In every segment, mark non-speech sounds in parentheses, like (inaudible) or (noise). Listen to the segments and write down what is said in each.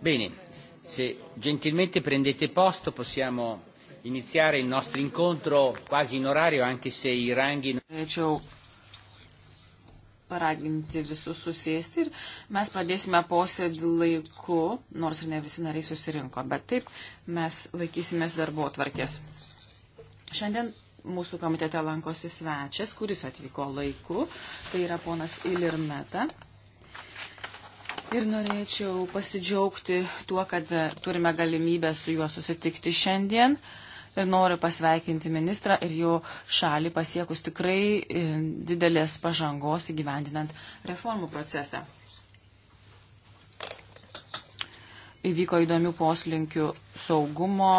Bene, se gentilmente prendete posto possiamo iniziare il nostro incontro quasi in orario anche se i ranghi... Norėčiau paraginti visus susėsti ir mes pradėsime posėdį laiku, nors ir ne visi nariai susirinko, bet taip mes laikysimės darbo tvarkės. Šiandien mūsų komitete lankosi svečias, kuris atvyko laiku, tai yra ponas Ilirmeta. Meta Ir norėčiau pasidžiaugti tuo, kad turime galimybę su juo susitikti šiandien. Ir noriu pasveikinti ministrą ir jo šalį pasiekus tikrai e, didelės pažangos įgyvendinant reformų procesą. Įvyko įdomių poslinkių saugumo,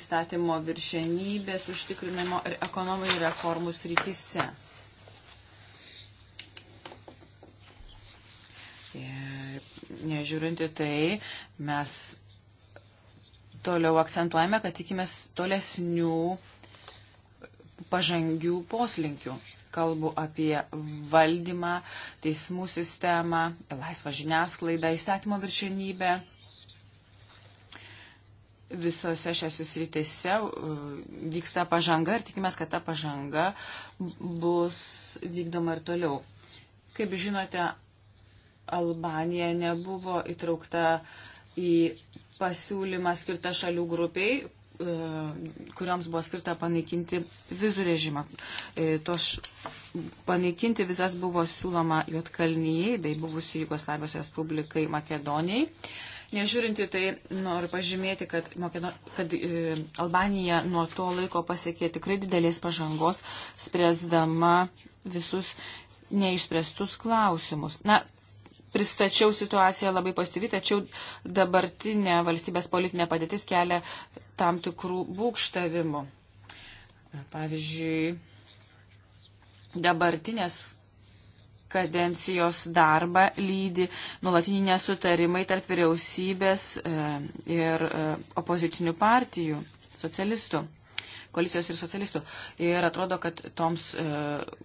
įstatymo viršenybės užtikrinimo ir ekonominių reformų srityse. nežiūrinti tai, mes toliau akcentuojame, kad tikimės tolesnių pažangių poslinkių. Kalbu apie valdymą, teismų sistemą, laisvą žiniasklaidą, įstatymo viršenybę. Visose šiose sritise uh, vyksta pažanga ir tikimės, kad ta pažanga bus vykdoma ir toliau. Kaip žinote, Albanija nebuvo įtraukta į pasiūlymą skirtą šalių grupiai, e, kuriams buvo skirta panaikinti vizų režimą. E, tos panaikinti vizas buvo siūloma Jotkalnyjei bei buvusių Jugoslavijos Respublikai Makedonijai. Nežiūrinti tai, noriu pažymėti, kad, Makedo, kad e, Albanija nuo to laiko pasiekė tikrai didelės pažangos, spręsdama visus neišspręstus klausimus. Na, pristačiau situaciją labai pozityviai, tačiau dabartinė valstybės politinė padėtis kelia tam tikrų būkštavimų. Pavyzdžiui, dabartinės kadencijos darbą lydi nuolatiniai nesutarimai tarp vyriausybės e, ir e, opozicinių partijų, socialistų koalicijos ir socialistų. Ir atrodo, kad toms e,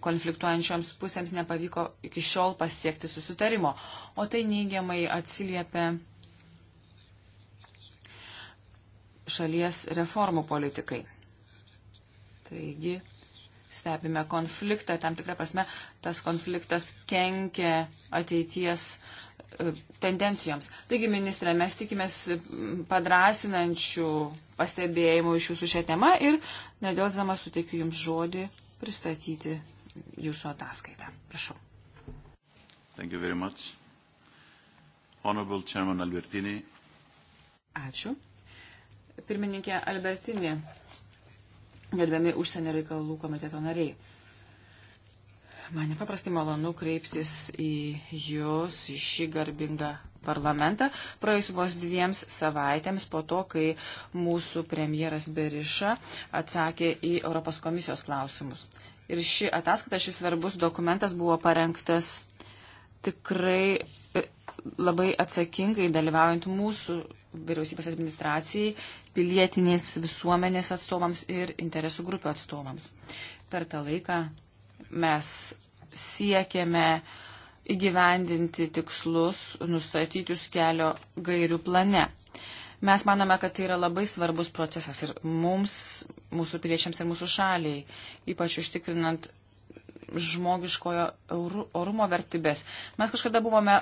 konfliktuojančioms pusėms nepavyko iki šiol pasiekti susitarimo. O tai neigiamai atsiliepia šalies reformų politikai. Taigi, stebime konfliktą, tam tikrą prasme tas konfliktas kenkia ateities e, tendencijoms. Taigi, ministrė, mes tikimės padrasinančių pastebėjimų iš jūsų šią temą ir nedėlzama suteikiu Jums žodį pristatyti Jūsų ataskaitą. Prašau. Thank you very much. Honorable Chairman Albertini. Ačiū. Pirmininkė Albertini, gerbiami užsienio reikalų komiteto nariai. Man nepaprastai malonu kreiptis į Jūs, į šį garbingą parlamentą praėjus vos dviems savaitėms po to, kai mūsų premjeras Beriša atsakė į Europos komisijos klausimus. Ir ši ataskaita, šis svarbus dokumentas buvo parengtas tikrai e, labai atsakingai dalyvaujant mūsų vyriausybės administracijai, pilietinės visuomenės atstovams ir interesų grupių atstovams. Per tą laiką mes siekėme uh, įgyvendinti tikslus nustatytus kelio gairių plane. Mes manome, kad tai yra labai svarbus procesas ir mums, mūsų piliečiams ir mūsų šaliai, ypač užtikrinant žmogiškojo orumo vertybės. Mes kažkada buvome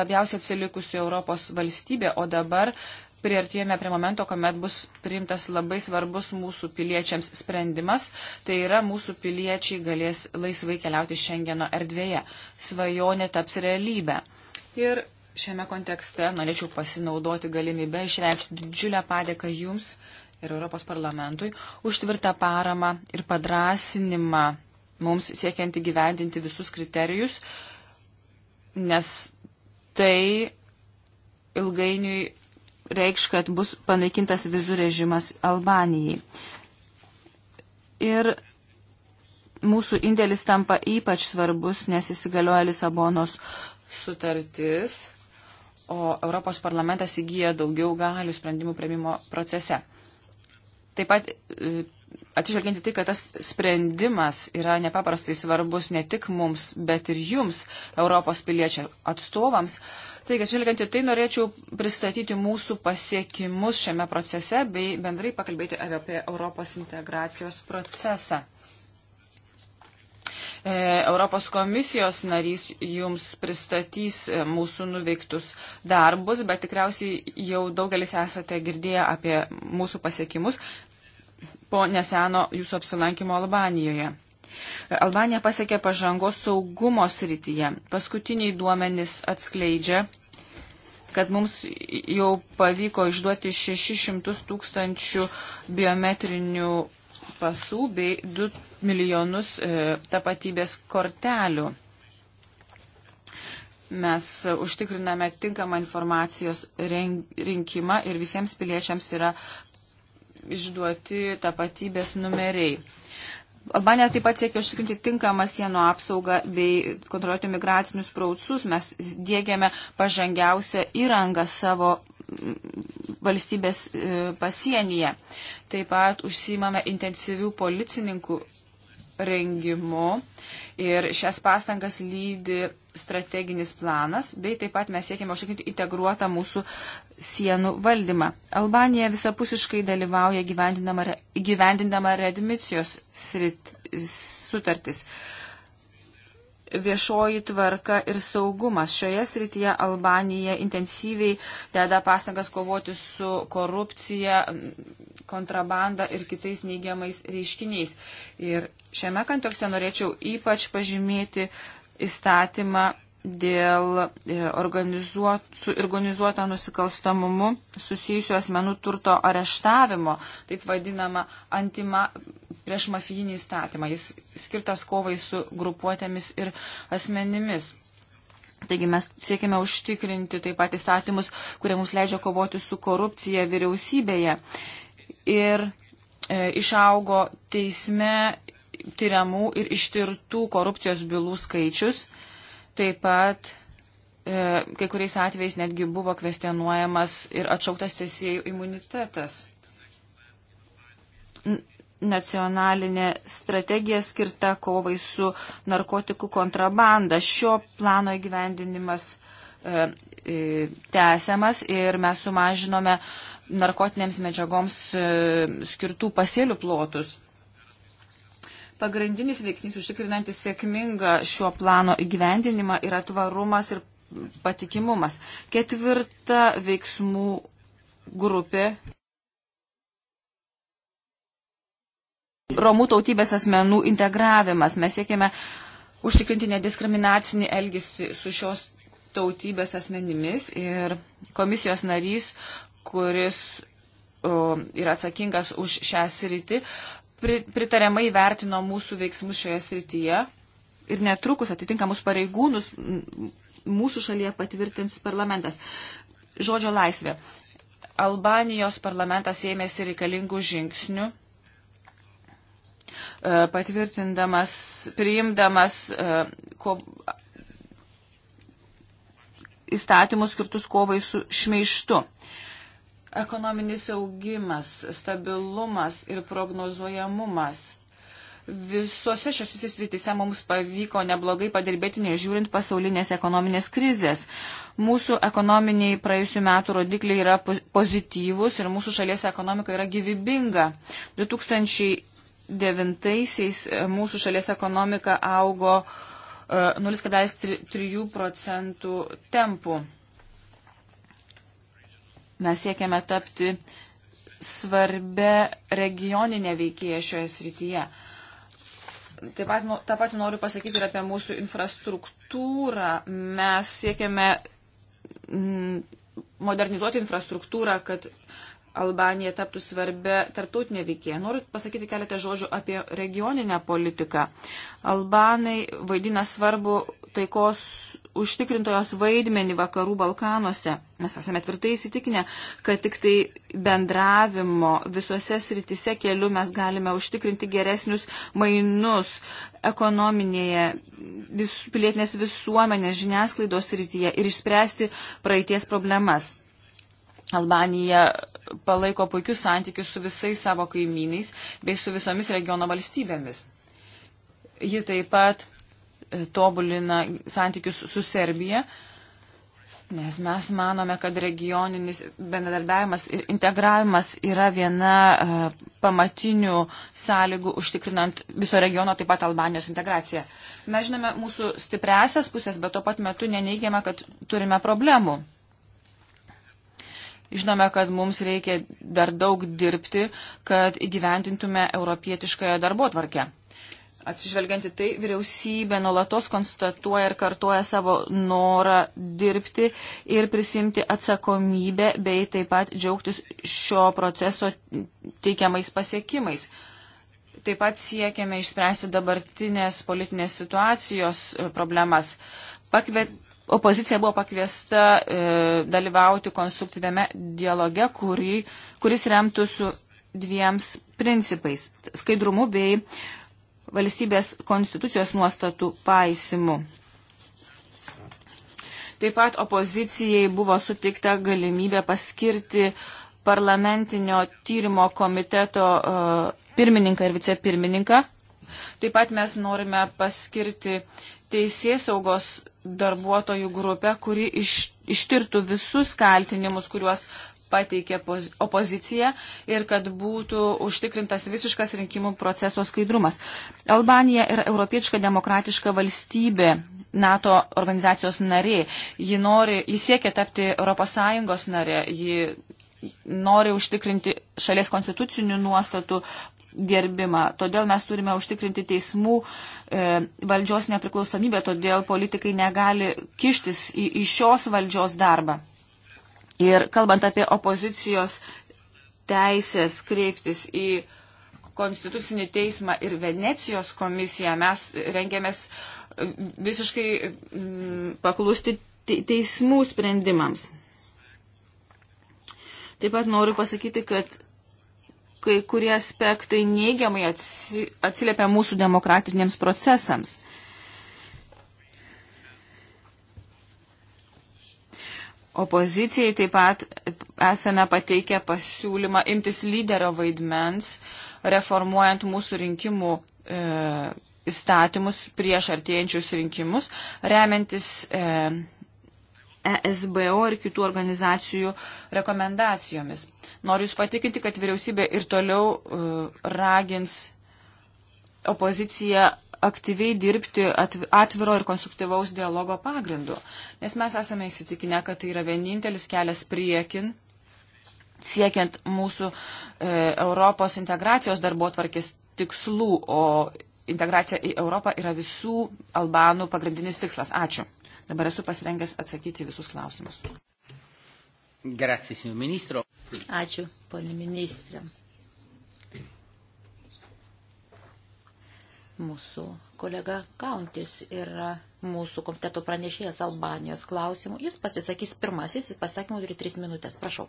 labiausiai atsilikusi Europos valstybė, o dabar prieartėjame prie momento, kuomet bus priimtas labai svarbus mūsų piliečiams sprendimas, tai yra mūsų piliečiai galės laisvai keliauti Šengeno erdvėje. Svajonė taps realybė. Ir šiame kontekste norėčiau pasinaudoti galimybę išreikšti didžiulę padėką Jums ir Europos parlamentui už tvirtą paramą ir padrasinimą mums siekiant įgyvendinti visus kriterijus, nes tai ilgainiui reikš, kad bus panaikintas vizų režimas Albanijai. Ir mūsų indėlis tampa ypač svarbus, nes įsigalioja Lisabonos sutartis, o Europos parlamentas įgyja daugiau galių sprendimų prieimimo procese. Taip pat e, atsižvelginti tai, kad tas sprendimas yra nepaprastai svarbus ne tik mums, bet ir jums, Europos piliečių atstovams. Taigi, atsižvelginti tai, norėčiau pristatyti mūsų pasiekimus šiame procese bei bendrai pakalbėti apie Europos integracijos procesą. E, Europos komisijos narys jums pristatys e, mūsų nuveiktus darbus, bet tikriausiai jau daugelis esate girdėję apie mūsų pasiekimus po neseno jūsų apsilankimo Albanijoje. Albanija pasiekė pažangos saugumo srityje. Paskutiniai duomenys atskleidžia, kad mums jau pavyko išduoti 600 tūkstančių biometrinių pasų bei 2 milijonus e, tapatybės kortelių. Mes užtikriname tinkamą informacijos rinkimą ir visiems piliečiams yra išduoti tapatybės numeriai. Albanija taip pat siekia užsikrinti tinkamą sienų apsaugą bei kontroliuoti migracinius praucus. Mes dėgiame pažangiausią įrangą savo mm, valstybės e, pasienyje. Taip pat užsimame intensyvių policininkų rengimu ir šias pastangas lydi strateginis planas, bei taip pat mes siekime užtikrinti integruotą mūsų sienų valdymą. Albanija visapusiškai dalyvauja gyvendindama readmisijos sutartis. Viešoji tvarka ir saugumas. Šioje srityje Albanija intensyviai deda pastangas kovoti su korupcija, kontrabanda ir kitais neigiamais reiškiniais. Ir šiame kontekste norėčiau ypač pažymėti įstatymą dėl e, organizuot, su organizuota nusikalstamumu susijusių asmenų turto areštavimo, taip vadinama antima, prieš mafijinį įstatymą. Jis skirtas kovai su grupuotėmis ir asmenimis. Taigi mes siekime užtikrinti taip pat įstatymus, kurie mums leidžia kovoti su korupcija vyriausybėje. Ir e, išaugo teisme tyriamų ir ištirtų korupcijos bylų skaičius Taip pat e, kai kuriais atvejais netgi buvo kvestionuojamas ir atšauktas teisėjų imunitetas. N nacionalinė strategija skirta kovai su narkotikų kontrabanda. Šio plano įgyvendinimas e, e, tęsiamas ir mes sumažinome narkotinėms medžiagoms e, skirtų pasėlių plotus pagrindinis veiksnys užtikrinantis sėkmingą šio plano įgyvendinimą yra tvarumas ir patikimumas. Ketvirta veiksmų grupė. Romų tautybės asmenų integravimas. Mes siekėme užtikrinti nediskriminacinį elgesį su šios tautybės asmenimis ir komisijos narys, kuris yra atsakingas už šią sritį, pritariamai vertino mūsų veiksmus šioje srityje ir netrukus atitinkamus pareigūnus mūsų šalyje patvirtins parlamentas. Žodžio laisvė. Albanijos parlamentas ėmėsi reikalingų žingsnių, e, patvirtindamas, priimdamas e, ko, įstatymus skirtus kovai su šmeištu ekonominis augimas, stabilumas ir prognozuojamumas. Visose šiose srityse mums pavyko neblogai padirbėti, nežiūrint pasaulinės ekonominės krizės. Mūsų ekonominiai praėjusių metų rodikliai yra pozityvus ir mūsų šalies ekonomika yra gyvybinga. 2009-aisiais e, mūsų šalies ekonomika augo 0,3 e, procentų tempų. Mes siekiame tapti svarbia regioninė veikėja šioje srityje. Taip pat, nu, tą patį noriu pasakyti ir apie mūsų infrastruktūrą. Mes siekiame mm, modernizuoti infrastruktūrą, kad Albanija taptų svarbia tarptautinė veikėja. Noriu pasakyti keletą žodžių apie regioninę politiką. Albanai vaidina svarbu taikos užtikrintojos vaidmenį vakarų Balkanuose. Mes esame tvirtai įsitikinę, kad tik tai bendravimo visose sritise keliu mes galime užtikrinti geresnius mainus ekonominėje, vis, pilietinės visuomenės žiniasklaidos srityje ir išspręsti praeities problemas. Albanija palaiko puikius santykius su visais savo kaimynais bei su visomis regiono valstybėmis. Ji taip pat tobulina santykius su Serbija, nes mes manome, kad regioninis bendradarbiavimas ir integravimas yra viena e, pamatinių sąlygų užtikrinant viso regiono, taip pat Albanijos integraciją. Mes žinome mūsų stipresias pusės, bet tuo pat metu neneigiame, kad turime problemų. Žinome, kad mums reikia dar daug dirbti, kad įgyventintume europietiškąją darbo tvarkę. Atsižvelgianti tai, vyriausybė nuolatos konstatuoja ir kartuoja savo norą dirbti ir prisimti atsakomybę, bei taip pat džiaugtis šio proceso teikiamais pasiekimais. Taip pat siekiame išspręsti dabartinės politinės situacijos e, problemas. Pakvet, opozicija buvo pakviesta e, dalyvauti konstruktyviame dialoge, kurį, kuris remtų su dviems principais - skaidrumu bei valstybės konstitucijos nuostatų paisimu. Taip pat opozicijai buvo sutikta galimybė paskirti parlamentinio tyrimo komiteto e, pirmininką ir vicepirmininką. Taip pat mes norime paskirti teisės saugos darbuotojų grupę, kuri iš, ištirtų visus kaltinimus, kuriuos pateikė opozicija ir kad būtų užtikrintas visiškas rinkimų proceso skaidrumas. Albanija yra europiečka demokratiška valstybė. NATO organizacijos narė. Ji, nori, ji siekia tapti ES narė. Ji nori užtikrinti šalies konstitucinių nuostatų gerbimą. Todėl mes turime užtikrinti teismų e, valdžios nepriklausomybę, todėl politikai negali kištis į, į šios valdžios darbą. Ir kalbant apie opozicijos teisės kreiptis į Konstitucinį teismą ir Venecijos komisiją, mes rengiamės e, visiškai mm, paklusti teismų sprendimams. Taip pat noriu pasakyti, kad kai kurie aspektai neigiamai atsiliepia mūsų demokratiniams procesams. Opozicijai taip pat esame pateikę pasiūlymą imtis lyderio vaidmens, reformuojant mūsų rinkimų e, įstatymus prieš artėjančius rinkimus, remiantis e, ESBO ir kitų organizacijų rekomendacijomis. Noriu Jūs patikinti, kad vyriausybė ir toliau e, ragins opoziciją aktyviai dirbti atviro ir konstruktyvaus dialogo pagrindu, nes mes esame įsitikinę, kad tai yra vienintelis kelias priekin siekiant mūsų e, Europos integracijos darbo tvarkės tikslų, o integracija į Europą yra visų Albanų pagrindinis tikslas. Ačiū. Dabar esu pasirengęs atsakyti visus klausimus. Grazie, signor ministro. Ačiū, ponė ministrė. Mūsų kolega Kauntis yra mūsų komiteto pranešėjas Albanijos klausimų. Jis pasisakys pirmasis, pasakymų turi tris minutės. Prašau.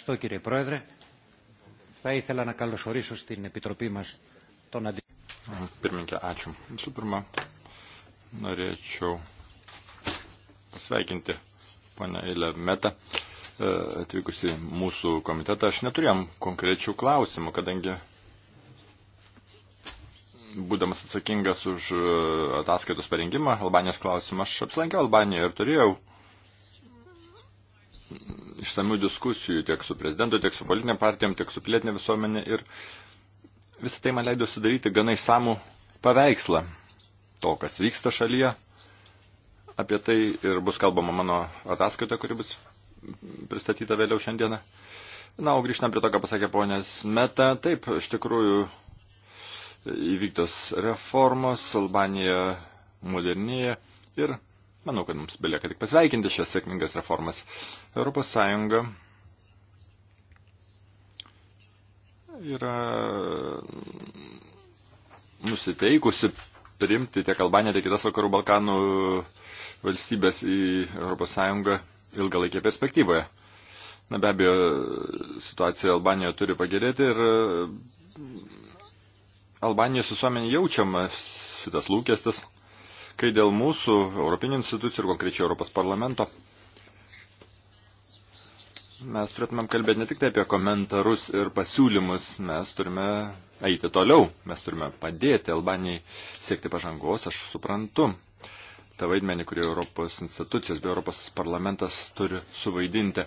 Što, kirie proedre, θα ήθελα να καλωσορίσω στην Επιτροπή μας τον αντί... Pirminkė, ačiū. Visų pirma, norėčiau pasveikinti ponę Eilę Metą e, atvykusi mūsų komitetą. Aš neturėjom konkrečių klausimų, kadangi būdamas atsakingas už e, ataskaitos parengimą, Albanijos klausimą, aš apsilankiau Albaniją ir turėjau išsamių diskusijų tiek su prezidentu, tiek su politinė partijom, tiek su pilietinė visuomenė ir visą tai man leido sudaryti gana išsamų paveikslą to, kas vyksta šalyje. Apie tai ir bus kalbama mano ataskaita, kuri bus pristatyta vėliau šiandieną. Na, o grįžtant prie to, ką pasakė ponės Meta, taip, iš tikrųjų, įvyktos reformos, Albanija modernėja ir manau, kad mums belieka tik pasveikinti šias sėkmingas reformas. ES yra nusiteikusi priimti tiek Albaniją, tiek kitas vakarų Balkanų valstybės į ES ilgalaikėje perspektyvoje. Na be abejo, situacija Albanijoje turi pagerėti ir Albanijos visuomenė jaučiamas šitas lūkestis, kai dėl mūsų Europinių institucijų ir konkrečiai Europos parlamento mes turėtumėm kalbėti ne tik tai apie komentarus ir pasiūlymus, mes turime eiti toliau, mes turime padėti Albanijai siekti pažangos, aš suprantu tą vaidmenį, kurį Europos institucijos bei Europos parlamentas turi suvaidinti.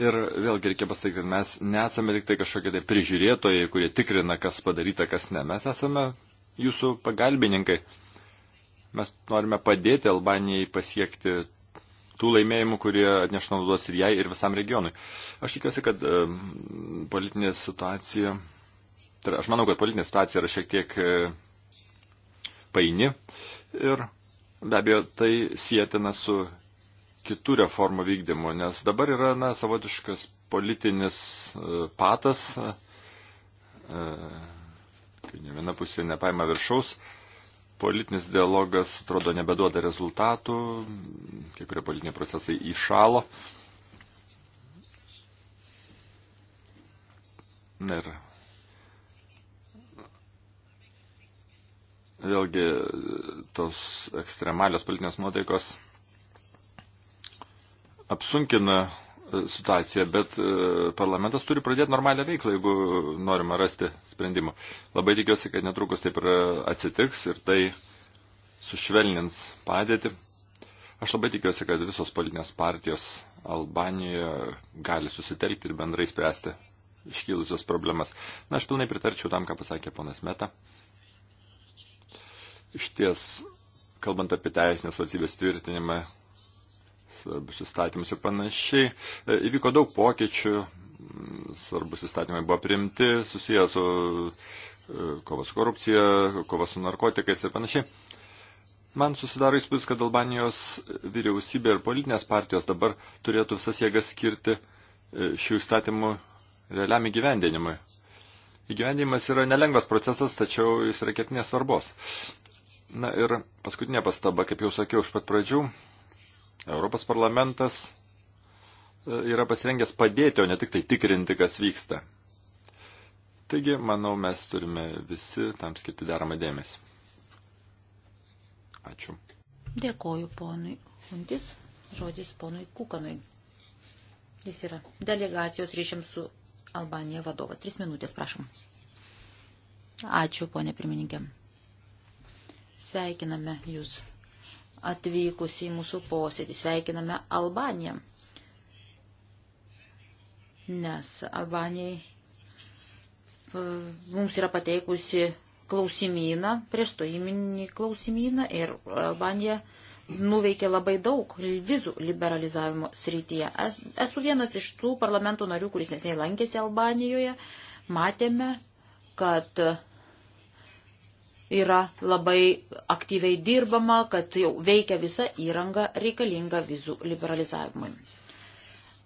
Ir vėlgi reikia pasakyti, kad mes nesame tik tai kažkokie tai prižiūrėtojai, kurie tikrina, kas padaryta, kas ne. Mes esame jūsų pagalbininkai. Mes norime padėti Albanijai pasiekti tų laimėjimų, kurie atneš naudos ir jai, ir visam regionui. Aš tikiuosi, kad e, politinė situacija, tai aš manau, kad politinė situacija yra šiek tiek e, paini ir be abejo tai sėtina su kitų reformų vykdymu, nes dabar yra na, savotiškas politinis e, patas, e, kai ne viena pusė nepaima viršaus, politinis dialogas atrodo nebeduoda rezultatų, kai kurie politiniai procesai įšalo. Ir vėlgi e, tos ekstremalios politinės nuotaikos apsunkina e, situaciją, bet e, parlamentas turi pradėti normalią veiklą, jeigu norima rasti sprendimą. Labai tikiuosi, kad netrukus taip ir e, atsitiks ir tai sušvelnins padėtį. Aš labai tikiuosi, kad visos politinės partijos Albanijoje gali susitelkti ir bendrai spręsti iškilusios problemas. Na, aš pilnai pritarčiau tam, ką pasakė ponas Meta. Iš ties, kalbant apie teisinės valstybės tvirtinimą, svarbius įstatymus ir panašiai. E, įvyko daug pokyčių, svarbus įstatymai buvo priimti, susijęs su e, kova su korupcija, kova su narkotikais ir panašiai. Man susidaro įspūdis, kad Albanijos vyriausybė ir politinės partijos dabar turėtų visas jėgas skirti e, šių įstatymų realiam įgyvendinimui. Įgyvendinimas yra nelengvas procesas, tačiau jis yra ketinės svarbos. Na ir paskutinė pastaba, kaip jau sakiau iš pat pradžių, Europos parlamentas e, yra pasirengęs padėti, o ne tik tai tikrinti, kas vyksta. Taigi, manau, mes turime visi tam skirti deramą dėmesį. Ačiū. Dėkoju ponui Huntis, žodis ponui Kukanui. Jis yra delegacijos ryšiams su Albanija vadovas. Tris minutės, prašom. Ačiū, ponė pirmininkė. Sveikiname jūs atvykusi į mūsų posėdį. Sveikiname Albaniją, nes Albanijai e, mums yra pateikusi klausimyną, prieš stojiminį klausimyną ir Albanija nuveikė labai daug vizų liberalizavimo srityje. Esu vienas iš tų parlamento narių, kuris nesnei lankėsi Albanijoje. Matėme, kad yra labai aktyviai dirbama, kad jau veikia visa įranga reikalinga vizų liberalizavimui.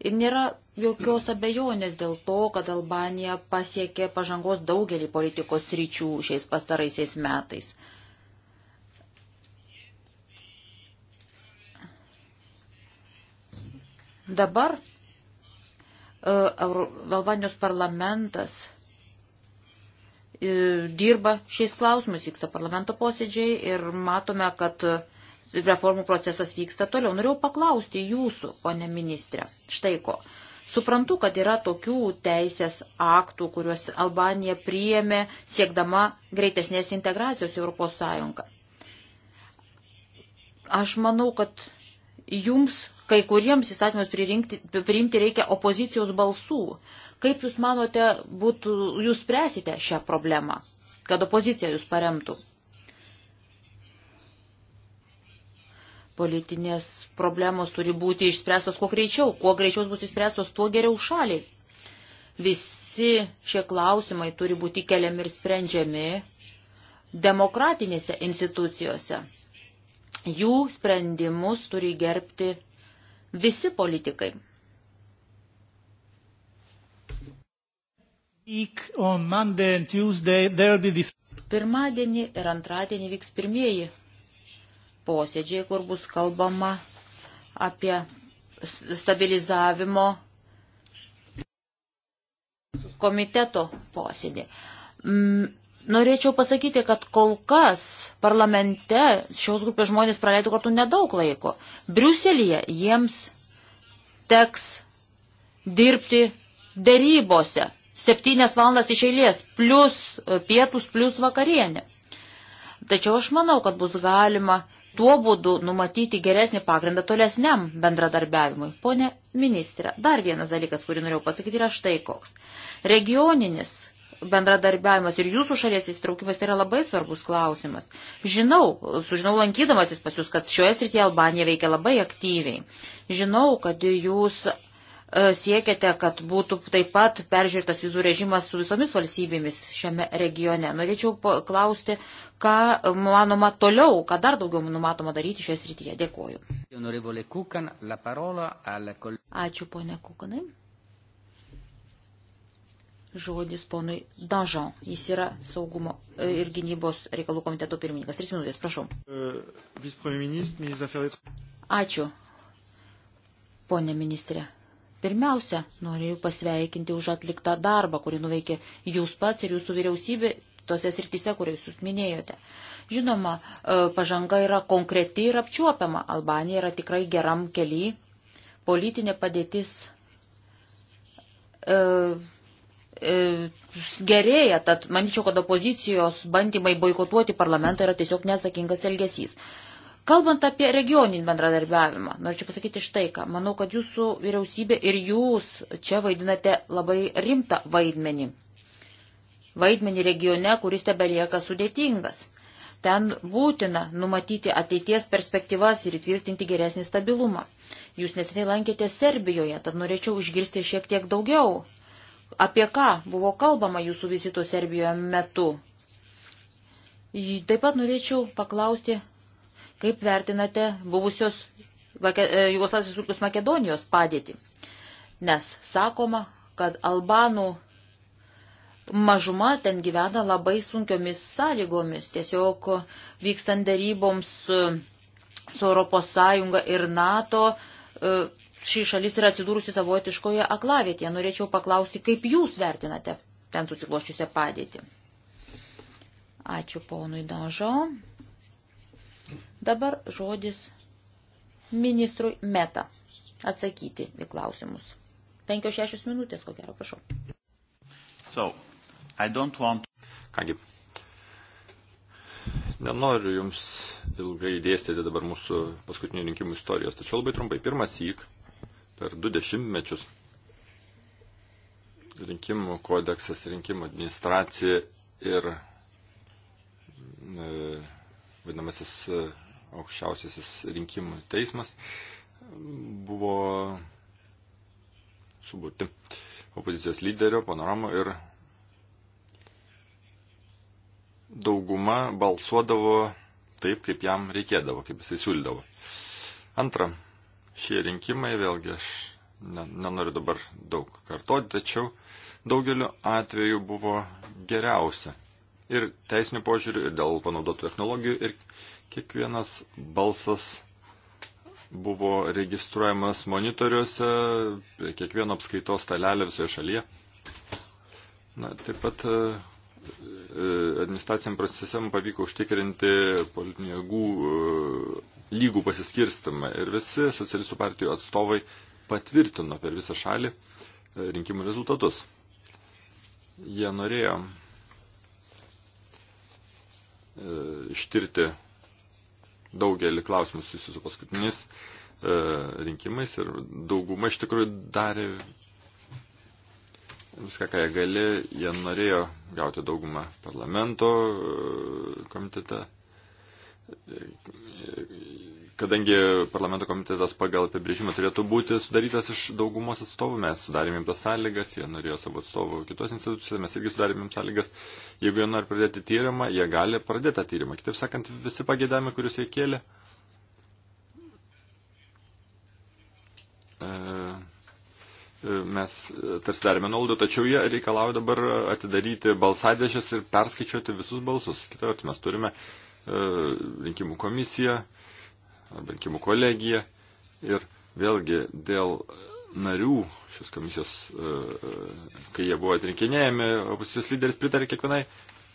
Ir nėra jokios abejonės dėl to, kad Albanija pasiekė pažangos daugelį politikos ryčių šiais pastaraisiais metais. Dabar e, Albanijos parlamentas E, dirba šiais klausimais, vyksta parlamento posėdžiai ir matome, kad reformų procesas vyksta toliau. Norėjau paklausti jūsų, ponė ministrė, štai ko. Suprantu, kad yra tokių teisės aktų, kuriuos Albanija priėmė siekdama greitesnės integracijos Europos Sąjungą. Aš manau, kad jums kai kuriems įstatymus priimti reikia opozicijos balsų. Uh, Kaip Jūs manote, būtų, Jūs spręsite šią problemą, kad opozicija Jūs paremtų? Politinės problemos turi būti išspręstos kuo greičiau. Kuo greičiau bus išspręstos, tuo geriau šaliai. Visi šie klausimai turi būti keliami ir sprendžiami demokratinėse institucijose. Jų sprendimus turi gerbti visi politikai. Pirmadienį ir antradienį vyks pirmieji posėdžiai, kur bus kalbama apie stabilizavimo komiteto posėdį. Mm, norėčiau pasakyti, kad kol kas parlamente šios grupės žmonės praleido kartu nedaug laiko. Briuselėje jiems teks dirbti dėrybose septynias valandas iš eilės, plus e, pietus, plus vakarienė. Tačiau aš manau, kad bus galima tuo būdu numatyti geresnį pagrindą tolesniam bendradarbiavimui. Pone ministrė, dar vienas dalykas, kurį norėjau pasakyti, yra štai koks. Regioninis bendradarbiavimas ir jūsų šalies įsitraukimas tai yra labai svarbus klausimas. Žinau, sužinau lankydamasis pas jūs, kad šioje srityje Albanija veikia labai aktyviai. Žinau, kad jūs E, siekiate, kad būtų taip pat peržiūrėtas vizų režimas su visomis valstybėmis šiame regione. Norėčiau paklausti, ką manoma toliau, ką dar daugiau numatoma daryti šioje srityje. Dėkuoju. Ačiū, ponė Kukanai. Žodis ponui Danžon. Jis yra saugumo e, ir gynybos reikalų komiteto pirmininkas. Tris minutės, prašau. E, Ačiū, ponė ministrė. Pirmiausia, noriu pasveikinti už atliktą darbą, kurį nuveikė jūs pats ir jūsų vyriausybė tose srityse, kuriais jūs minėjote. Žinoma, e, pažanga yra konkreti ir apčiuopiama. Albanija yra tikrai geram keli. Politinė padėtis e, e, gerėja, tad manyčiau, kad opozicijos bandymai boikotuoti parlamentą yra tiesiog neatsakingas elgesys. Kalbant apie regioninį bendradarbiavimą, norėčiau pasakyti štai ką. Manau, kad jūsų vyriausybė ir jūs čia vaidinate labai rimtą vaidmenį. Vaidmenį regione, kuris tebelieka sudėtingas. Ten būtina numatyti ateities perspektyvas ir įtvirtinti geresnį stabilumą. Jūs neseniai lankėte Serbijoje, tad norėčiau išgirsti šiek tiek daugiau. Apie ką buvo kalbama jūsų vizito Serbijoje metu? Taip pat norėčiau paklausti Kaip vertinate buvusios e, Jugoslavijos Respublikos Makedonijos padėtį? Nes sakoma, kad albanų mažuma ten gyvena labai sunkiomis sąlygomis, tiesiog vykstant daryboms e, su ES ir NATO e, ši šalis yra atsidūrusi savotiškoje aklavietėje. Norėčiau paklausti, kaip jūs vertinate ten susikloščiusią padėtį. Ačiū ponui Danžo. Dabar žodis ministrui meta atsakyti į klausimus. 5-6 minutės, ko gero, prašau. So, I don't want... Kągi, nenoriu Jums ilgai dėstyti dabar mūsų paskutinių rinkimų istorijos, tačiau labai trumpai. Pirmas įk per du dešimtmečius rinkimų kodeksas, rinkimų administracija ir e, vadinamasis e, aukščiausiasis rinkimų teismas buvo suburti opozicijos lyderio panoramo ir dauguma balsuodavo taip, kaip jam reikėdavo, kaip jisai siūlydavo. Antra, šie rinkimai, vėlgi aš nenoriu dabar daug kartoti, tačiau daugeliu atveju buvo geriausia. Ir teisinių požiūrių, ir dėl panaudotų technologijų, ir Kiekvienas balsas buvo registruojamas monitoriuose, prie kiekvieno apskaitos stalelio visoje šalyje. Na, taip pat e, e, administraciniam procesam pavyko užtikrinti politinių jėgų e, lygų pasiskirstimą ir visi socialistų partijų atstovai patvirtino per visą šalį rinkimų rezultatus. Jie norėjo ištirti daugelį klausimų susijusių su paskutiniais e, rinkimais ir dauguma iš tikrųjų darė viską, ką jie gali. Jie norėjo gauti daugumą parlamento e, komitete. Kadangi parlamento komitetas pagal apibrėžimą turėtų būti sudarytas iš daugumos atstovų, mes sudarėm jiems tas sąlygas, jie norėjo savo atstovų kitos institucijos, mes irgi sudarėm jiems sąlygas. Jeigu jie nori pradėti tyrimą, jie gali pradėti tą tyrimą. Kitaip sakant, visi pagėdami, kuriuos jie kėlė. E, e, mes tarsi darėme nuolaidų, tačiau jie reikalauja dabar atidaryti balsadėžės ir perskaičiuoti visus balsus. Kitą mes turime e, rinkimų komisiją arba rinkimų kolegija. Ir vėlgi dėl narių šios komisijos, e, e, kai jie buvo atrinkinėjami, opozicijos lyderis pritarė kiekvienai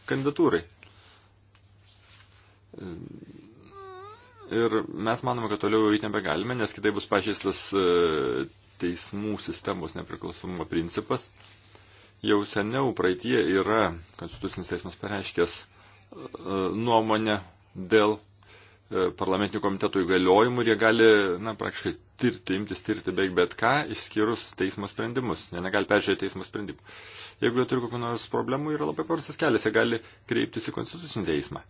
kandidatūrai. Ir mes manome, kad toliau eiti nebegalime, nes kitai bus pažeistas e, teismų sistemos nepriklausomumo principas. Jau seniau praeitie yra konstitucinis teismas pareiškęs nuomonę dėl E, parlamentinių komitetų įgaliojimų ir jie gali, na, praktiškai tirti, imtis tirti beveik bet ką, išskyrus teismo sprendimus. Jie negali peržiūrėti teismo sprendimų. Jeigu jie turi kokių nors problemų, yra labai paprastas kelias, jie gali kreiptis į konstitucinį teismą.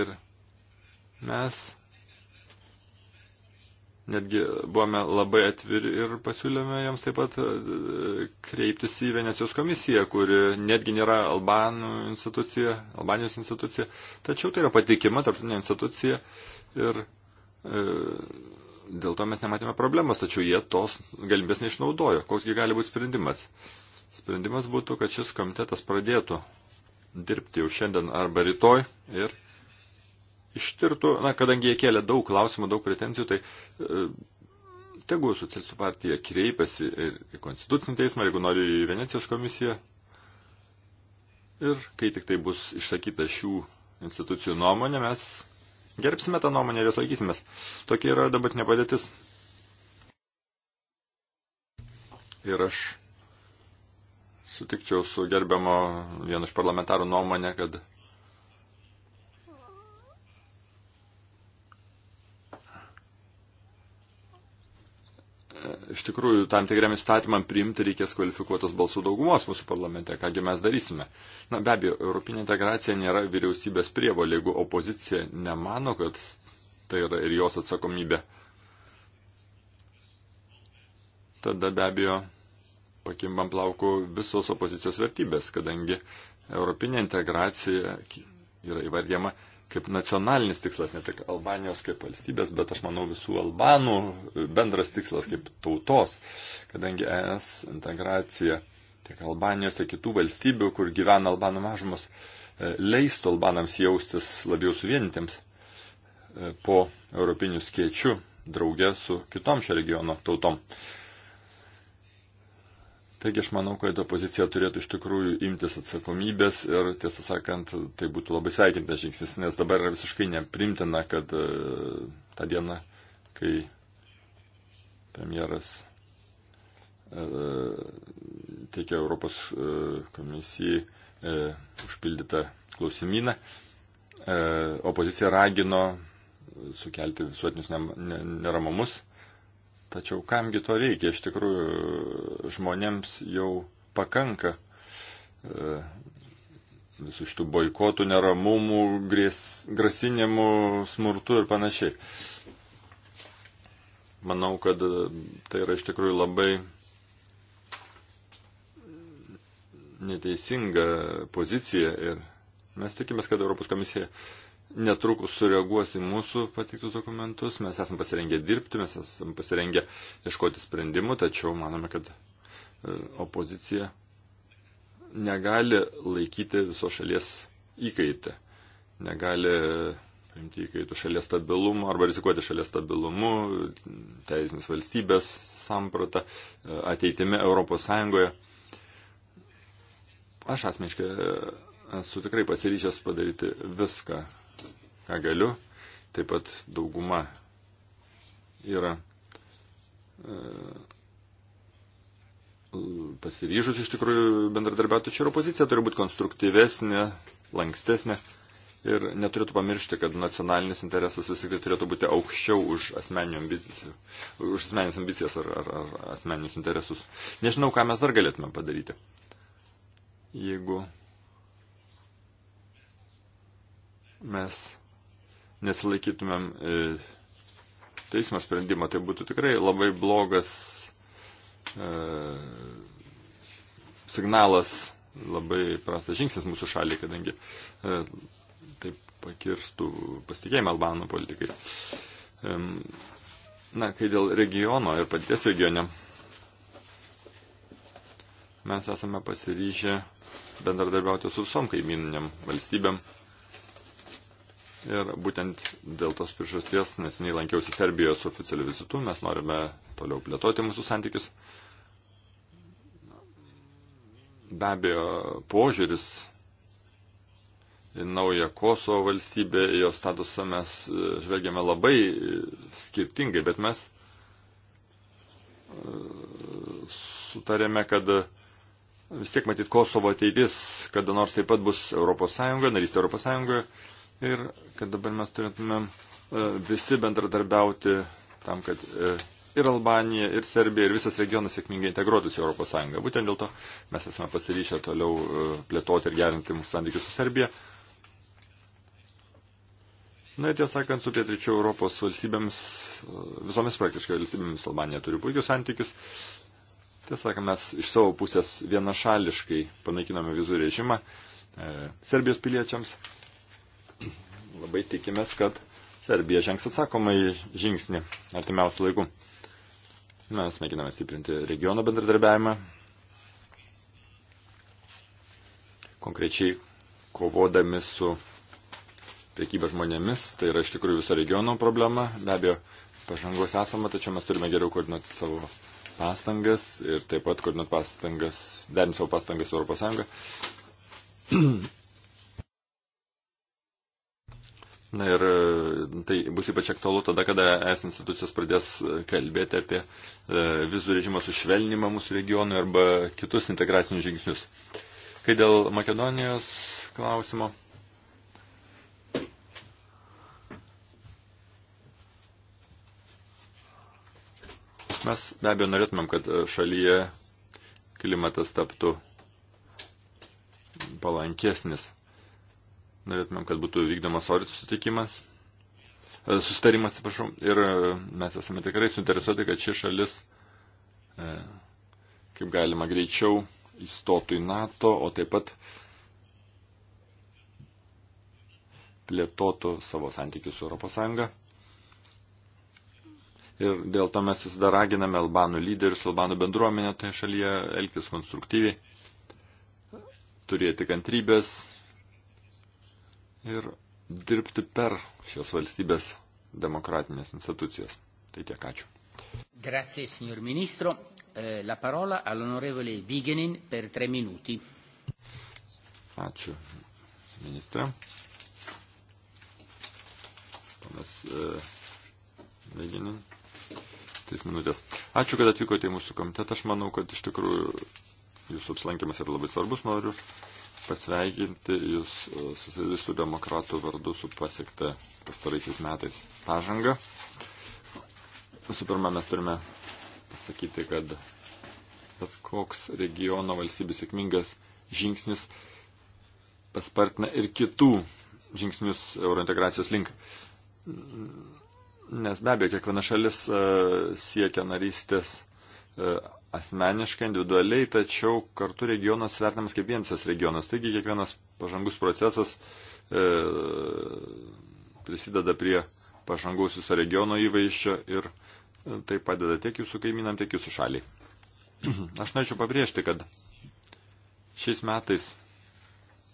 Ir mes netgi buvome labai atviri ir pasiūlėme jiems taip pat e, kreiptis į Venecijos komisiją, kuri netgi nėra Albanų institucija, Albanijos institucija, tačiau tai yra patikima tarptautinė institucija ir e, dėl to mes nematėme problemos, tačiau jie tos galimybės neišnaudojo. Koksgi gali būti sprendimas? Sprendimas būtų, kad šis komitetas pradėtų dirbti jau šiandien arba rytoj ir ištirtų, na, kadangi jie kėlė daug klausimų, daug pretencijų, tai e, tegu socialistų partija kreipiasi ir į Konstitucinį teismą, jeigu nori į Venecijos komisiją. Ir kai tik tai bus išsakyta šių institucijų nuomonė, mes gerbsime tą nuomonę ir jas laikysimės. Tokia yra dabartinė padėtis. Ir aš sutikčiau su gerbiamo vienu iš parlamentarų nuomonė, kad iš tikrųjų tam tikriam įstatymam priimti reikės kvalifikuotos balsų daugumos mūsų parlamente, kągi mes darysime. Na be abejo, europinė integracija nėra vyriausybės prievolė, jeigu opozicija nemano, kad tai yra ir jos atsakomybė. Tada be abejo pakimbam plaukų visos opozicijos vertybės, kadangi europinė integracija yra įvardyjama kaip nacionalinis tikslas, ne tik Albanijos kaip valstybės, bet aš manau visų Albanų bendras tikslas kaip tautos, kadangi ES integracija tiek Albanijos, tiek kitų valstybių, kur gyvena Albanų mažumas, e, leistų Albanams jaustis labiau suvienintiems e, po europinių skiečių draugė su kitom šio regiono tautom. Taigi aš manau, kad opozicija turėtų iš tikrųjų imtis atsakomybės ir, tiesą sakant, tai būtų labai sveikintas žingsnis, nes dabar yra visiškai neprimtina, kad e, tą dieną, kai premjeras e, teikia Europos e, komisijai užpildytą klausimyną, opozicija ragino sukelti visuotinius neramumus. Tačiau kamgi to reikia, iš tikrųjų žmonėms jau pakanka e, visų šitų boikotų, neramumų, grės, grasinimų, smurtų ir panašiai. Manau, kad e, tai yra iš tikrųjų labai neteisinga pozicija ir mes tikimės, kad Europos komisija uh, netrukus sureaguos į mūsų pateiktus dokumentus. Mes esame pasirengę dirbti, mes esame pasirengę ieškoti sprendimų, tačiau manome, kad e, opozicija negali laikyti viso šalies įkaitę, negali paimti įkaitų šalies stabilumo arba rizikuoti šalies stabilumu, teisinės valstybės samprata, e, ateitimi Europos Sąjungoje. Aš asmeniškai e, esu tikrai pasiryžęs padaryti viską, ką galiu. Taip pat dauguma yra e, pasiryžus iš tikrųjų bendradarbiauti. Čia ir opozicija turi būti konstruktyvesnė, lankstesnė ir neturėtų pamiršti, kad nacionalinis interesas vis tik tai turėtų būti aukščiau už, ambicijų, už asmeninės ambicijas ar, ar, ar asmeninius interesus. Nežinau, ką mes dar galėtume padaryti. Jeigu mes nesilaikytumėm e, teismo sprendimo, tai būtų tikrai labai blogas e, signalas, labai prastas žingsnis mūsų šaliai, kadangi e, taip pakirstų pasitikėjimą Albanų politikais. E, na, kai dėl regiono ir paties regione, mes esame pasiryžę bendradarbiauti su visom kaimininėm valstybėm Ir būtent dėl tos priežasties neseniai lankiausi Serbijoje su oficialiu vizitu, mes norime toliau plėtoti mūsų santykius. Be abejo, požiūris į naują Kosovo valstybę, jos statusą mes e, žvelgiame labai e, skirtingai, bet mes e, sutarėme, kad vis tiek matyt Kosovo ateitis kada nors taip pat bus Europos Sąjunga, narystė Europos Sąjungoje ir kad dabar mes turėtumėm e, visi bendradarbiauti tam, kad e, ir Albanija, ir Serbija, ir visas regionas sėkmingai integruotųsi į Europos Sąjungą. Būtent dėl to mes esame pasiryšę toliau e, plėtoti ir gerinti mūsų santykius su Serbija. Na ir tiesą sakant, su pietričių Europos valstybėms, visomis praktiškai valstybėmis Albanija turi puikius santykius. Tiesą sakant, mes iš savo pusės vienašališkai panaikinome vizų režimą e, Serbijos piliečiams labai tikimės, kad Serbija žengs atsakomai žingsnį artimiausių laikų. Mes mėginame stiprinti regiono bendradarbiavimą, konkrečiai kovodami su priekyba žmonėmis, tai yra iš tikrųjų viso regiono problema, be abejo, pažangos esama, tačiau mes turime geriau koordinuoti savo pastangas ir taip pat koordinuoti pastangas, derinti savo pastangas su ES. (clears throat) Na ir e, tai bus ypač aktualu tada, kada es institucijos pradės e, kalbėti apie e, vizų režimo sušvelnimą mūsų regionui arba kitus integracinius žingsnius. Kai dėl Makedonijos klausimo. Mes be abejo norėtumėm, kad šalyje klimatas taptų palankesnis norėtumėm, kad būtų vykdomas orito sutikimas, e, sustarimas, atsiprašau, ir e, mes esame tikrai suinteresuoti, kad ši šalis e, kaip galima greičiau įstotų į NATO, o taip pat plėtotų savo santykius su ES. Ir dėl to mes vis dar raginame Albanų lyderius, Albanų bendruomenę toje šalyje elgtis konstruktyviai, turėti kantrybės, ir dirbti per šios valstybės demokratinės institucijas. Tai tiek ačiū. Grazie, signor ministro. Eh, la parola all'onorevole Vigenin per tre minuti. Ačiū, ministre. Panas e, Vigenin. Tris minutės. Ačiū, kad atvykote į mūsų komitetą. Aš manau, kad iš tikrųjų jūsų apsilankimas yra labai svarbus. Noriu pasveikinti jūs e, socialistų demokratų vardu su pasiekta pastaraisiais metais pažanga. Visų pirma, mes turime pasakyti, kad bet koks regiono valstybių sėkmingas žingsnis paspartina ir kitų žingsnius eurointegracijos link. Nes be abejo, kiekviena šalis e, siekia narystės e, asmeniškai, individualiai, tačiau kartu regionas vertinamas kaip vienas regionas. Taigi kiekvienas pažangus procesas e, prisideda prie pažangaus viso regiono įvaizdžio ir e, tai padeda tiek jūsų kaiminam, tiek jūsų šaliai. (clears throat) Aš norėčiau pabrėžti, kad šiais metais,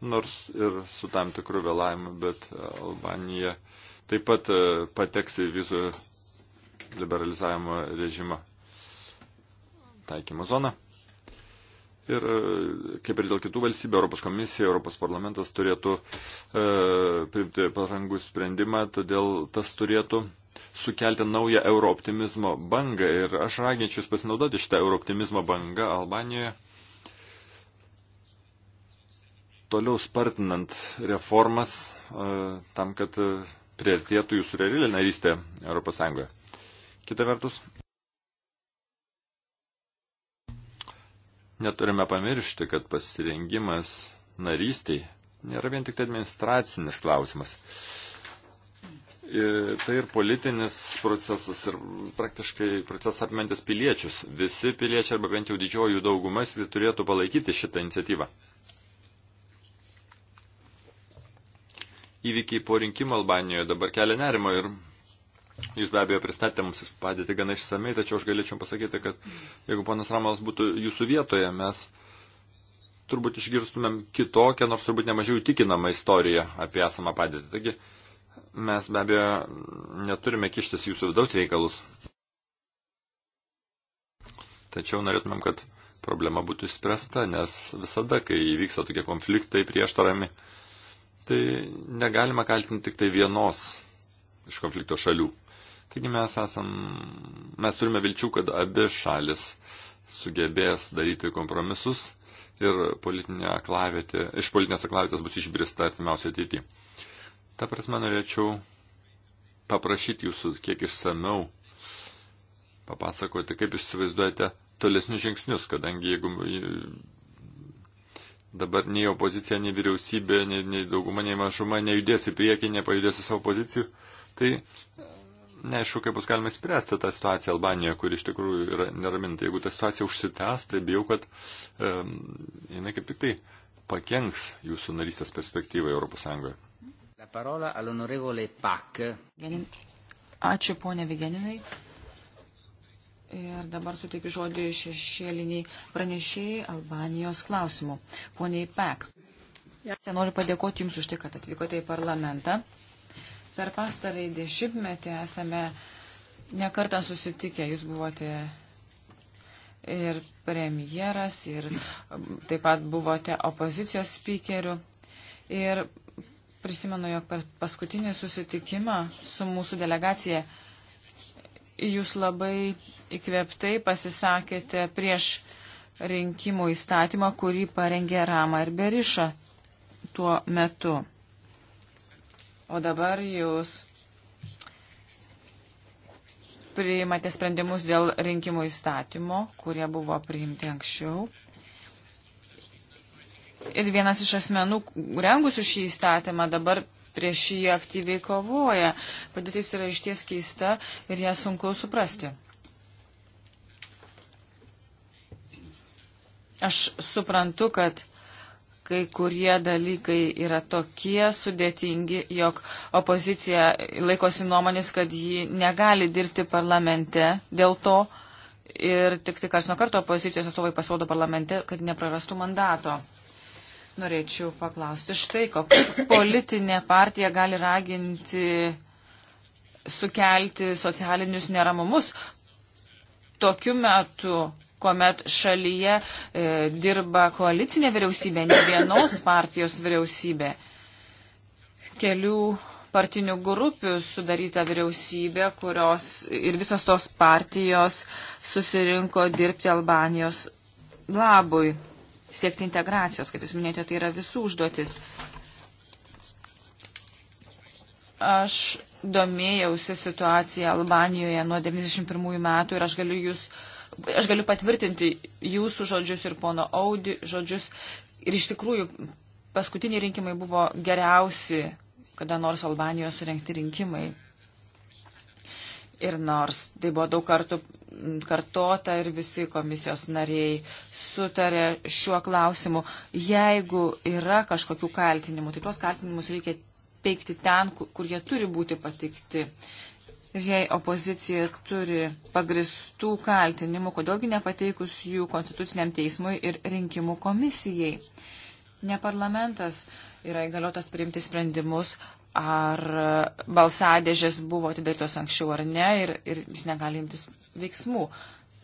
nors ir su tam tikru vėlavimu, bet e, Albanija taip pat e, pateks į vizų liberalizavimo režimą taikymo zoną. Ir e, kaip ir dėl kitų valstybių, Europos komisija, Europos parlamentas turėtų e, priimti pažangų sprendimą, todėl tas turėtų sukelti naują eurooptimizmo bangą. Ir aš raginčiau jūs pasinaudoti šitą eurooptimizmo bangą Albanijoje, toliau spartinant reformas e, tam, kad e, priartėtų jūsų realią narystę Europos Sąjungoje. Kita vertus, neturime pamiršti, kad pasirengimas narystiai nėra vien tik tai administracinis klausimas. Ir e, tai ir politinis procesas, ir praktiškai procesas apimantis piliečius. Visi piliečiai, arba bent jau didžiojų daugumas, turėtų palaikyti šitą iniciatyvą. Įvykiai po rinkimų Albanijoje dabar kelia nerimo ir Jūs be abejo pristatėte mums padėti gana išsamei, tačiau aš galėčiau pasakyti, kad jeigu panas Ramalas būtų jūsų vietoje, mes turbūt išgirstumėm kitokią, nors turbūt nemažiau įtikinamą istoriją apie esamą padėtį. Taigi mes be abejo neturime kištis jūsų vidaus reikalus. Tačiau norėtumėm, kad problema būtų išspręsta, nes visada, kai vyksta tokie konfliktai prieštarami, tai negalima kaltinti tik tai vienos iš konflikto šalių. Taigi mes esam, mes turime vilčių, kad abi šalis sugebės daryti kompromisus ir politinė aklavėtė, iš politinės aklavėtės bus išbrista artimiausiai ateityje. Ta prasme norėčiau paprašyti jūsų kiek išsameu papasakoti, kaip jūs įsivaizduojate tolesnius žingsnius, kadangi jeigu dabar nei opozicija, nei vyriausybė, nei, nei dauguma, nei mažuma nejudės į priekį, nepajudės į savo pozicijų, tai neaišku, kaip bus galima spręsti tą situaciją Albanijoje, kuri iš tikrųjų yra neraminta. Jeigu ta situacija užsitęs, tai bijau, kad um, jinai kaip tik tai pakenks jūsų narystės perspektyvai Europos Sąjungoje. Ačiū, ponė Vigeninai. Ir dabar suteikiu žodį šešėliniai pranešėjai Albanijos klausimų. Poniai Pek. Ja. Noriu padėkoti Jums už tai, kad atvykote į parlamentą. Per pastarąjį dešimtmetį esame nekartą susitikę. Jūs buvote ir premjeras, ir taip pat buvote opozicijos spykeriu. Ir prisimenu, jog per paskutinį susitikimą su mūsų delegacija jūs labai įkveptai pasisakėte prieš rinkimų įstatymą, kurį parengė Rama ir Beriša tuo metu. O dabar jūs priimate sprendimus dėl rinkimų įstatymo, kurie buvo priimti anksčiau. Ir vienas iš asmenų, rengusių šį įstatymą, dabar prieš jį aktyviai kovoja. Padėtis yra išties keista ir ją sunku suprasti. Aš suprantu, kad kai kurie dalykai yra tokie sudėtingi, jog opozicija laikosi nuomonės, kad ji negali dirbti parlamente dėl to ir tik tai kas nuo karto opozicijos atstovai pasirodo parlamente, kad neprarastų mandato. Norėčiau paklausti štai, ko politinė partija gali raginti sukelti socialinius neramumus. Tokiu metu kuomet šalyje e, dirba koalicinė vyriausybė, ne vienos partijos vyriausybė. Kelių partinių grupių sudaryta vyriausybė, kurios ir visos tos partijos susirinko dirbti Albanijos labui, siekti integracijos, kaip jūs minėjote, tai yra visų užduotis. Aš domėjausi situaciją Albanijoje nuo 91 metų ir aš galiu jūs uh, aš galiu patvirtinti jūsų žodžius ir pono Audi žodžius. Ir iš tikrųjų, paskutiniai rinkimai buvo geriausi, kada nors Albanijoje surenkti rinkimai. Ir nors tai buvo daug kartų kartota ir visi komisijos nariai sutarė šiuo klausimu, jeigu yra kažkokių kaltinimų, tai tuos kaltinimus reikia peikti ten, kur jie turi būti patikti. Ir jei opozicija turi pagristų kaltinimų, kodėlgi nepateikus jų konstituciniam teismui ir rinkimų komisijai. Ne parlamentas yra įgaliotas priimti sprendimus, ar balsadėžės buvo atidarytos anksčiau ar ne ir, ir jis negali imtis veiksmų.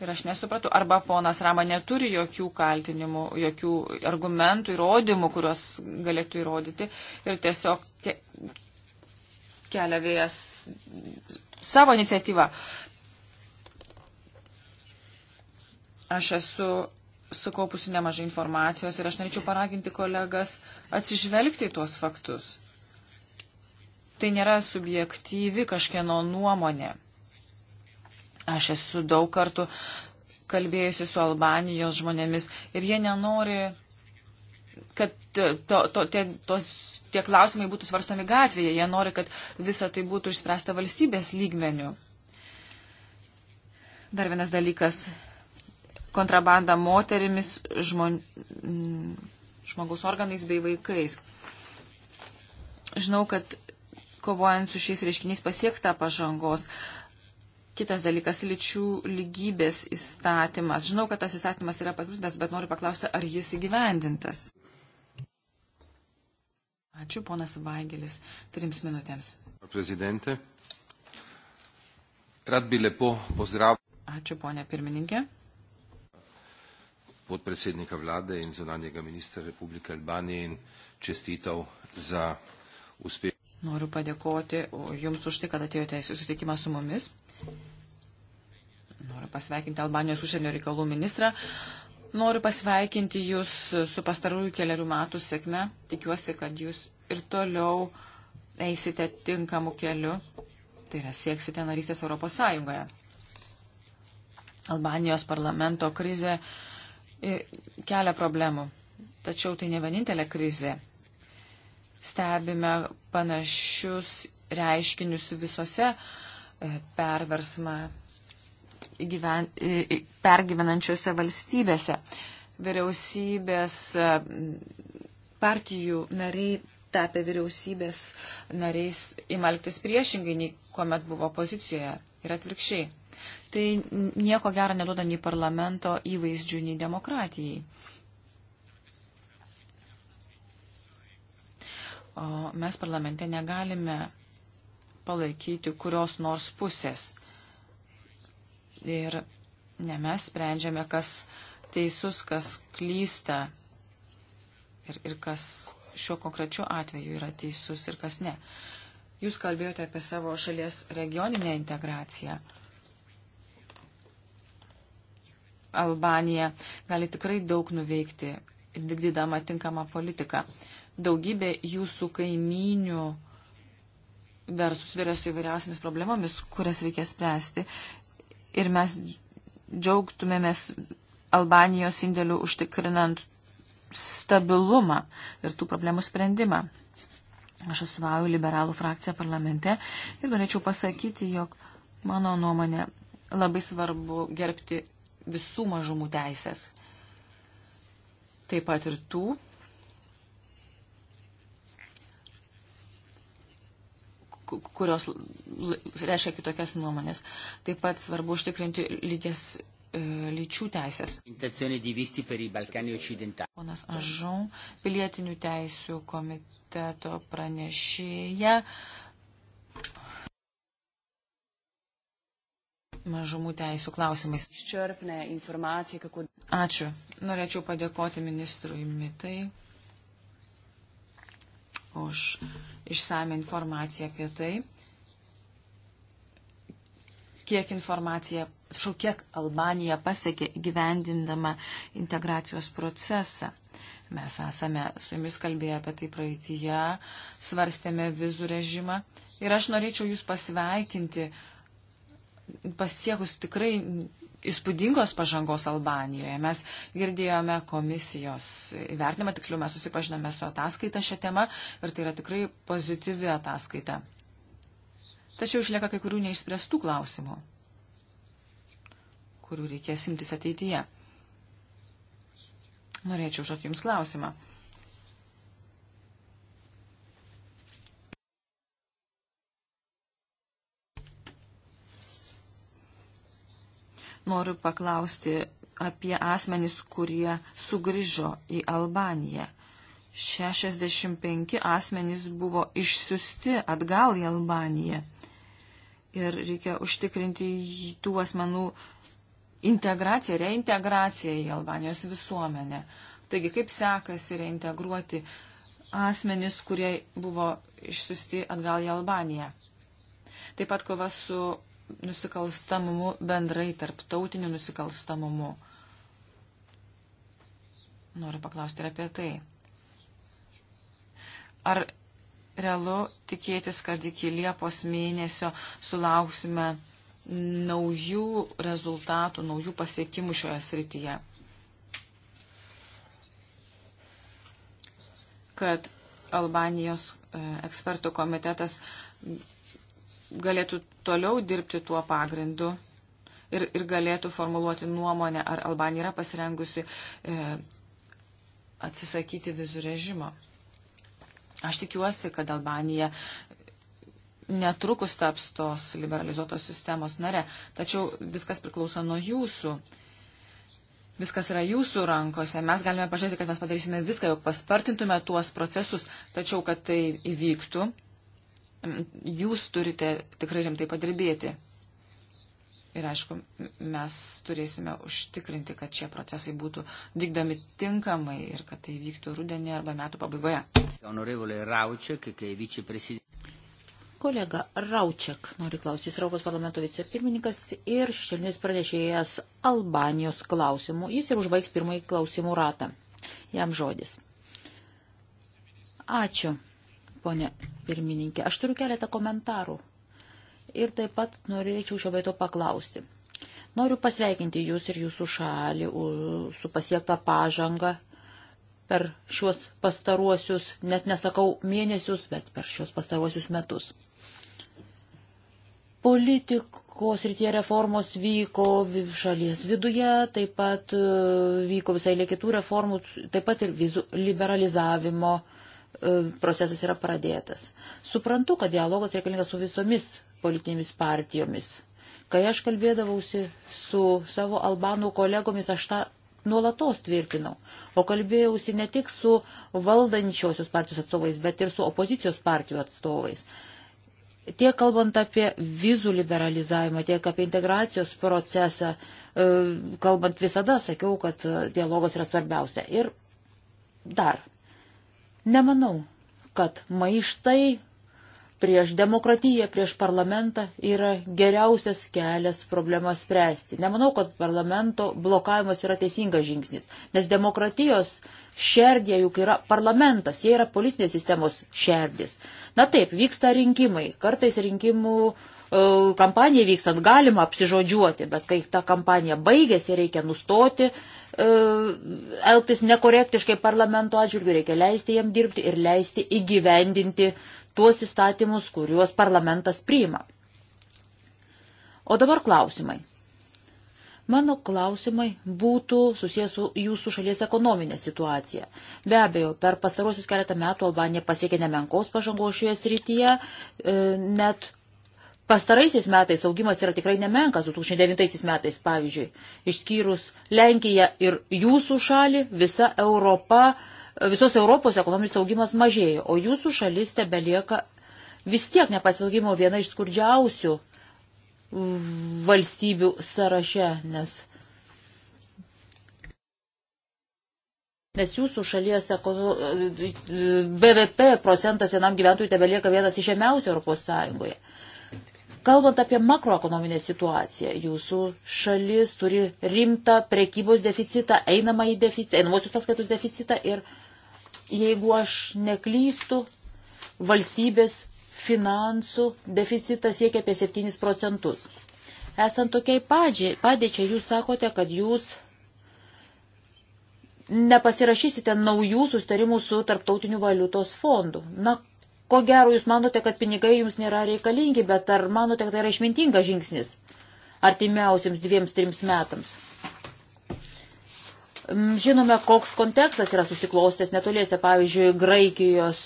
Ir aš nesupratau, arba ponas Rama neturi jokių kaltinimų, jokių argumentų, įrodymų, kuriuos galėtų įrodyti ir tiesiog ke kelia vėjas savo iniciatyvą. Aš esu sukaupusi nemažai informacijos ir aš norėčiau paraginti kolegas atsižvelgti į tuos faktus. Tai nėra subjektyvi kažkieno nuomonė. Aš esu daug kartų kalbėjusi su Albanijos žmonėmis ir jie nenori, kad to, to, tie, tos tie klausimai būtų svarstomi gatvėje. Jie nori, kad visa tai būtų išspręsta valstybės lygmenių. Dar vienas dalykas - kontrabanda moterimis, žmon, mm, žmogaus organais bei vaikais. Žinau, kad kovojant su šiais reiškiniais pasiekta pažangos. Kitas dalykas - lyčių lygybės įstatymas. Žinau, kad tas įstatymas yra patvirtintas, bet noriu paklausti, ar jis įgyvendintas. Ačiū, ponas Vaigelis, trims minutėms. Prezidentė. Radbilepo, pozdrav. Ačiū, ponė pirmininkė. Podpredsednika vlade in zunanjega ministra Republike Albanije in čestitav za uspeh. Noriu padėkoti Jums už tai, kad atėjote į susitikimą su mumis. Noriu pasveikinti Albanijos užsienio reikalų ministrą. Noriu pasveikinti Jūs su pastarųjų keliarių metų sėkme. Tikiuosi, kad Jūs ir toliau eisite tinkamu keliu. Tai yra sieksite narystės Europos Sąjungoje. Albanijos parlamento krizė e, kelia problemų. Tačiau tai ne vienintelė krizė. Stebime panašius reiškinius visose e, perversmą gyven, pergyvenančiose valstybėse. Vyriausybės e, partijų nariai tapę vyriausybės nariais imaltis priešingai, nei kuomet buvo pozicijoje ir atvirkščiai. Tai nieko gero neduoda nei parlamento įvaizdžių, nei demokratijai. O mes parlamente negalime palaikyti kurios nors pusės. Ir ne mes sprendžiame, kas teisus, kas klysta ir, ir kas šiuo konkrečiu atveju yra teisus ir kas ne. Jūs kalbėjote apie savo šalies regioninę integraciją. Albanija gali tikrai daug nuveikti, vykdydama tinkamą politiką. Daugybė jūsų kaimynių dar susiduria su įvairiausiamis problemomis, kurias reikia spręsti ir mes džiaugtumėmės Albanijos indėlių užtikrinant stabilumą ir tų problemų sprendimą. Aš atstovauju liberalų frakciją parlamente ir norėčiau pasakyti, jog mano nuomonė labai svarbu gerbti visų mažumų teisės. Taip pat ir tų, kurios reiškia kitokias nuomonės. Taip pat svarbu užtikrinti lygias e, lyčių teisės. Ponas Ažon, pilietinių teisių komiteto pranešėja. mažumų teisų klausimais. Ačiū. Norėčiau padėkoti ministrui Mitai už išsame informaciją apie tai, kiek informacija, atsiprašau, kiek Albanija pasiekė gyvendindama integracijos procesą. Mes esame su jumis kalbėję apie tai praeitįje, svarstėme vizų režimą ir aš norėčiau jūs pasveikinti pasiekus tikrai įspūdingos pažangos Albanijoje. Mes girdėjome komisijos įvertinimą, tiksliau mes susipažinome su ataskaita šią temą ir tai yra tikrai pozityvi ataskaita. Tačiau išlieka kai kurių neišspręstų klausimų, kurių reikės imtis ateityje. Norėčiau užduoti Jums klausimą. Noriu paklausti apie asmenys, kurie sugrįžo į Albaniją. 65 asmenys buvo išsiusti atgal į Albaniją. Ir reikia užtikrinti tų asmenų integraciją, reintegraciją į Albanijos visuomenę. Taigi, kaip sekasi reintegruoti asmenys, kurie buvo išsiusti atgal į Albaniją. Taip pat kova su nusikalstamumu bendrai, tarptautiniu nusikalstamumu. Noriu paklausti ir apie tai. Ar realu tikėtis, kad iki Liepos mėnesio sulauksime naujų rezultatų, naujų pasiekimų šioje srityje? Kad Albanijos e, ekspertų komitetas galėtų toliau dirbti tuo pagrindu ir, ir galėtų formuluoti nuomonę, ar Albanija yra pasirengusi e, atsisakyti vizų režimo. Aš tikiuosi, kad Albanija netrukus taps tos liberalizuotos sistemos nare, tačiau viskas priklauso nuo jūsų. Viskas yra jūsų rankose. Mes galime pažiūrėti, kad mes padarysime viską, jog paspartintume tuos procesus, tačiau, kad tai įvyktų, jūs turite tikrai rimtai padirbėti. Ir aišku, mes turėsime užtikrinti, kad šie procesai būtų vykdomi tinkamai ir kad tai vyktų rudenį arba metų pabaigoje. Kolega Raučiak, nori klausyti, Europos parlamento vicepirmininkas ir šešėlinis pranešėjas Albanijos klausimų. Jis ir užbaigs pirmąjį klausimų ratą. Jam žodis. Ačiū, ponė pirmininkė. Aš turiu keletą komentarų ir taip pat norėčiau šio vaito paklausti. Noriu pasveikinti jūs ir jūsų šalį su pasiektą pažangą per šiuos pastaruosius, net nesakau mėnesius, bet per šiuos pastaruosius metus. Politikos rytie reformos vyko šalies viduje, taip pat e, vyko visai lė kitų reformų, taip pat ir vizų liberalizavimo uh, E, procesas yra pradėtas. Suprantu, kad dialogas reikalingas su visomis politinėmis partijomis. Kai aš kalbėdavausi su savo albanų kolegomis, aš tą nuolatos tvirtinau. O kalbėjausi ne tik su valdančiosios partijos atstovais, bet ir su opozicijos partijų atstovais. Tiek kalbant apie vizų liberalizavimą, tiek apie integracijos procesą, e, kalbant visada sakiau, kad dialogas yra svarbiausia. Ir dar Nemanau, kad maištai prieš demokratiją, prieš parlamentą yra geriausias kelias problemas spręsti. Nemanau, kad parlamento blokavimas yra teisingas žingsnis, nes demokratijos šerdė juk yra parlamentas, jie yra politinės sistemos šerdis. Na taip, vyksta rinkimai, kartais rinkimų e, kampanijai vykstant galima apsižodžiuoti, bet kai ta kampanija baigėsi, reikia nustoti, E, elgtis nekorektiškai parlamento atžvilgių, reikia leisti jam dirbti ir leisti įgyvendinti tuos įstatymus, kuriuos parlamentas priima. O dabar klausimai. Mano klausimai būtų susijęs su jūsų šalies ekonominė situacija. Be abejo, per pastarosius keletą metų Albanija pasiekė nemenkos pažangos šioje srityje, e, net Pastaraisiais metais augimas yra tikrai nemenkas, 2009 metais pavyzdžiui, išskyrus Lenkiją ir jūsų šalį, visa Europa, visos Europos ekonominis augimas mažėjo, o jūsų šalis tebelieka vis tiek nepasiaugimo viena iš skurdžiausių valstybių sąraše, nes, nes jūsų šalies e, e, BVP procentas vienam gyventojui tebelieka vienas iš žemiausių Europos Sąjungoje. Kalbant apie makroekonominę situaciją, jūsų šalis turi rimtą prekybos deficitą, einamąjį deficitą, einamosius sąskaitos deficitą ir jeigu aš neklystu, valstybės finansų deficitas siekia apie 7 procentus. Esant tokiai padėčiai, jūs sakote, kad jūs nepasirašysite naujų sustarimų su tarptautiniu valiutos fondu. Na Ko gero, jūs manote, kad pinigai jums nėra reikalingi, bet ar manote, kad tai yra išmintingas žingsnis artimiausiams dviems, trims metams? Mm, žinome, koks kontekstas yra susiklostęs netoliese, pavyzdžiui, Graikijos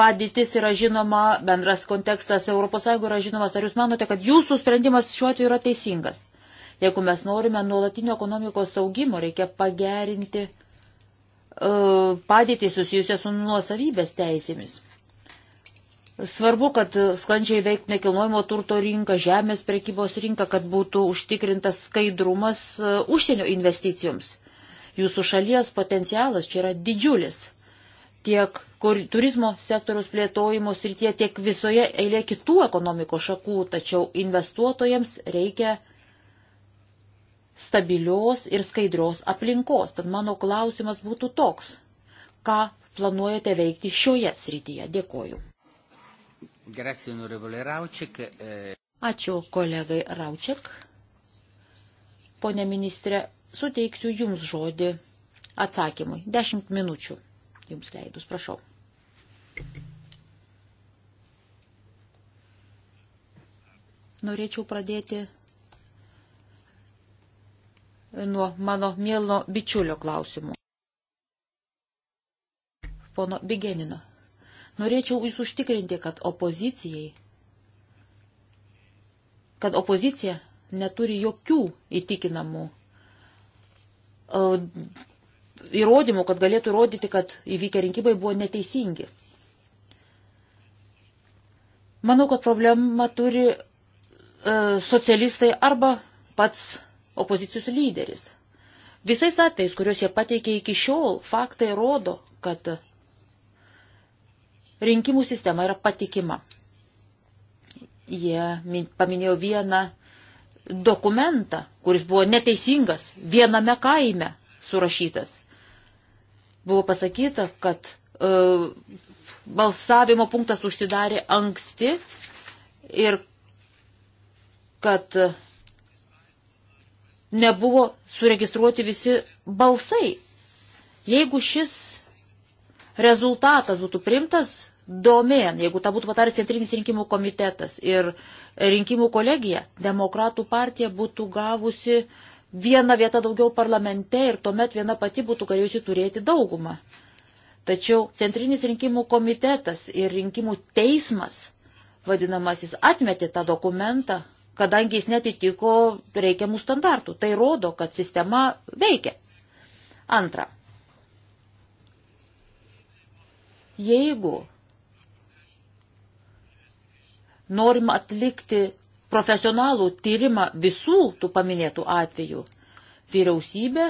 padėtis yra žinoma, bendras kontekstas ES yra žinomas. Ar jūs manote, kad jūsų sprendimas šiuo atveju yra teisingas? Jeigu mes norime nuolatinio ekonomikos saugimo, reikia pagerinti uh, padėtį susijusią su nuosavybės teisėmis. Svarbu, kad sklandžiai veiktų nekilnojimo turto rinka, žemės prekybos rinka, kad būtų užtikrintas skaidrumas e, užsienio investicijoms. Jūsų šalies potencialas čia yra didžiulis. Tiek kur, turizmo sektoriaus plėtojimo srityje, tiek visoje eilė kitų ekonomikos šakų, tačiau investuotojams reikia stabilios ir skaidrios aplinkos. Tad mano klausimas būtų toks. Ką planuojate veikti šioje srityje? Dėkoju. Grazie, onorevole Rauček. E- Ačiū kolegai Rauček. Pone ministrė, suteiksiu Jums žodį atsakymui. Dešimt minučių Jums leidus, prašau. Norėčiau pradėti nuo mano mielo bičiulio klausimų. Pono Bigenino. Norėčiau jūs užtikrinti, kad opozicijai, kad opozicija neturi jokių įtikinamų e, įrodymų, kad galėtų įrodyti, kad įvykę rinkimai buvo neteisingi. Manau, kad problemą turi e, socialistai arba pats opozicijos lyderis. Visais atvejais, kuriuos jie pateikė iki šiol, faktai rodo, kad rinkimų sistema yra patikima. Jie paminėjo vieną dokumentą, kuris buvo neteisingas, viename kaime surašytas. Buvo pasakyta, kad e, balsavimo punktas užsidarė anksti ir kad nebuvo suregistruoti visi balsai. Jeigu šis rezultatas būtų primtas domėn, jeigu tą būtų pataręs Centrinis rinkimų komitetas ir rinkimų kolegija, demokratų partija būtų gavusi vieną vietą daugiau parlamente ir tuomet viena pati būtų galėjusi turėti daugumą. Tačiau Centrinis rinkimų komitetas ir rinkimų teismas, vadinamasis, atmetė tą dokumentą, kadangi jis netitiko reikiamų standartų. Tai rodo, kad sistema veikia. Antra. Jeigu norim atlikti profesionalų tyrimą visų tų paminėtų atvejų, vyriausybė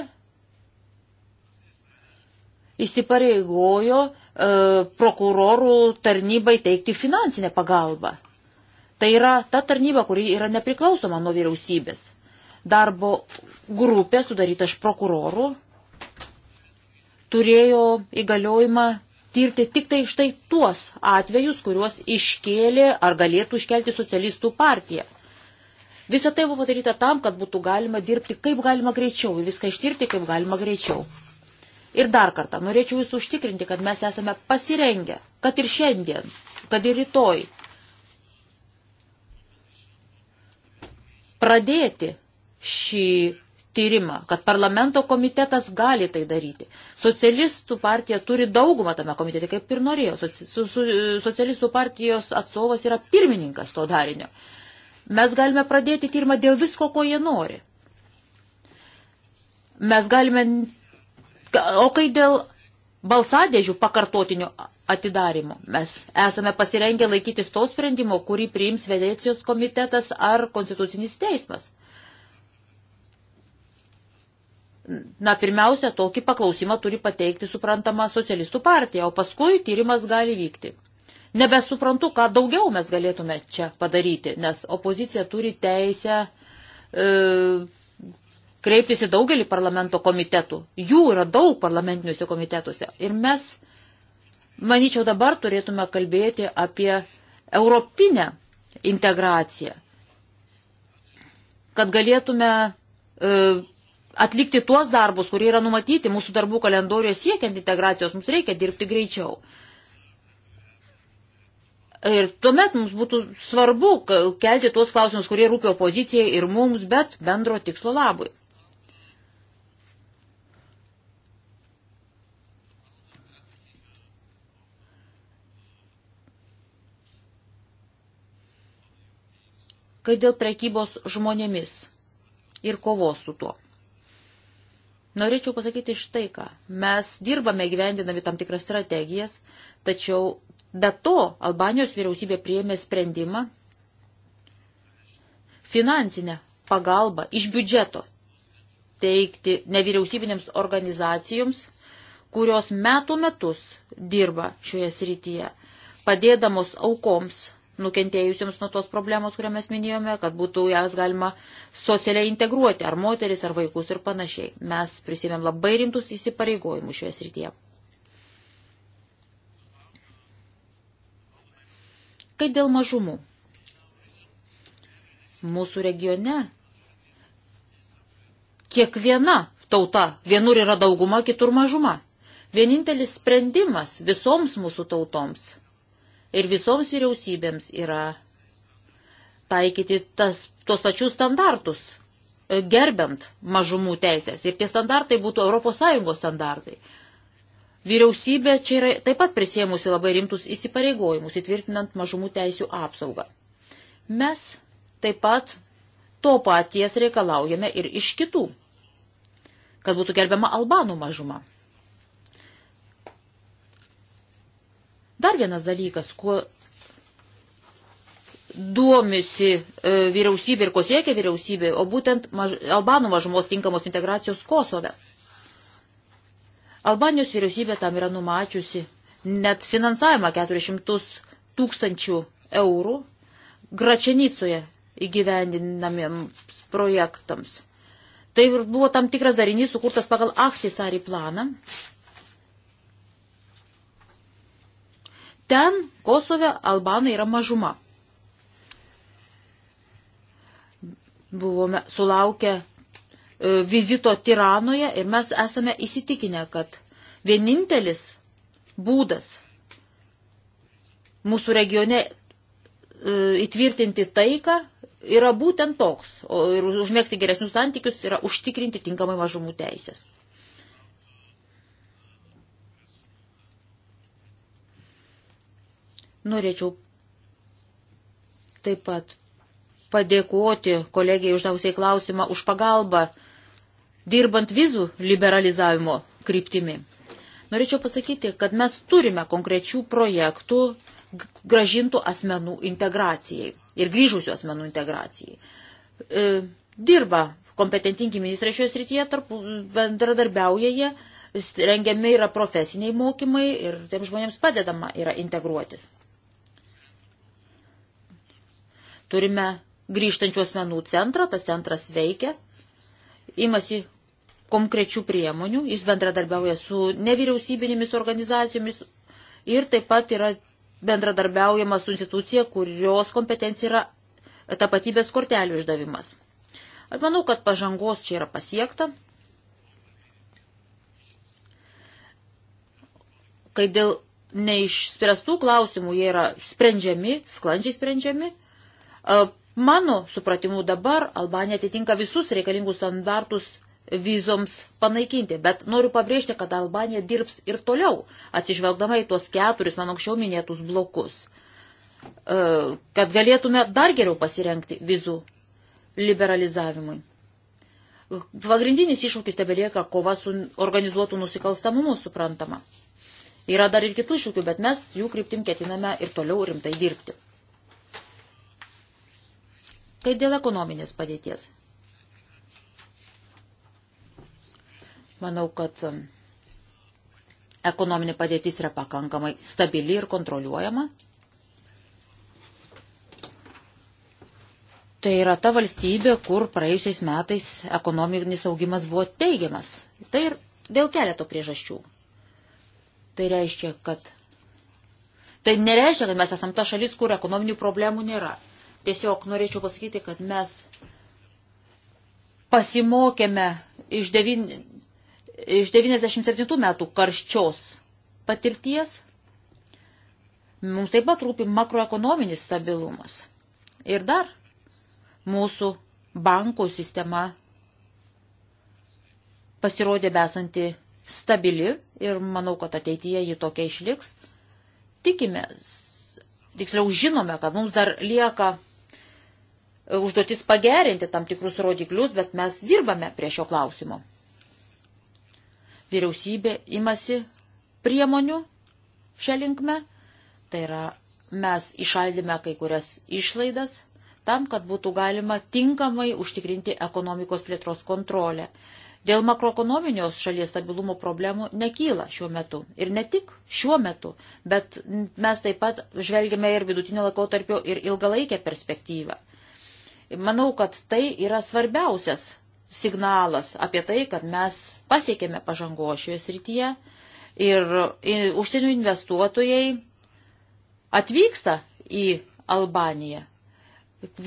įsipareigojo e, prokurorų tarnybai teikti finansinę pagalbą. Tai yra ta tarnyba, kuri yra nepriklausoma nuo vyriausybės. Darbo grupė sudaryta iš prokurorų turėjo įgaliojimą tirti tik tai štai tuos atvejus, kuriuos iškėlė ar galėtų iškelti socialistų partija. Visą tai buvo padaryta tam, kad būtų galima dirbti kaip galima greičiau ir viską ištirti kaip galima greičiau. Ir dar kartą norėčiau jūs užtikrinti, kad mes esame pasirengę, kad ir šiandien, kad ir rytoj pradėti šį tyrimą, kad parlamento komitetas gali tai daryti. Socialistų partija turi daugumą tame komitete, kaip ir norėjo. Soci, su, su, socialistų partijos atstovas yra pirmininkas to darinio. Mes galime pradėti tyrimą dėl visko, ko jie nori. Mes galime, o kai dėl balsadėžių pakartotinio atidarimo. Mes esame pasirengę laikytis to sprendimo, kurį priims Venecijos komitetas ar konstitucinis teismas na, pirmiausia, tokį paklausimą turi pateikti suprantama socialistų partija, o paskui tyrimas gali vykti. Nebesuprantu, ką daugiau mes galėtume čia padaryti, nes opozicija turi teisę e, kreiptis į daugelį parlamento komitetų. Jų yra daug parlamentiniuose komitetuose. Ir mes, manyčiau, dabar turėtume kalbėti apie europinę integraciją, kad galėtume e, atlikti tuos darbus, kurie yra numatyti mūsų darbų kalendorijoje siekiant integracijos, mums reikia dirbti greičiau. Ir tuomet mums būtų svarbu kelti tuos klausimus, kurie rūpia opozicijai ir mums, bet bendro tikslo labui. Kai dėl prekybos žmonėmis ir kovos su tuo. Norėčiau pasakyti štai ką. Mes dirbame gyvendinami tam tikras strategijas, tačiau be to Albanijos vyriausybė priėmė sprendimą finansinę pagalbą iš biudžeto teikti nevyriausybinėms organizacijoms, kurios metų metus dirba šioje srityje, padėdamos aukoms nukentėjusiems nuo tos problemos, kurią mes minėjome, kad būtų jas galima socialiai integruoti, ar moteris, ar vaikus ir panašiai. Mes prisėmėm labai rimtus įsipareigojimus šioje srityje. Kai dėl mažumų. Mūsų regione kiekviena tauta vienur yra dauguma, kitur mažuma. Vienintelis sprendimas visoms mūsų tautoms – ir visoms vyriausybėms yra taikyti tas, tos pačius standartus, e, gerbiant mažumų teisės. Ir tie standartai būtų ES standartai. Vyriausybė čia yra taip pat prisėmusi labai rimtus įsipareigojimus, įtvirtinant mažumų teisių apsaugą. Mes taip pat to paties reikalaujame ir iš kitų, kad būtų gerbiama albanų mažuma. Dar vienas dalykas, kuo duomisi e, vyriausybė ir ko siekia vyriausybė, o būtent maž, Albanų mažumos tinkamos integracijos Kosove. Albanijos vyriausybė tam yra numačiusi net finansavimą 400 tūkstančių eurų Gračenicoje įgyvendinamiems projektams. Tai buvo tam tikras darinys sukurtas pagal Ahtisari planą, Ten Kosove albanai yra mažuma. Buvome sulaukę e, vizito Tiranoje ir mes esame įsitikinę, kad vienintelis būdas mūsų regione e, įtvirtinti taiką yra būtent toks, o ir užmėgsti geresnius santykius yra užtikrinti tinkamai mažumų teisės. Norėčiau taip pat padėkoti kolegijai uždavusiai klausimą už pagalbą dirbant vizų liberalizavimo kryptimi. Norėčiau pasakyti, kad mes turime konkrečių projektų gražintų asmenų integracijai ir grįžusių asmenų integracijai. E, dirba kompetentingi ministrai šioje srityje, tarp, bendradarbiauja jie, rengiami yra profesiniai mokymai ir tiem žmonėms padedama yra integruotis. Turime grįžtančių asmenų centrą, tas centras veikia, imasi konkrečių priemonių, jis bendradarbiauja su nevyriausybinėmis organizacijomis ir taip pat yra bendradarbiaujama su institucija, kurios kompetencija yra tapatybės kortelių išdavimas. Aš manau, kad pažangos čia yra pasiekta. Kai dėl neišspręstų klausimų jie yra sprendžiami, sklandžiai sprendžiami, Mano supratimu dabar Albanija atitinka visus reikalingus standartus vizoms panaikinti, bet noriu pabrėžti, kad Albanija dirbs ir toliau, atsižvelgdama į tuos keturis man anksčiau minėtus blokus, kad galėtume dar geriau pasirenkti vizų liberalizavimui. Pagrindinis iššūkis tebelieka kova su organizuotų nusikalstamumu, suprantama. Yra dar ir kitų iššūkių, bet mes jų kryptim ketiname ir toliau rimtai dirbti. Kai dėl ekonominės padėties. Manau, kad ekonominė padėtis yra pakankamai stabili ir kontroliuojama. Tai yra ta valstybė, kur praėjusiais metais ekonominis augimas buvo teigiamas. Tai ir dėl keleto priežasčių. Tai reiškia, kad. Tai nereiškia, kad mes esam ta šalis, kur ekonominių problemų nėra. Tiesiog norėčiau pasakyti, kad mes pasimokėme iš, devin, iš 97 metų karščios patirties. Mums taip pat rūpi makroekonominis stabilumas. Ir dar mūsų bankų sistema pasirodė besanti stabili ir manau, kad ateityje ji tokia išliks. Tikimės, tiksliau žinome, kad mums dar lieka užduotis pagerinti tam tikrus rodiklius, bet mes dirbame prie šio klausimo. Vyriausybė imasi priemonių šią linkmę, tai yra mes išaldime kai kurias išlaidas tam, kad būtų galima tinkamai užtikrinti ekonomikos plėtros kontrolę. Dėl makroekonominios šalies stabilumo problemų nekyla šiuo metu. Ir ne tik šiuo metu, bet mes taip pat žvelgiame ir vidutinio laikotarpio, ir ilgalaikę perspektyvą. Manau, kad tai yra svarbiausias signalas apie tai, kad mes pasiekėme pažango šioje srityje ir užsienio investuotojai atvyksta į Albaniją.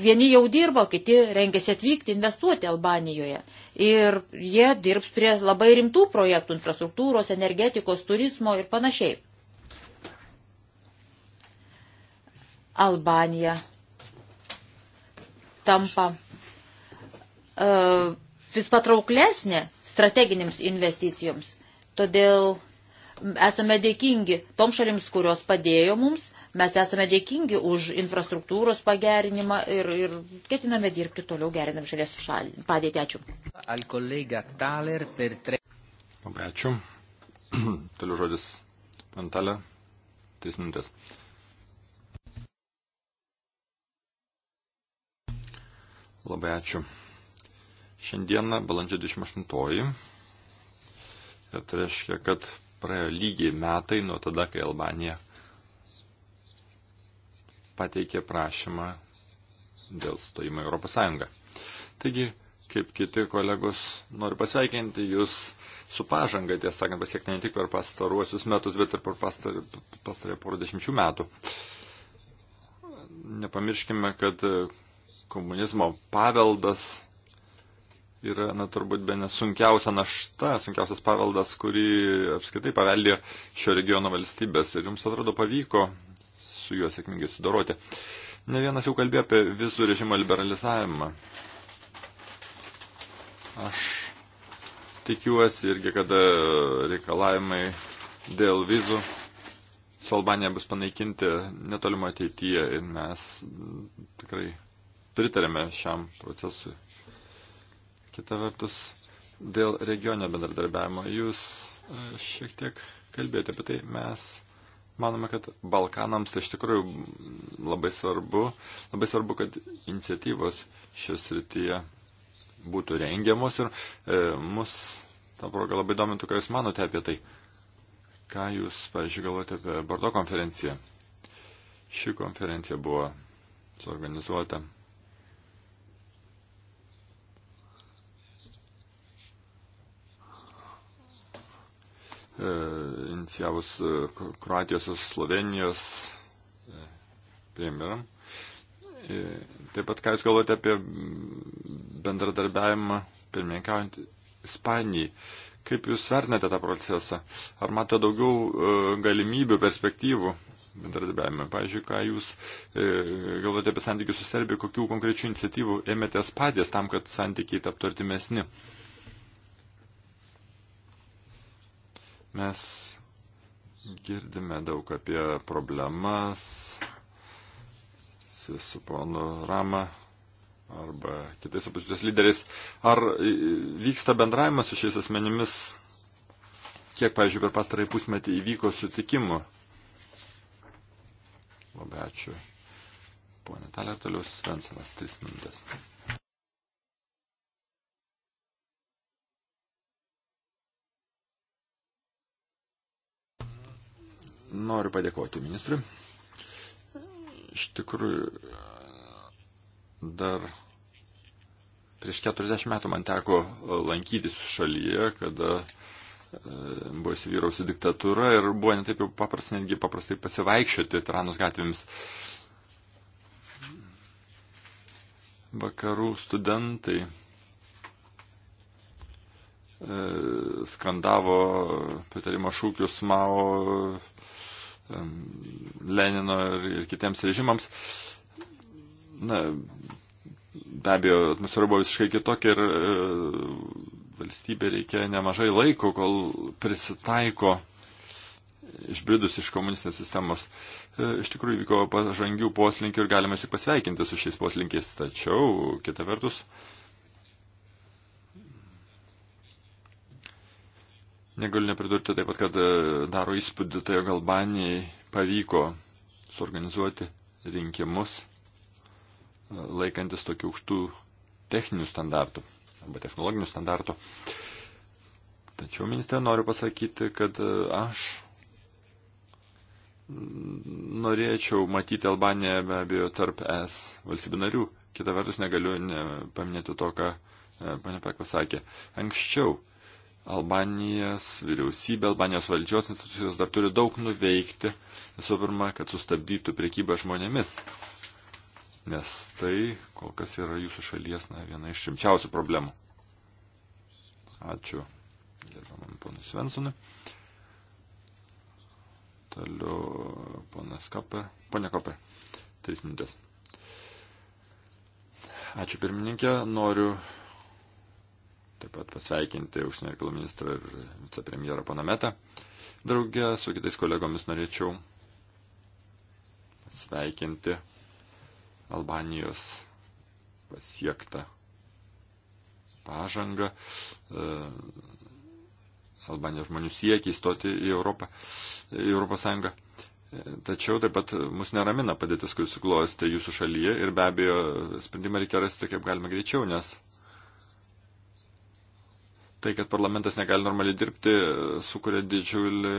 Vieni jau dirba, kiti rengiasi atvykti, investuoti Albanijoje. Ir jie dirbs prie labai rimtų projektų infrastruktūros, energetikos, turizmo ir panašiai. Albanija tampa uh, vis patrauklesnė strateginėms investicijoms. Todėl esame dėkingi tom šalims, kurios padėjo mums, mes esame dėkingi už infrastruktūros pagerinimą ir, ir ketiname dirbti toliau gerinam šalies šalį. Padėti ačiū. Al kolega Taler per tre. Labai ačiū. (clears throat) toliau žodis Pantalė. Tris minutės. Labai ačiū. Šiandieną balandžio 28. Ir e, tai reiškia, kad praėjo lygiai metai nuo tada, kai Albanija pateikė prašymą dėl stojimo į Europos Sąjungą. Taigi, kaip kiti kolegos, noriu pasveikinti Jūs su pažanga, tiesą sakant, pasiekti ne tik per pastaruosius metus, bet ir per pastarąją porą dešimčių metų. Nepamirškime, kad komunizmo paveldas yra, na, turbūt be nesunkiausia našta, sunkiausias paveldas, kurį apskritai paveldėjo šio regiono valstybės. Ir jums atrodo pavyko su juo sėkmingai sudoroti. Ne vienas jau kalbėjo apie vizų režimo liberalizavimą. Aš tikiuosi irgi, kad e, reikalavimai dėl vizų su Albanija bus panaikinti netolimo ateityje ir mes tikrai pritarėme šiam procesui. Kita vertus, dėl regionio bendradarbiavimo jūs e, šiek tiek kalbėjote apie tai. Mes manome, kad Balkanams tai iš tikrųjų labai svarbu, labai svarbu, kad iniciatyvos šios rytyje būtų rengiamos ir e, mus tą progą labai domintų, ką jūs manote apie tai. Ką jūs, pavyzdžiui, galvojate apie Bordo konferenciją? Ši konferencija buvo suorganizuota E, inicijavus e, Kroatijos ir Slovenijos e, premjeram. Taip pat, ką Jūs galvojate apie bendradarbiavimą pirmininkaujant Ispanijai? Kaip Jūs vertinate tą procesą? Ar matote daugiau galimybių, perspektyvų bendradarbiavime. Pavyzdžiui, ką jūs e, galvote apie santykius su Serbija, kokių konkrečių iniciatyvų ėmėtės patys tam, kad santykiai taptų artimesni. E, Mes girdime daug apie problemas su, su ponu Rama arba kitais opozicijos lyderiais. Ar vyksta bendravimas su šiais asmenimis, kiek, pavyzdžiui, per pastarąjį pusmetį įvyko sutikimų? Labai ačiū. Pone Taler, toliau Svensonas, 3 minutės. Noriu padėkoti ministrui. Iš tikrųjų, dar prieš 40 metų man teko lankytis šalyje, kada e, buvo įsivyrausi diktatūra ir buvo netaip jau paprastai, netgi paprastai pasivaikščioti Tiranos gatvėmis. Vakarų studentai e, skandavo pritarimo šūkius Mao Lenino ir, ir kitiems režimams. Na, be abejo, atmosfera buvo visiškai kitokia ir e, valstybė reikėjo nemažai laiko, kol prisitaiko išbridus iš komunistinės sistemos. E, iš tikrųjų vyko pažangių poslinkių ir galima tik pasveikinti su šiais poslinkiais, tačiau kita vertus. E, Negaliu nepridurti taip pat, kad e, daro įspūdį tai, jog Albanijai pavyko suorganizuoti rinkimus e, laikantis tokių aukštų techninių standartų arba technologinių standartų. Tačiau ministrė noriu pasakyti, kad e, aš norėčiau matyti Albaniją be abejo tarp es valstybių narių. Kita vertus negaliu paminėti to, ką pane Pek pasakė. Anksčiau Albanijos vyriausybė, Albanijos valdžios institucijos dar turi daug nuveikti, visų pirma, kad sustabdytų priekybą žmonėmis. Nes tai kol kas yra jūsų šalies na, viena iš šimčiausių problemų. Ačiū gerbiamam ponui Svensonui. Toliau ponas Kapė. Pone Kapė, trys minutės. Ačiū pirmininkė, noriu taip pat pasveikinti užsienio reikalų ministrą ir vicepremjerą Panametą. Draugė su kitais kolegomis norėčiau sveikinti Albanijos pasiektą pažangą, e, Albanijos žmonių siekį įstoti į Europą, į Europos Sąjungą. Tačiau taip pat mus neramina padėtis, kuris suklostė jūsų šalyje ir be abejo sprendimą reikia rasti kaip galima greičiau, nes Tai, kad parlamentas negali normaliai dirbti, sukuria didžiulį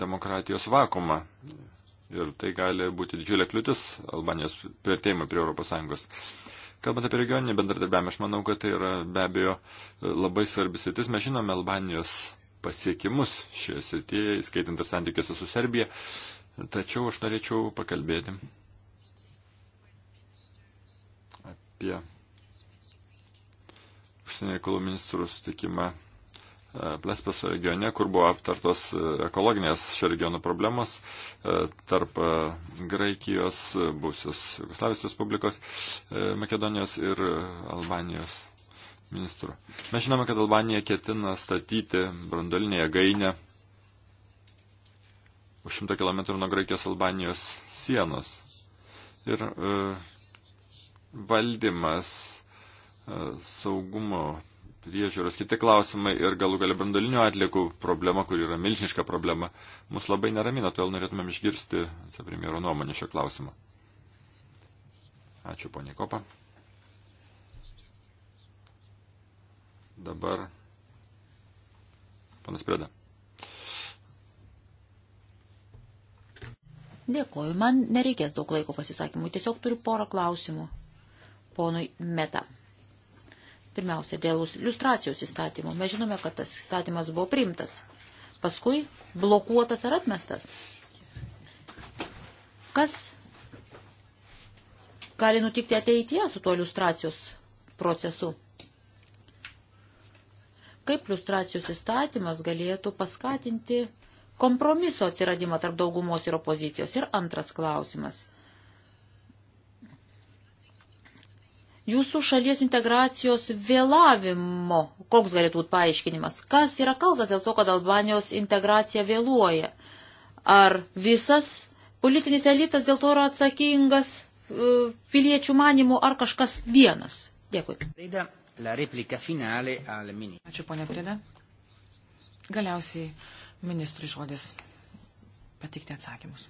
demokratijos vakumą. Ir tai gali būti didžiulė kliūtis Albanijos prieartėjimui prie ES. Kalbant apie regioninį bendradarbiavimą, aš manau, kad tai yra be abejo labai svarbis sritis. Mes žinome Albanijos pasiekimus šioje srityje, įskaitant ir santykiuose su Serbija. Tačiau aš norėčiau pakalbėti apie užsienio reikalų ministrų sutikimą e, Plespeso regione, kur buvo aptartos e, ekologinės šio regiono problemos e, tarp Graikijos, būsios Jugoslavijos Respublikos, Makedonijos ir Albanijos ministrų. Mes žinome, kad Albanija ketina statyti brandolinę jėgainę už 100 km nuo Graikijos Albanijos sienos. Ir e, valdymas saugumo priežiūros, kiti klausimai ir galų galia brandolinio atliekų problema, kur yra milžiniška problema, mus labai neramina, todėl norėtumėm išgirsti premjero nuomonę šio klausimo. Ačiū, ponė Kopa. Dabar panas Preda. Dėkoju, man nereikės daug laiko pasisakymų, tiesiog turiu porą klausimų ponui Meta. Pirmiausia, dėl iliustracijos įstatymo. Mes žinome, kad tas įstatymas buvo priimtas, paskui blokuotas ar atmestas. Kas gali nutikti ateityje su tuo iliustracijos procesu? Kaip iliustracijos įstatymas galėtų paskatinti kompromiso atsiradimą tarp daugumos ir opozicijos? Ir antras klausimas – jūsų šalies integracijos vėlavimo? Koks galėtų būti paaiškinimas? Kas yra kaltas dėl to, kad Albanijos integracija vėluoja? Ar visas politinis elitas dėl to yra atsakingas e, piliečių manimų, ar kažkas vienas? Dėkui. Ačiū, ponia Prida. Galiausiai ministrui žodis pateikti atsakymus.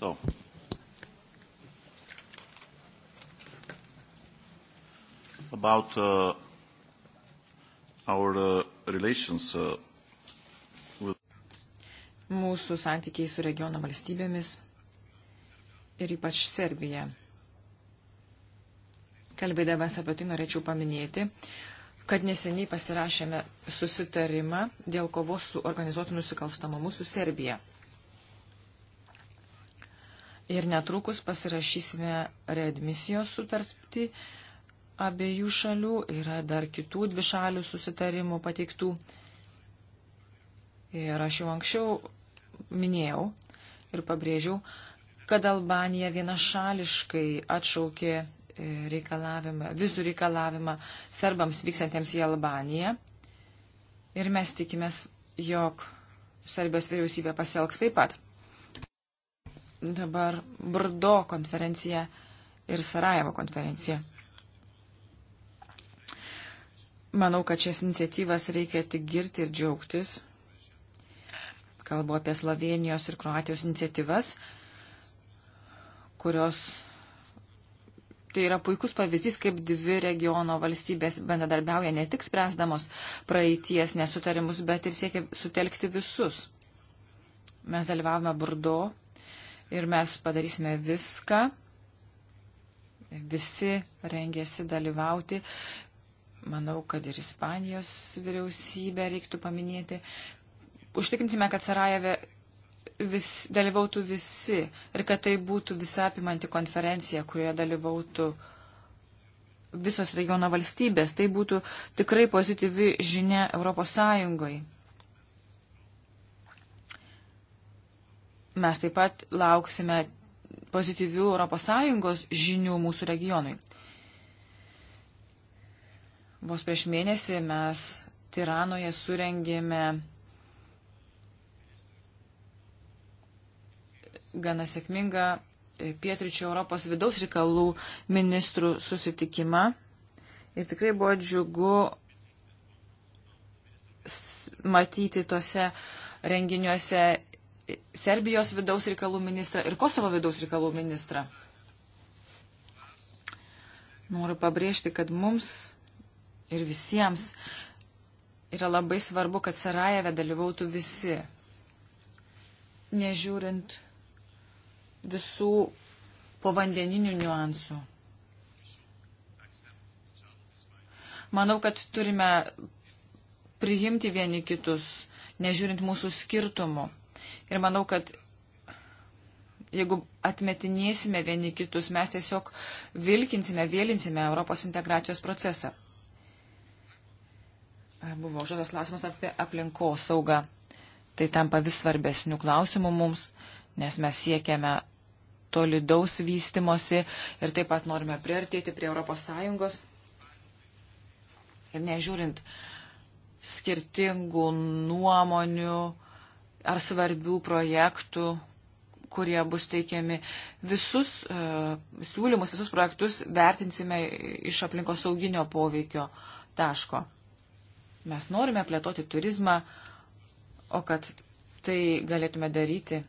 So. About uh, our uh, relations uh, with mūsų santykiai su regiono valstybėmis ir ypač Serbija. Kalbėdamas apie tai norėčiau paminėti, kad neseniai pasirašėme susitarimą dėl kovos su organizuotu nusikalstamumu su Serbija ir netrukus pasirašysime readmisijos sutartį abiejų šalių, yra dar kitų dvišalių susitarimų pateiktų. Ir aš jau anksčiau minėjau ir pabrėžiau, kad Albanija vienašališkai atšaukė e, reikalavimą, vizų reikalavimą serbams vykstantiems į Albaniją. Ir mes tikimės, jog Serbijos vyriausybė pasielgs taip pat dabar Brdo konferencija ir Sarajevo konferencija. Manau, kad šias iniciatyvas reikia tik girti ir džiaugtis. Kalbu apie Slovenijos ir Kroatijos iniciatyvas, kurios tai yra puikus pavyzdys, kaip dvi regiono valstybės bendradarbiauja ne tik spręsdamos praeities nesutarimus, bet ir siekia sutelkti visus. Mes dalyvavome Burdo ir mes padarysime viską. Visi rengėsi dalyvauti. Manau, kad ir Ispanijos vyriausybę reiktų paminėti. Užtikrinsime, kad Sarajeve vis, dalyvautų visi ir kad tai būtų visapimanti konferencija, kurioje dalyvautų visos regiono valstybės. Tai būtų tikrai pozityvi žinia Europos Sąjungoje. mes taip pat lauksime pozityvių ES žinių mūsų regionui. Vos prieš mėnesį mes Tiranoje surengėme gana sėkmingą e, Pietričio Europos vidaus reikalų ministrų susitikimą. Ir tikrai buvo džiugu matyti tuose renginiuose Serbijos vidaus reikalų ministrą ir Kosovo vidaus reikalų ministrą. Noriu pabrėžti, kad mums ir visiems yra labai svarbu, kad Sarajeve dalyvautų visi, nežiūrint visų povandeninių niuansų. Manau, kad turime priimti vieni kitus, nežiūrint mūsų skirtumų. Ir manau, kad jeigu atmetinėsime vieni kitus, mes tiesiog vilkinsime, vėlinsime Europos integracijos procesą. Buvo žodas klausimas apie aplinkos saugą. Tai tampa vis svarbesnių klausimų mums, nes mes siekiame tolidaus vystimosi ir taip pat norime priartėti prie Europos Sąjungos. Ir nežiūrint skirtingų nuomonių, ar svarbių projektų, kurie bus teikiami. Visus uh, siūlymus, visus projektus vertinsime iš aplinkos sauginio poveikio taško. Mes norime plėtoti turizmą, o kad tai galėtume daryti,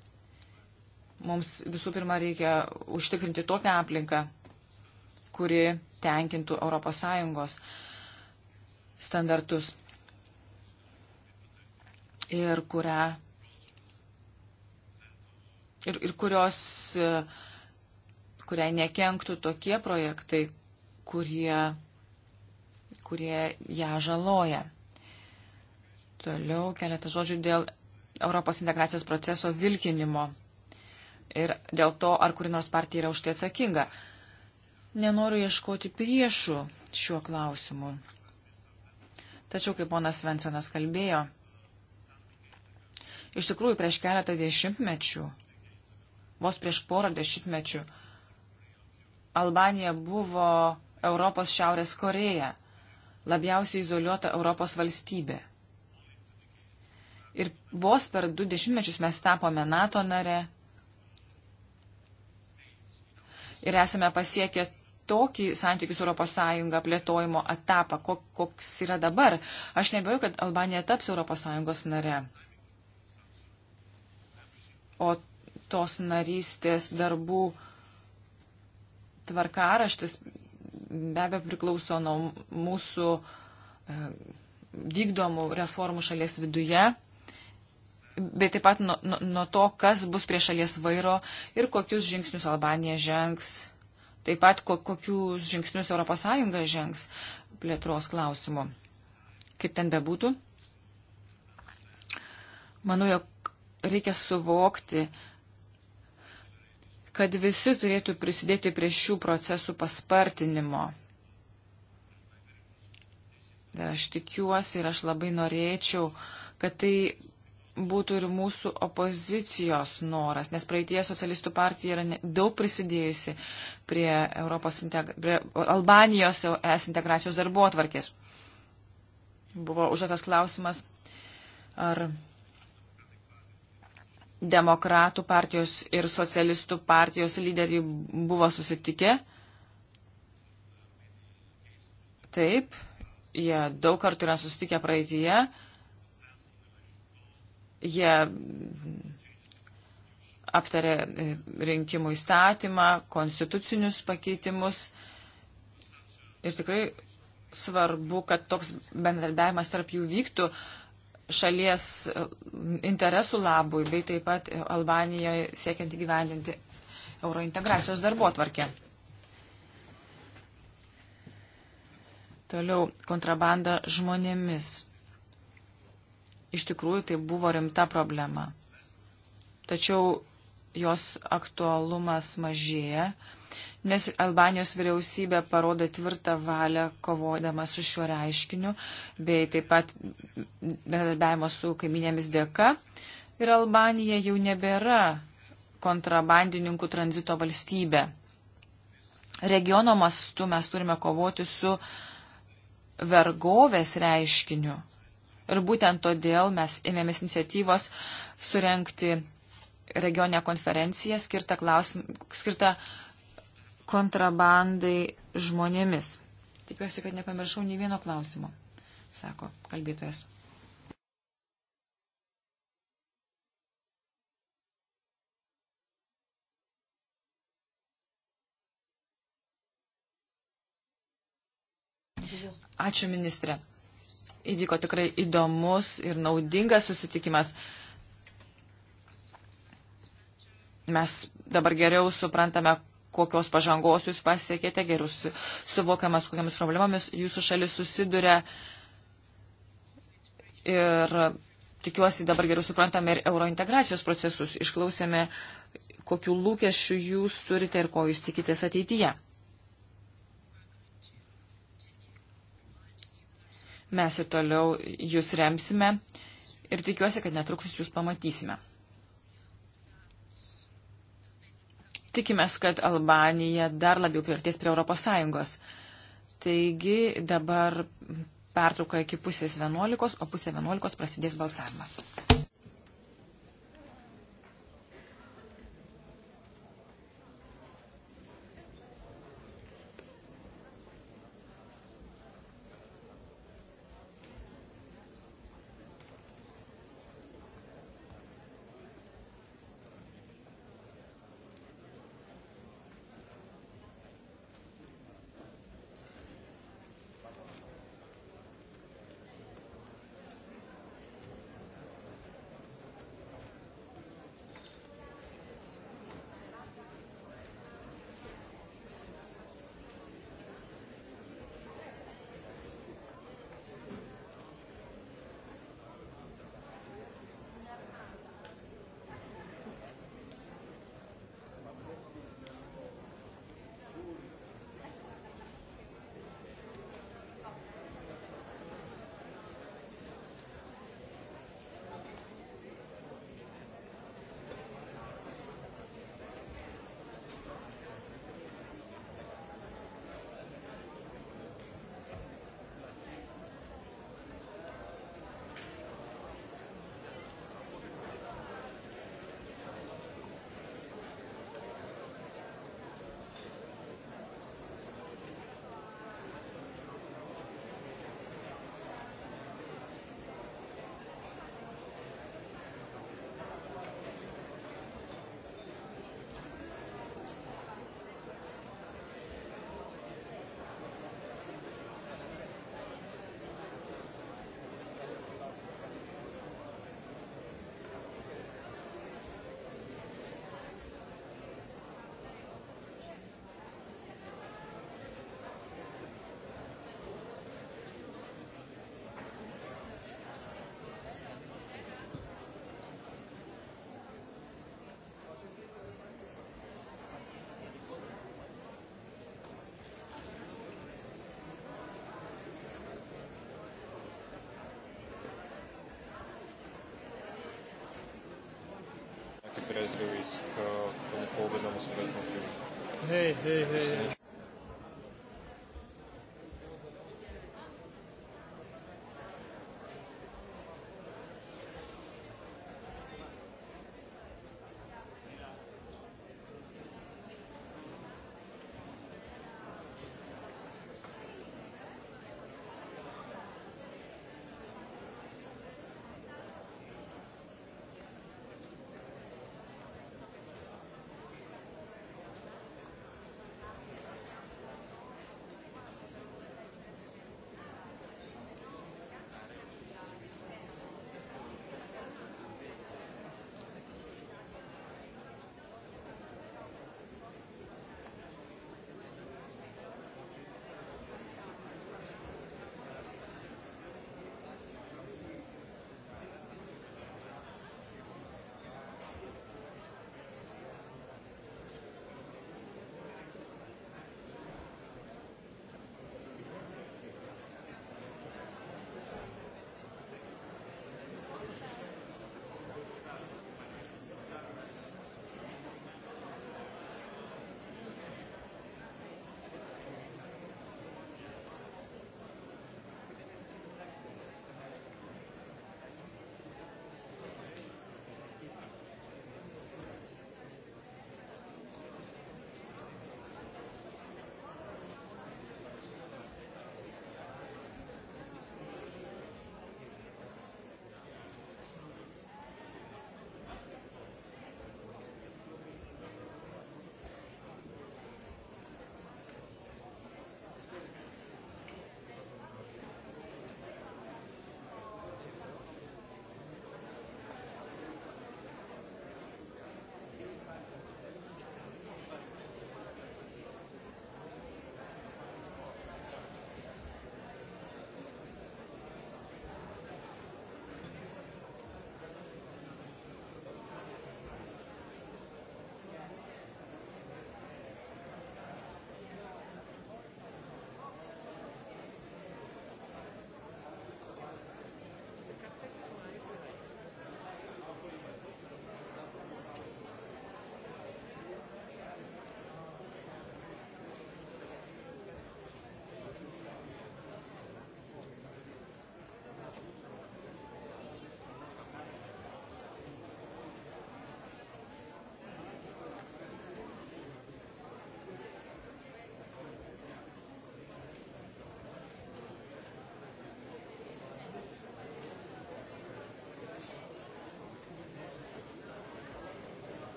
mums visų pirma reikia užtikrinti tokią aplinką, kuri tenkintų ES standartus ir kurią ir, ir kurios, e, kuriai nekenktų tokie projektai, kurie, kurie ją žaloja. Toliau keletą žodžių dėl Europos integracijos proceso vilkinimo ir dėl to, ar kuri nors partija yra už tai atsakinga. Nenoriu ieškoti priešų šiuo klausimu. Tačiau, kaip ponas Svensonas kalbėjo, iš tikrųjų prieš keletą dešimtmečių vos prieš porą dešimtmečių Albanija buvo Europos Šiaurės Koreja, labiausiai izoliuota Europos valstybė. Ir vos per du dešimtmečius mes tapome NATO nare ir esame pasiekę tokį santykių su Europos Sąjunga plėtojimo etapą, koks yra dabar. Aš nebejoju, kad Albanija taps Europos Sąjungos nare. O tos narystės darbų tvarkaraštis be abejo priklauso nuo mūsų e, vykdomų reformų šalies viduje, bet taip pat nuo, nuo to, kas bus prie šalies vairo ir kokius žingsnius Albanija žengs, taip pat kokius žingsnius ES žengs plėtros klausimu. Kaip ten bebūtų, manau, jog reikia suvokti, kad visi turėtų prisidėti prie šių procesų paspartinimo. Ir aš tikiuosi ir aš labai norėčiau, kad tai būtų ir mūsų opozicijos noras, nes praeitie socialistų partija yra daug prisidėjusi prie, Europos integra... prie Albanijos es integracijos darbo atvarkės. Buvo užduotas klausimas, ar demokratų partijos ir socialistų partijos lyderiai buvo susitikę. Taip, jie daug kartų yra susitikę praeitįje. Jie aptarė e, rinkimų įstatymą, konstitucinius pakeitimus. Ir tikrai svarbu, kad toks bendradarbiavimas tarp jų vyktų. Uh, šalies e, interesų labui, bei taip pat Albanijoje siekiant įgyvendinti eurointegracijos darbo atvarkę. Toliau kontrabanda žmonėmis. Iš tikrųjų, tai buvo rimta problema. Tačiau jos aktualumas mažėja nes Albanijos vyriausybė parodo tvirtą valią kovodama su šiuo reiškiniu, bei taip pat bendradarbiavimo su kaiminėmis dėka. Ir Albanija jau nebėra kontrabandininkų tranzito valstybė. Regiono mastu mes turime kovoti su vergovės reiškiniu. Ir būtent todėl mes ėmėmės iniciatyvos surenkti regionę konferenciją skirtą, klausim, skirtą kontrabandai žmonėmis. Tikiuosi, kad nepamiršau nei vieno klausimo, sako kalbėtojas. Ačiū ministrė. Įvyko tikrai įdomus ir naudingas susitikimas. Mes dabar geriau suprantame, kokios pažangos jūs pasiekėte, gerus suvokiamas, kokiamis problemomis jūsų šalis susiduria. Ir tikiuosi dabar geriau suprantame ir eurointegracijos procesus. Išklausėme, kokiu lūkesčiu jūs turite ir ko jūs tikitės ateityje. Mes ir toliau jūs remsime ir tikiuosi, kad netrukus jūs pamatysime. tikimės, kad Albanija dar labiau priartės prie Europos Sąjungos. Taigi dabar pertrauka iki pusės 11, o pusė 11 prasidės balsavimas. отрезвил и иска да му пообедам съветно фирма. Hey, hey, hey.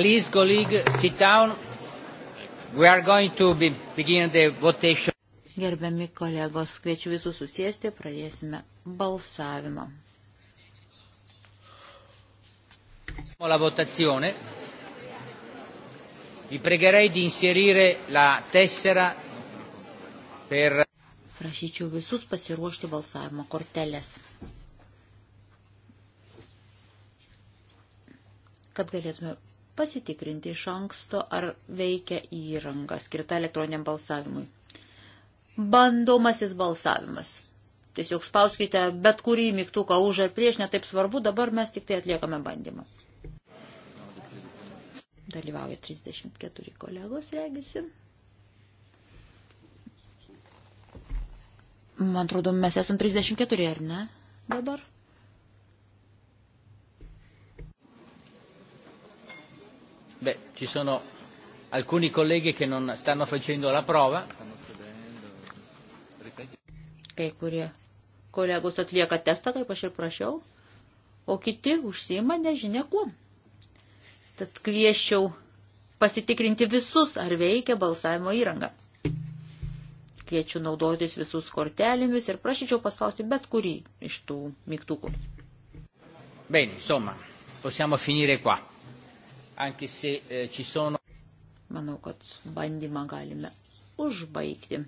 Please, colleague, sit down. We are going to be begin the votation. Gerbiami kolegos, kviečiu visus susėsti, pradėsime balsavimą. La votazione. Vi pregherei di inserire la tessera per. Prašyčiau visus pasiruošti balsavimo kortelės. Kad galėtume pasitikrinti iš anksto, ar veikia įranga skirta elektroniniam balsavimui. Bandomasis balsavimas. Tiesiog spauskite bet kurį mygtuką už ar prieš, netaip svarbu, dabar mes tik tai atliekame bandymą. Dalyvauja 34 kolegos, regisi. Man atrodo, mes esam 34, ar ne? Dabar. Ci sono alcuni colleghi che non stanno facendo la prova. Kai kurie kolegos atlieka testą, kaip aš ir prašiau, o kiti užsima nežinia kuo. Tad kvieščiau pasitikrinti visus, ar veikia balsavimo įranga. Kviečiu naudotis visus kortelėmis ir prašyčiau paspausti bet kurį iš tų mygtukų. Bene, insomma, possiamo finire qua anche se eh, ci sono. Manau, kad bandymą galime užbaigti.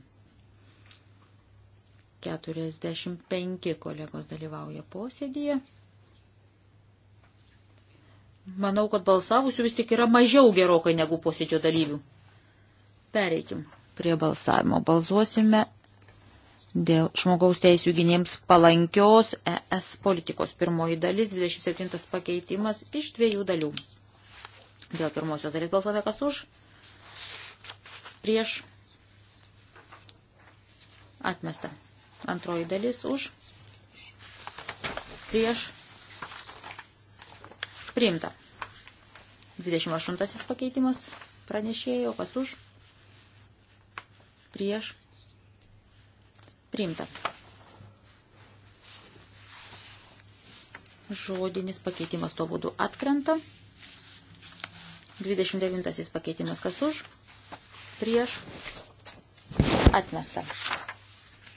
45 kolegos dalyvauja posėdėje. Manau, kad balsavusių vis tik yra mažiau gerokai negu posėdžio dalyvių. Pereikim prie balsavimo. Balsuosime dėl žmogaus teisų gynėjams palankios ES politikos. Pirmoji dalis, 27 pakeitimas iš dviejų dalių. Dėl pirmosios dalis balsuojame kas už. Prieš. Atmesta. Antroji dalis už. Prieš. Priimta. 28 pakeitimas pranešėjo kas už. Prieš. Priimta. Žodinis pakeitimas to būdu atkrenta. 29 pakeitimas kas už, prieš, atmesta.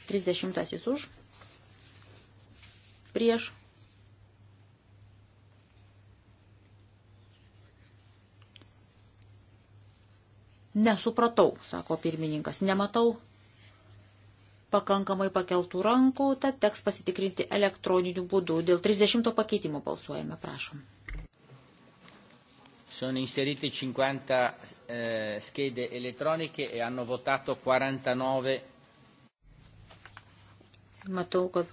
30 už, prieš, Nesupratau, sako pirmininkas, nematau pakankamai pakeltų rankų, tad teks pasitikrinti elektroniniu būdu. Dėl 30 pakeitimo balsuojame, prašom sono inserite 50 eh, schede elettroniche e hanno votato 49. Matau, kad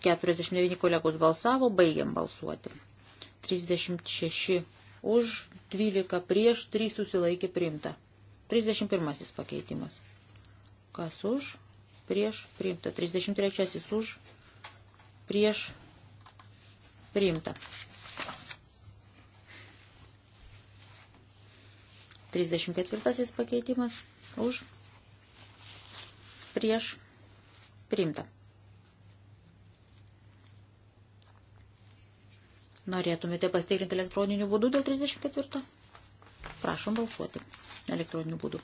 49 kolegos balsavo, baigiam balsuoti. 36 už, 12 prieš, 3 susilaikė priimta. 31 pakeitimas. Kas už, prieš, priimta. 33 už, prieš, priimta. 34 pakeitimas už prieš priimta. Norėtumėte pasitikrinti elektroniniu būdu dėl 34? Prašom balsuoti elektroniniu būdu.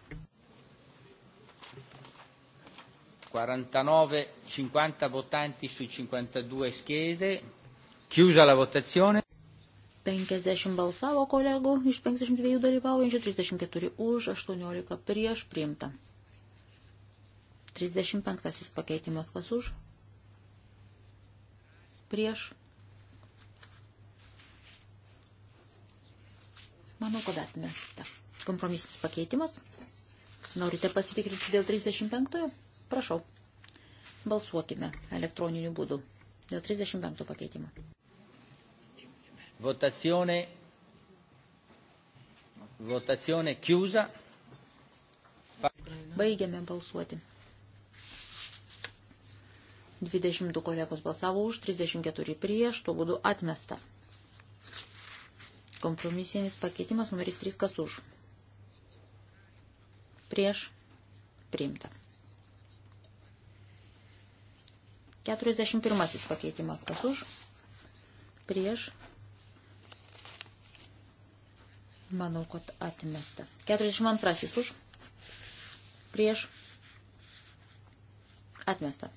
49, 50 votanti su 52 schede. Chiusa la votazione. 50 balsavo kolegų iš 52 dalyvaujančių, 34 už, 18 prieš priimta. 35 pakeitimas kas už? Prieš. Manau, kad atmesta. Kompromisinis pakeitimas. Norite pasitikrinti dėl 35? Prašau. Balsuokime elektroniniu būdu dėl 35 pakeitimo. Votazione, votazione chiusa. Baigiame balsuoti. 22 kolegos balsavo už, 34 prieš, tuo būdu atmesta. Kompromisinis pakeitimas numeris 3 kas už. Prieš priimta. 41 pakeitimas kas už. Prieš Manau, kad atmesta. 42 už. Prieš. Atmesta.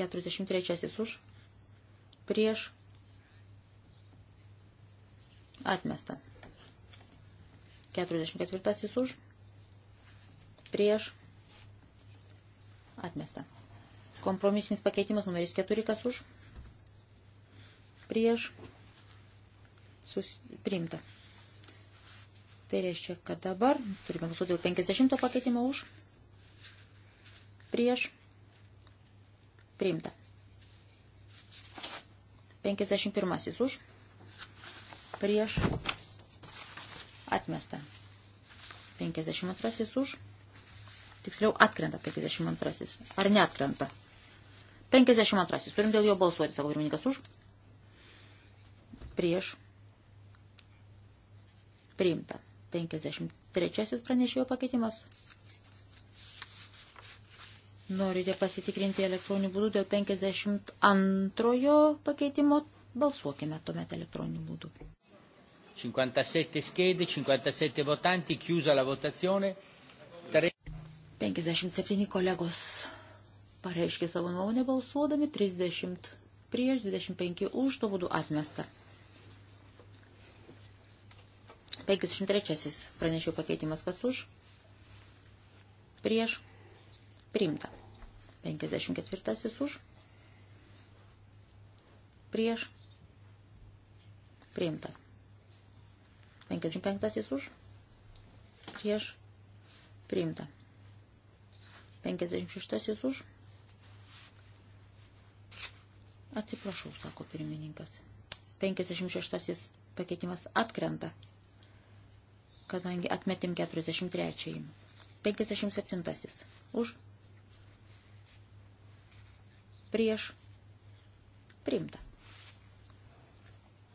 43 už. Prieš. Atmesta. 44 už. Prieš. Atmesta. Kompromisinis pakeitimas numeris 4 kas už. Prieš. Prieš sus... priimta. Tai reiškia, kad dabar turime visų dėl 50 pakeitimo už, prieš, priimta. 51 už, prieš, atmesta. 52 už, tiksliau atkrenta 52, ar neatkrenta. 52, turim dėl jo balsuoti, sako pirmininkas už, prieš, prieš priimta. 53 pranešėjo pakeitimas. Norite pasitikrinti elektroniniu būdu dėl 52 pakeitimo? Balsuokime tuomet elektroniniu būdu. 57 schede, 57 votanti, chiusa la votazione. 3... 57 kolegos pareiškė savo nuomonę balsuodami, 30 prieš, 25 už, to būdu atmesta. 53 pranešiau pakeitimas kas už, prieš, priimta. 54 už, prieš, priimta. 55 už, prieš, priimta. 56 už, atsiprašau, sako pirmininkas. 56 pakeitimas atkrenta kadangi atmetėm 43. 57. Už. Prieš. Priimta.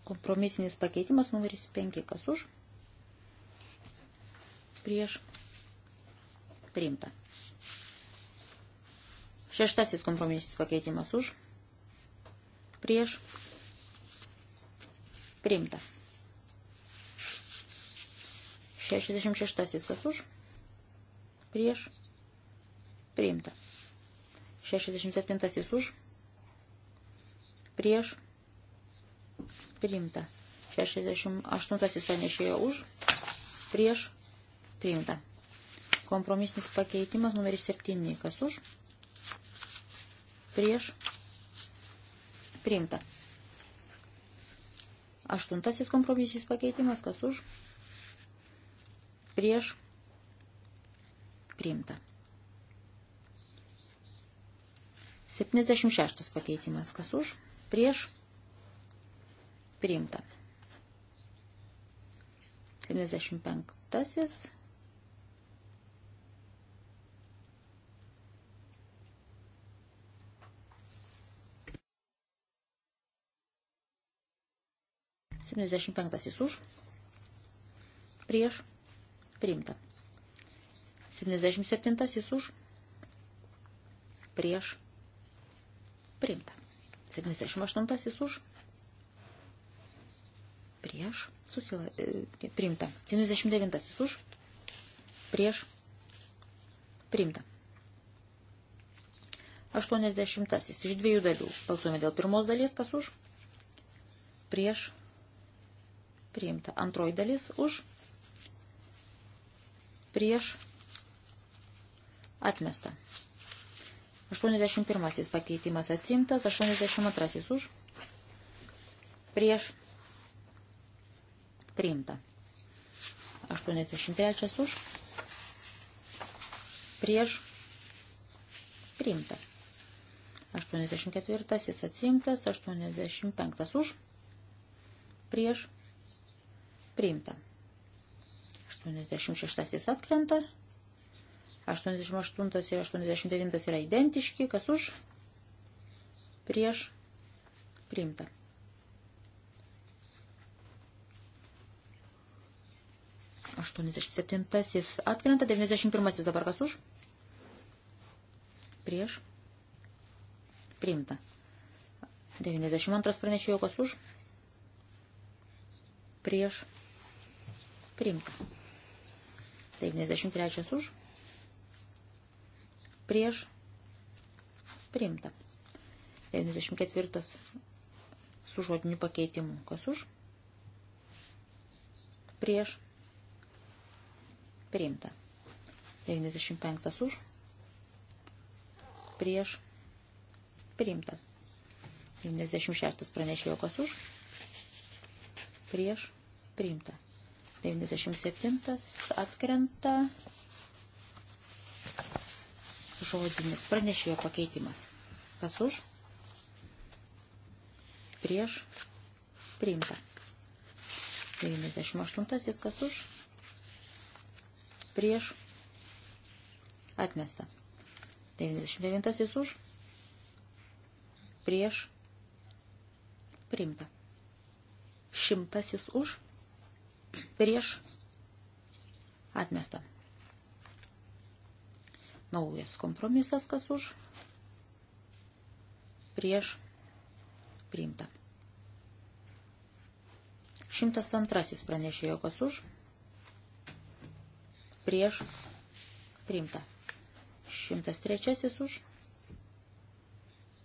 Kompromisinis pakeitimas numeris 5. Kas už? Prieš. Priimta. Šeštasis kompromisinis pakeitimas už. Prieš. Priimta. 66 kas už, prieš, priimta. 67 už, prieš, priimta. 68 panešėjo už, prieš, priimta. Kompromisinis pakeitimas numeris 7, kas už, prieš, priimta. Aštuntasis kompromisinis pakeitimas, kas už, prieš prieš priimta. 76 pakeitimas, kas už, prieš priimta. 75 75 už, prieš, Priimta. 77 už. Prieš. Priimta. 78 už. Prieš. Susila, e, priimta. 79 už. Prieš. Priimta. 80 iš dviejų dalių. Balsuojame dėl pirmos dalies, kas už. Prieš. Priimta. Antroji dalis už prieš atmestą. 81 pakeitimas atsimtas, 82 už prieš priimta. 83 už prieš priimta. 84 atsimtas, 85 už prieš priimta. 86 atkrenta. 88 ir 89 yra identiški. Kas už? Prieš. Priimta. Aštuoniasdešimt septintasis atkrenta, devyniasdešimt pirmasis dabar kas už? Prieš. Priimta. Devyniasdešimt antras pranešėjo kas už? Prieš. Priimta. 93 už, prieš, priimta. 94 su žodiniu pakeitimu, kas už, prieš, priimta. 95 už, prieš, priimta. 96 pranešėjo, kas už, prieš, priimta. 97 atkrenta žodinis pranešėjo pakeitimas. Kas už? Prieš priimta. 98 kas už? Prieš atmesta. 99 už? Prieš priimta. Šimtasis už? prieš atmestą. Naujas kompromisas, kas už prieš priimta. 102 pranešėjo, kas už prieš priimta. 103 už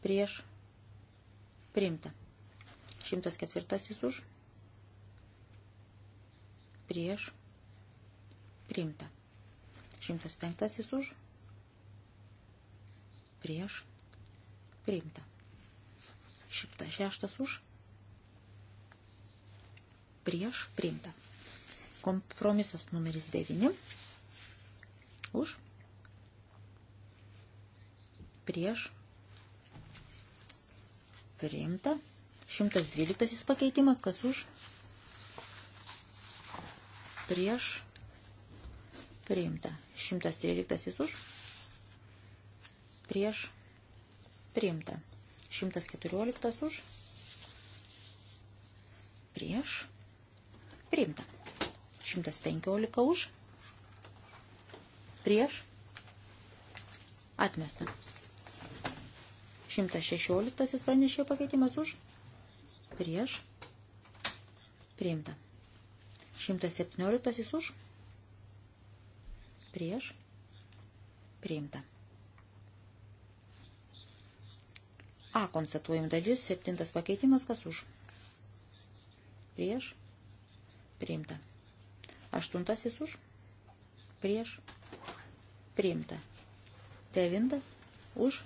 prieš priimta. 104 už prieš priimta prieš priimta. 105 už prieš priimta. 106 už prieš priimta. Kompromisas numeris 9 už prieš priimta. 112 pakeitimas, kas už priimta prieš priimta. 113 už prieš priimta. 114 už prieš priimta. 115 už prieš atmesta. 116 pranešė pakeitimas už prieš priimta. 117 už. Prieš. Priimta. A konstatuojam dalis, septintas pakeitimas, kas už. Prieš. Priimta. Aštuntasis už. Prieš. Priimta. Devintas už.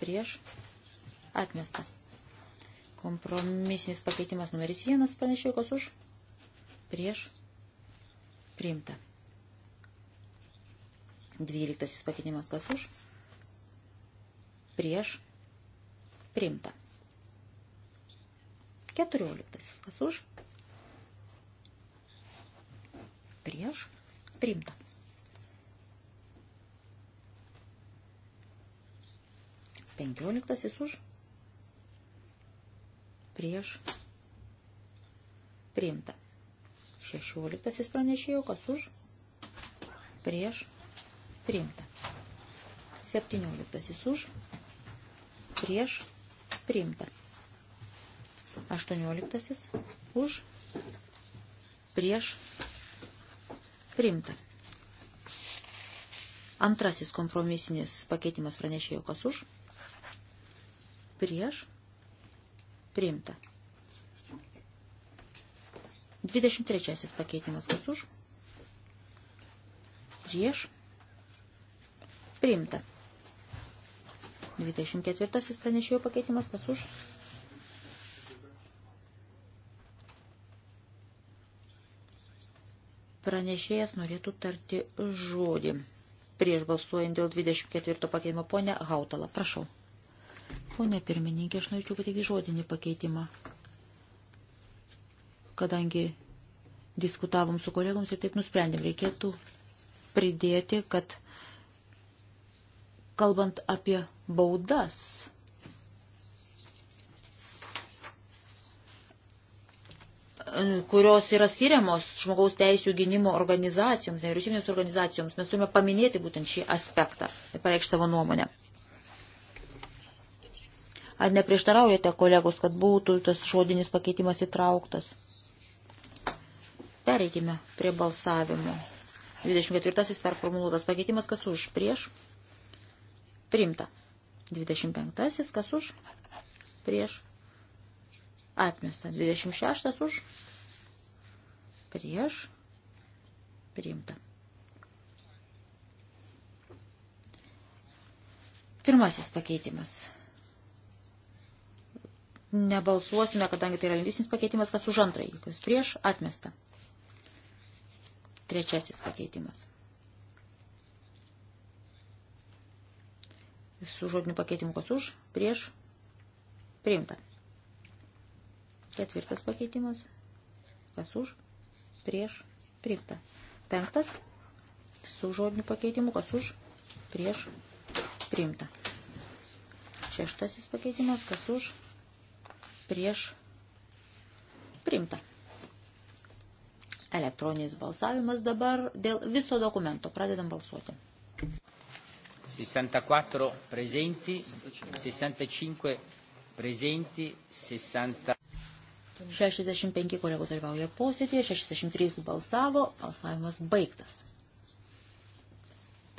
Prieš. Atmestas. Kompromisinis pakeitimas numeris vienas, panašiai, kas už prieš priimta. Dvyliktasis pakeitimas kas už prieš priimta. Keturioliktasis kas už prieš priimta. Penkioliktasis už prieš priimta. Šešioliktasis pranešėjo, kas už, prieš, priimta. Septynioliktasis už, prieš, priimta. Aštuonioliktasis už, prieš, priimta. Antrasis kompromisinis pakeitimas pranešėjo, kas už, prieš, priimta. 23 pakeitimas kas už? Prieš. Priimta. 24 pranešėjo pakeitimas kas už? Pranešėjas norėtų tarti žodį. Prieš balsuojant dėl 24 pakeitimo ponę Hautalą. Prašau. Pone pirmininkė, aš norėčiau pateikti žodinį pakeitimą kadangi diskutavom su kolegoms ir taip nusprendėm, reikėtų pridėti, kad kalbant apie baudas, kurios yra skiriamos žmogaus teisų gynimo organizacijoms, nevyriausybinėms organizacijoms, mes turime paminėti būtent šį aspektą ir pareikšti savo nuomonę. Ar neprieštaraujate, kolegos, kad būtų tas žodinis pakeitimas įtrauktas? Pereikime prie balsavimo. 24 performuluotas pakeitimas, kas už, prieš, primta. 25 kas už, prieš, atmesta. 26 už, prieš, priimta. Pirmasis pakeitimas. Nebalsuosime, kadangi tai yra lingvistinis pakeitimas, kas už antrąjį, kas prieš, atmesta. Trečiasis pakeitimas. Su žodiniu pakeitimu kas už, prieš, priimta. Ketvirtas pakeitimas. Kas už, prieš, priimta. Penktas. Su žodiniu pakeitimu kas už, prieš, priimta. Šeštasis pakeitimas kas už, prieš, priimta. Elektroninis balsavimas dabar dėl viso dokumento. Pradedam balsuoti. 64 presenti, 65 presenti, 60. 65 kolegų dalyvauja posėdėje, 63 balsavo, balsavimas baigtas.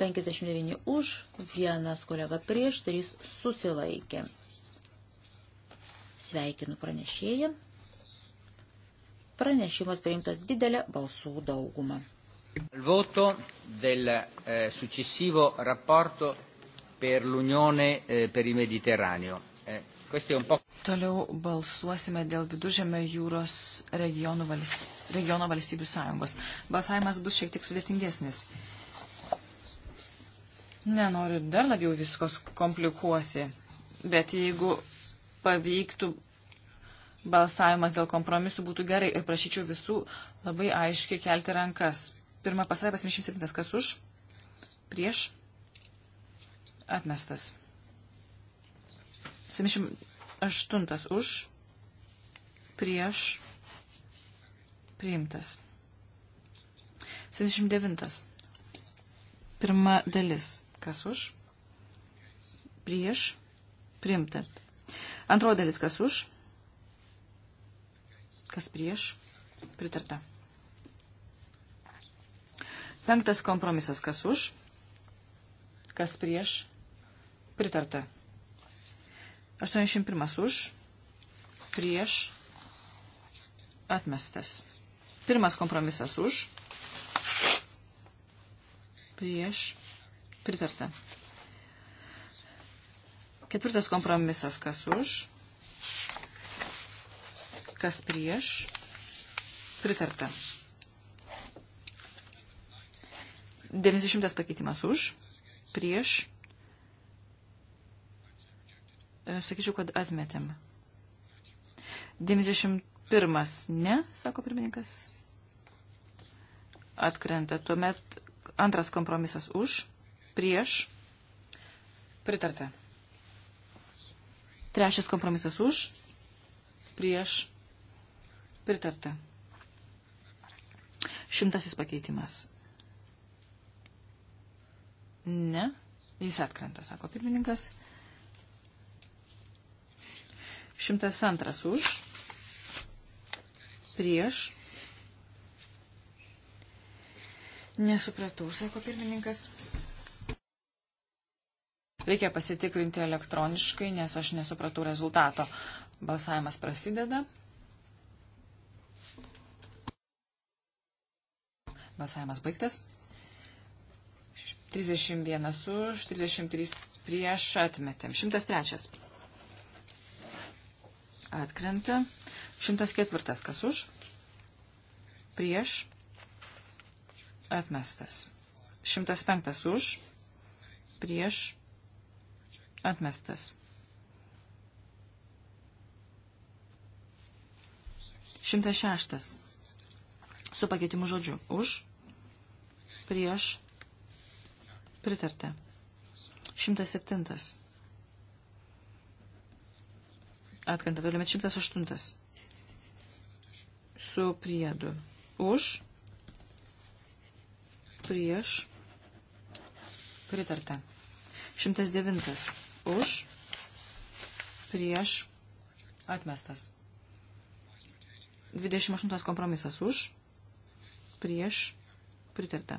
59 už, vienas kolega prieš, 3 susilaikė. Sveikinu pranešėjai. Pranešimas priimtas didelę balsų daugumą. Voto del eh, successivo rapporto per l'Unione eh, per il Mediterraneo. Eh, questo è un po'... Toliau balsuosime dėl Vidužėmio jūros vals... regiono valstybių sąjungos. Balsavimas bus šiek tiek sudėtingesnis. Nenoriu dar labiau viskos komplikuoti, bet jeigu pavyktų balsavimas dėl kompromisų būtų gerai ir prašyčiau visų labai aiškiai kelti rankas. Pirma pasraipa 77, kas už, prieš, atmestas. 78 už, prieš, priimtas. 79. Pirma dalis, kas už, prieš, priimtas. Antroji dalis, kas už, prieš Kas prieš? Pritarta. Penktas kompromisas. Kas už? Kas prieš? Pritarta. 81 už. Prieš. Atmestas. Pirmas kompromisas už. Prieš. Pritarta. Ketvirtas kompromisas. Kas už? Kas prieš? Pritarta. 90 pakeitimas už, prieš. E, sakyčiau, kad atmetėm. 91 ne, sako pirmininkas. Atkrenta. Tuomet antras kompromisas už, prieš. Pritarta. Trečias kompromisas už, prieš Pritarta. Šimtasis pakeitimas. Ne, jis atkrenta, sako pirmininkas. Šimtas antras už. Prieš. Nesupratau, sako pirmininkas. Reikia pasitikrinti elektroniškai, nes aš nesupratau rezultato. Balsavimas prasideda. Balsavimas baigtas. 31 už, 33 prieš atmetėm. 103. Atkrenta. 104. Kas už? Prieš. Atmestas. 105. Už. Prieš. Atmestas. 106. Su pakeitimu žodžiu. Už prieš pritarta. 107. Atkanta toliau 108. Su priedu. Už prieš pritarta. 109. Už prieš atmestas. 28 kompromisas už prieš pritarta.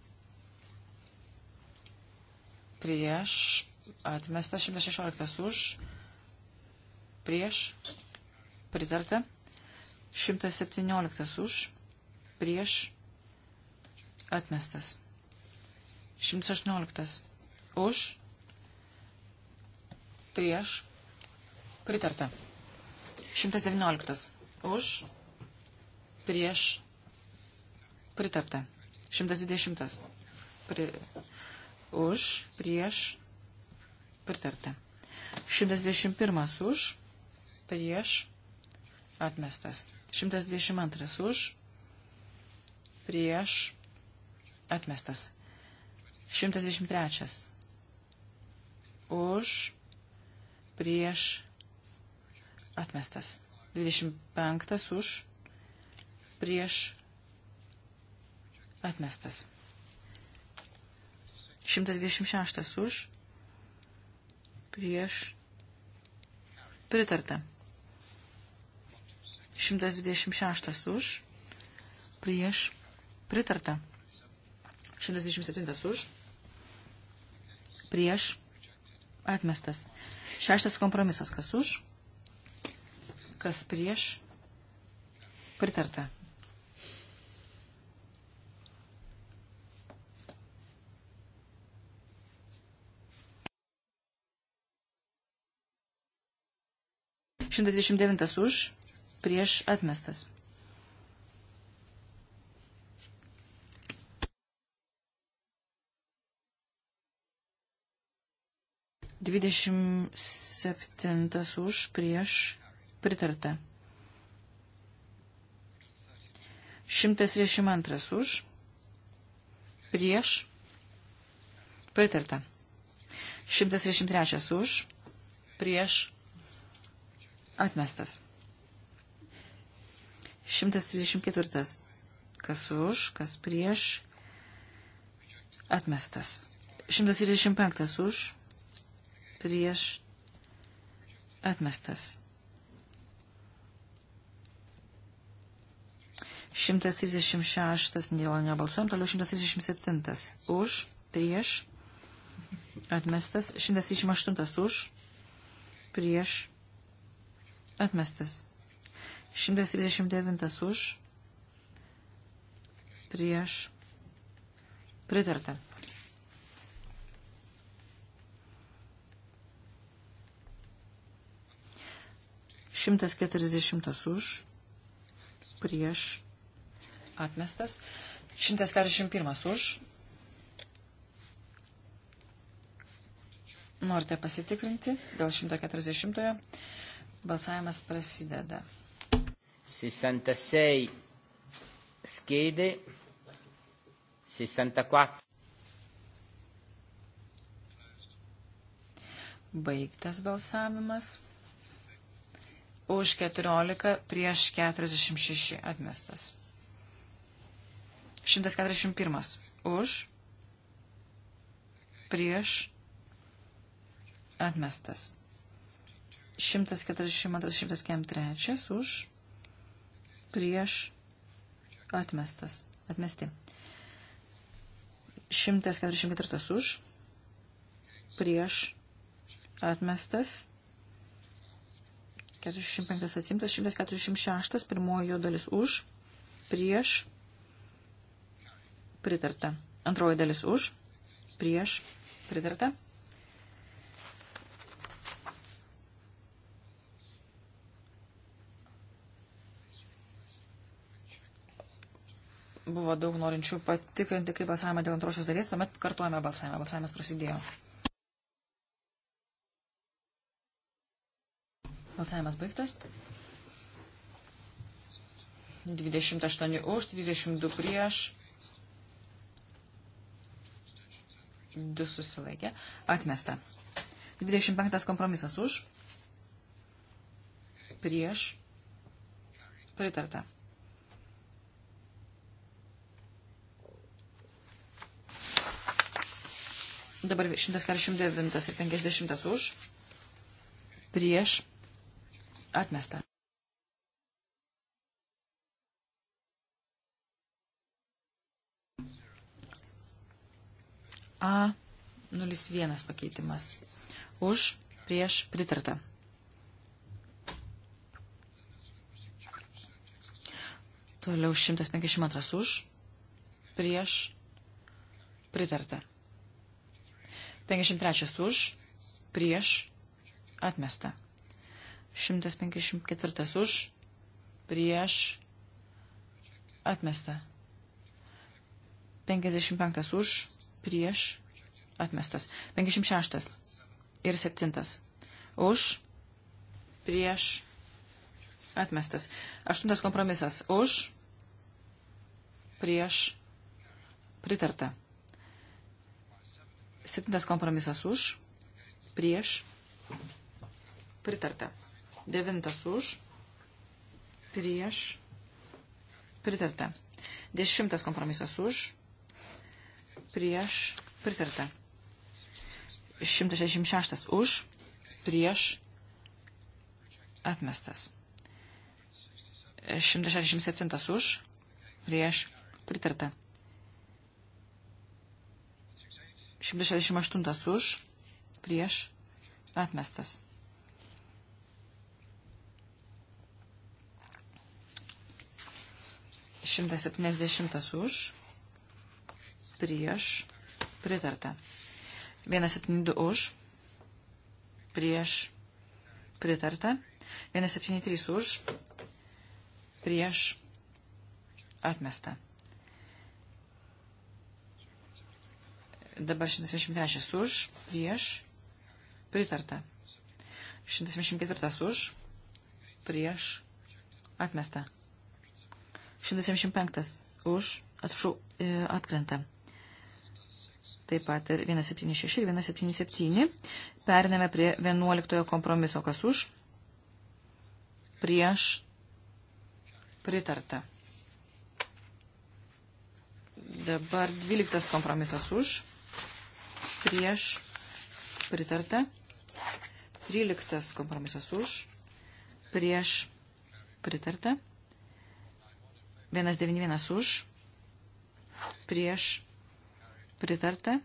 prieš, atmesta 116 už, prieš, pritarta, 117 už, prieš, atmestas, 118 už, prieš, pritarta, 119 už, prieš, pritarta, 120 pri, už, prieš, pritarta. 121 už, prieš, atmestas. 122 už, prieš, atmestas. 123 už, prieš, atmestas. 25 už, prieš, atmestas. 126 už, prieš, pritarta. 126 už, prieš, pritarta. 127 už, prieš, atmestas. Šeštas kompromisas, kas už, kas prieš, pritarta. 129 už, prieš atmestas. Dvidešimt septintas už prieš pritarta. Šimtas dvidešimt antras už prieš pritarta. Šimtas dvidešimt trečias už prieš Atmestas. 134. Kas už, kas prieš. Atmestas. 135 už, prieš, atmestas. 136, dėl nebalsuojam, toliau 137 už, prieš, atmestas. 138 už, prieš, Atmestas. 139 už. Prieš. Pritarta. Šimtas keturiasdešimtas už. Prieš. Atmestas. Šimtas keturiasdešimt pirmas už. Norite pasitikrinti dėl 140. -ojo. Balsavimas prasideda. 66 schede, 64. Baigtas balsavimas. Už 14 prieš 46 atmestas. 141. Už prieš atmestas. 142-143 už prieš atmestas, atmesti. 144 už prieš atmestas. 45 atsimtas, 146, pirmoji jo dalis už, prieš, pritarta. Antroji dalis už, prieš, pritarta. buvo daug norinčių patikrinti, kaip balsavimą dėl antrosios dalies, tuomet kartuojame balsavimą. Balsavimas prasidėjo. Balsavimas baigtas. 28 už, 32 prieš. 2 susilaikė. Atmesta. 25 kompromisas už. Prieš. Pritarta. Dabar 149 ir 50 už. Prieš. Atmesta. A01 pakeitimas. Už, prieš, pritarta. Toliau 152 už, prieš, pritarta. 53 už, prieš, atmesta. 154 už, prieš, atmesta. 55 už, prieš, atmestas. 56 ir 7 už, prieš, atmestas. 8 kompromisas už, prieš, pritarta. Septintas kompromisas už, prieš, pritarta. Devintas už, prieš, pritarta. Dešimtas kompromisas už, prieš, pritarta. 166 už, prieš, atmestas. 167 už, prieš, pritarta. 168 už, prieš, atmestas. Šimtas septyniasdešimtas už, prieš, pritarta. Vienas septyni du už, prieš, pritarta. Vienas septyni trys už, prieš, atmesta. Dabar 173 už, prieš, pritarta. 174 už, prieš, atmesta. 175 už, atsiprašau, e, atkrenta. Taip pat ir 176 ir 177. Periname prie 11 kompromiso, kas už, prieš, pritarta. Dabar 12 kompromisas už, prieš pritarta. 13 kompromisas už, prieš pritarta. 191 už, prieš pritarta.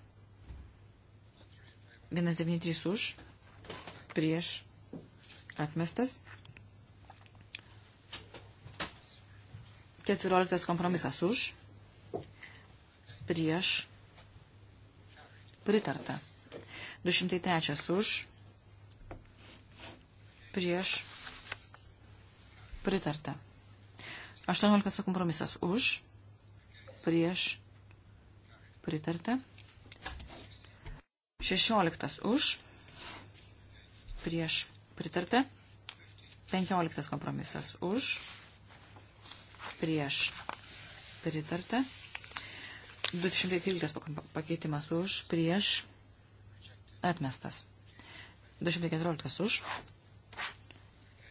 193 už, prieš atmestas. 14 kompromisas už, prieš Pritarta. 203 už. Prieš. Pritarta. 18 kompromisas už. Prieš. Pritarta. 16 už. Prieš. Pritarta. 15 kompromisas už. Prieš. Pritarta. 213 pakeitimas už, prieš, atmestas. 214 už,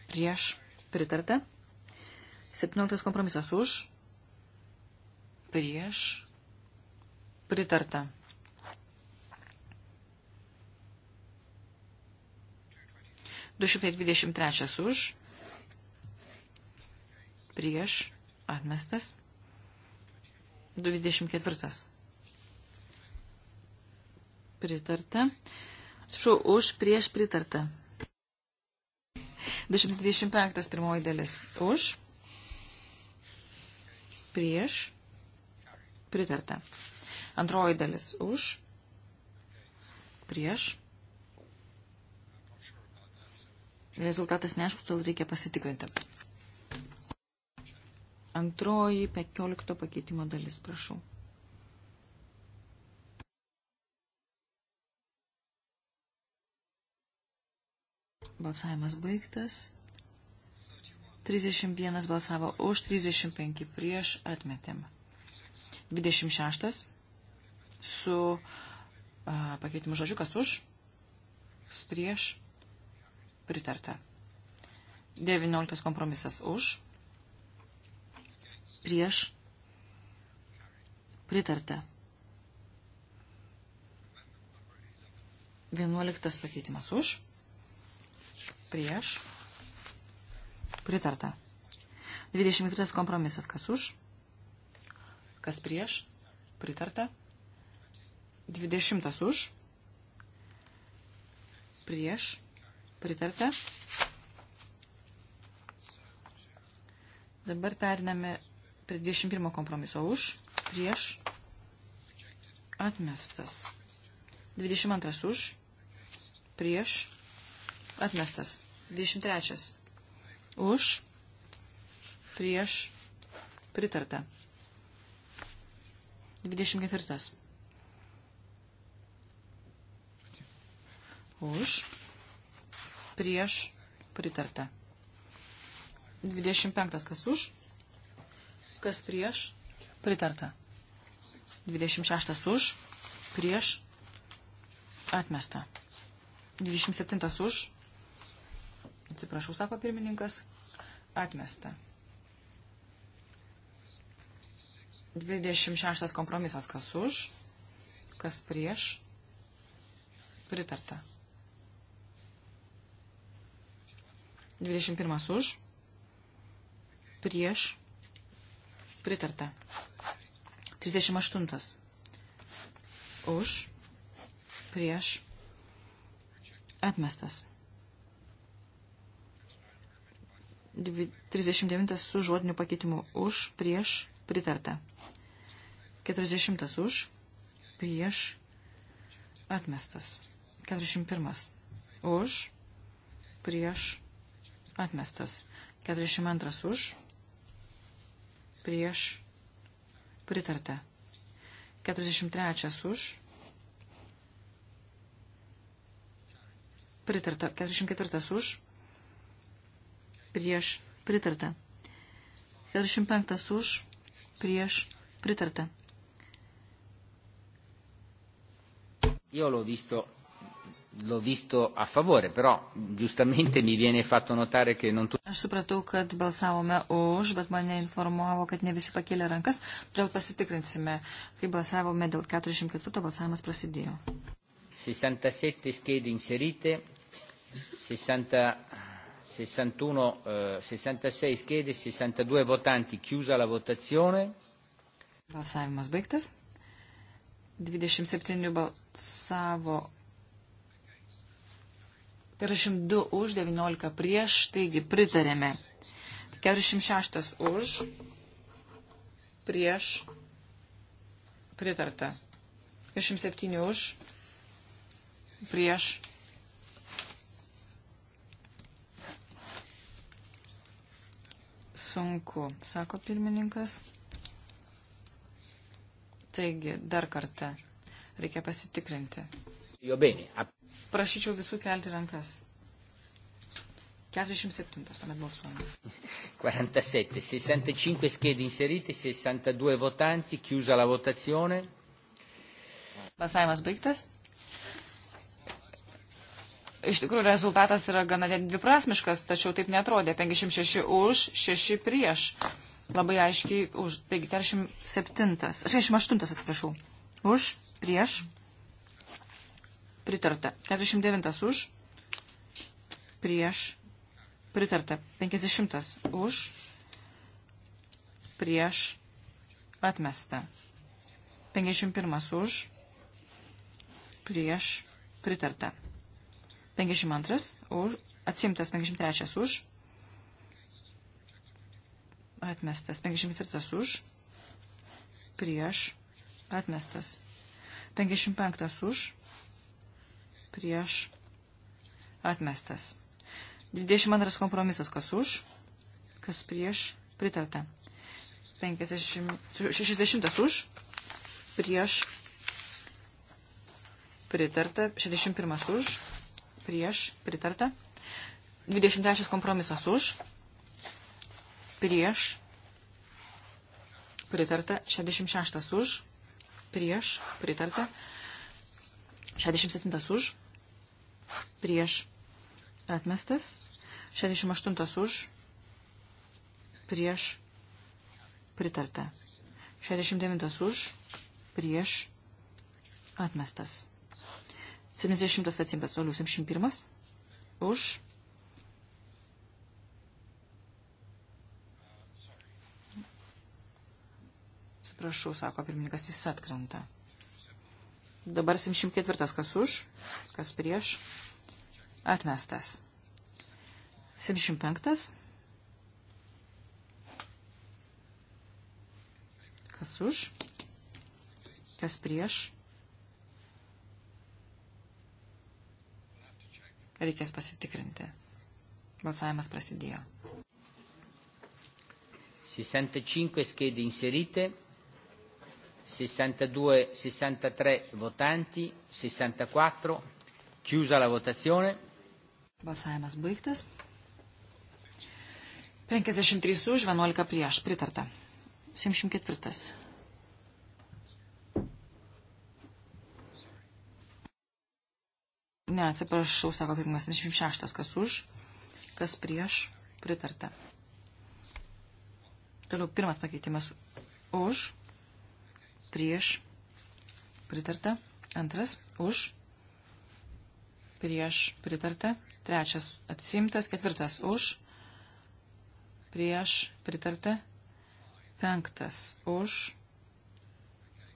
prieš, pritarta. 17 kompromisas už, prieš, pritarta. 223 už, prieš, atmestas. 24. Pritarta. Atsiprašau, už prieš pritarta. 225 pirmoji dalis. Už. Prieš. Pritarta. Antroji dalis. Už. Prieš. Rezultatas neaiškus, todėl reikia pasitikrinti. Antroji 15 pakeitimo dalis, prašau. Balsavimas baigtas. 31 balsavo už, 35 prieš, atmetėm. 26 su a, pakeitimu žodžiu, kas už, prieš, pritarta. 19 kompromisas už, prieš pritarta. Vienuoliktas pakeitimas už, prieš pritarta. 22 kompromisas kas už, kas prieš pritarta. 20 už, prieš pritarta. Dabar periname prie 21 kompromiso už, prieš, atmestas. 22 už, prieš, atmestas. 23 už, prieš, pritarta. 24 už, prieš, pritarta. 25 kas už, Kas prieš? Pritarta. 26 už. Prieš. Atmesta. 27 už. Atsiprašau, sako pirmininkas. Atmesta. 26 kompromisas. Kas už? Kas prieš? Pritarta. 21 už. Prieš pritarta. 38. Už, prieš, atmestas. 39 su žodiniu pakeitimu už, prieš, pritarta. 40 už, prieš, atmestas. 41 už, prieš, atmestas. 42 už, prieš pritarta. 43 už. Pritarta. 44 už. Prieš pritarta. 45 už. Prieš pritarta. Io l'ho visto l'ho visto a favore, però giustamente mi viene fatto notare che non tutti. Aš supratau, kad balsavome už, bet mane informavo, kad ne visi pakėlė rankas, todėl pasitikrinsime, kai balsavome dėl 44 balsavimas prasidėjo. 67 schede inserite, 60, 61, eh, 66 schede, 62 votanti, chiusa la votazione. Balsavimas baigtas. 27 balsavo 42 už, 19 prieš, taigi pritarėme. 46 už, prieš, pritarta. 47 už, prieš. Sunku, sako pirmininkas. Taigi, dar kartą reikia pasitikrinti. Jo bene. Prašyčiau visų kelti rankas. 47, tuomet balsuojame. 47, 65 schede inserite, 62 votanti, chiusa la votazione. Balsavimas baigtas. Iš tikrųjų, rezultatas yra gana dviprasmiškas, tačiau taip netrodė. 56 už, 6 prieš. Labai aiškiai už. Taigi, 47, 68, atsiprašau. Už, prieš, pritarta. 49 už, prieš, pritarta. 50 už, prieš, atmesta. 51 už, prieš, pritarta. 52 už, atsimtas 53 už, atmestas 54 už, prieš, atmestas 55 už, prieš atmestas. 22 kompromisas, kas už, kas prieš pritarta. 50, 60 už, prieš pritarta. 61 už, prieš pritarta. 23 kompromisas už, prieš pritarta. 66 už, prieš pritarta. 67 už, prieš atmestas, 68 už prieš pritarta, 69 už prieš atmestas, 70 atsimtas, o 71 už Atsiprašau, sako pirmininkas, jis atkrenta. Dabar 74 kas už, kas prieš, atmestas. 75 kas už, kas prieš. Reikės pasitikrinti. Balsavimas prasidėjo. 65 schede inserite. 62, 63 votanti, 64, chiusa la votazione. Balsavimas baigtas. 53 už, 11 prieš, pritarta. 74. Ne, atsiprašau, sako pirmas, 76, kas už, kas prieš, pritarta. Toliau pirmas pakeitimas už, prieš, pritarta. Antras, už, prieš, pritarta. Trečias, atsimtas. Ketvirtas, už, prieš, pritarta. Penktas, už,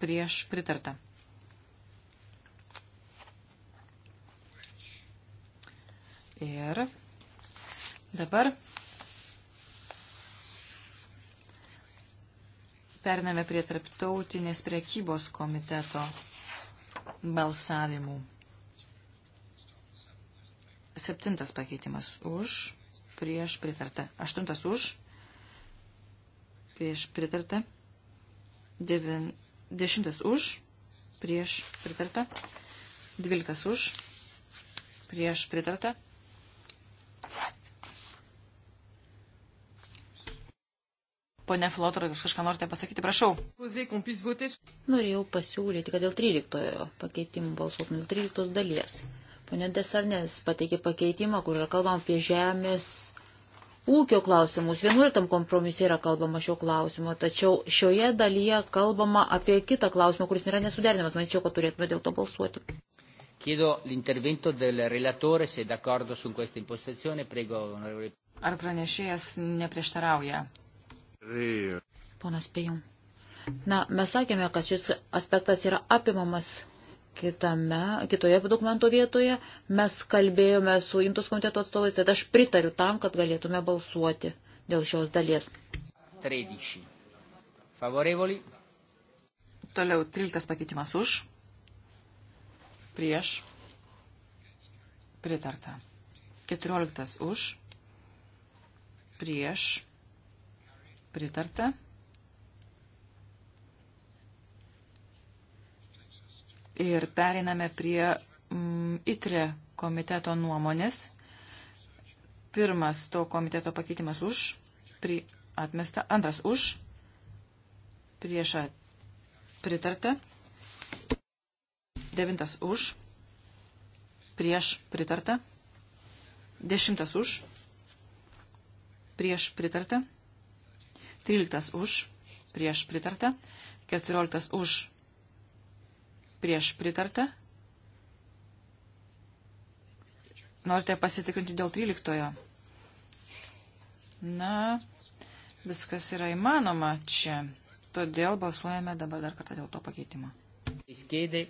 prieš, pritarta. Ir dabar Pername prie Tarptautinės priekybos komiteto balsavimų. Septintas pakeitimas už, prieš pritarta. Aštuntas už, prieš pritarta. Devin, dešimtas už, prieš pritarta. Dvyliktas už, prieš pritarta. Pone Flotra, jūs kažką norite pasakyti, prašau. Norėjau pasiūlyti, kad dėl 13 pakeitimų balsuotum, dėl 13 dalies. Pone Desarnės pateikė pakeitimą, kur yra kalbama apie žemės ūkio klausimus. 11 kompromise yra kalbama šio klausimo, tačiau šioje dalyje kalbama apie kitą klausimą, kuris nėra nesuderinamas. Manyčiau, kad turėtume dėl to balsuoti. Chiedo l'intervento del relatore, se d'accordo su questa impostazione, prego, onorevole. Ar pranešėjas neprieštarauja? Ponas Pėjum. Na, mes sakėme, kad šis aspektas yra apimamas kitame, kitoje dokumento vietoje. Mes kalbėjome su Intos komiteto atstovais, tad aš pritariu tam, kad galėtume balsuoti dėl šios dalies. 13. Favorevoli. Toliau 13 pakeitimas už. Prieš. Pritarta. 14 už. Prieš Pritarta. Ir periname prie mm, ITRE komiteto nuomonės. Pirmas to komiteto pakeitimas už, pri, atmesta, antras už, priešą pritarta, devintas už, prieš pritarta, dešimtas už, prieš pritarta. 13 už, prieš pritarta, 14 už, prieš pritarta. Norite pasitikrinti dėl 13. Na, viskas yra įmanoma čia. Todėl balsuojame dabar dar kartą dėl to pakeitimo. Skėdė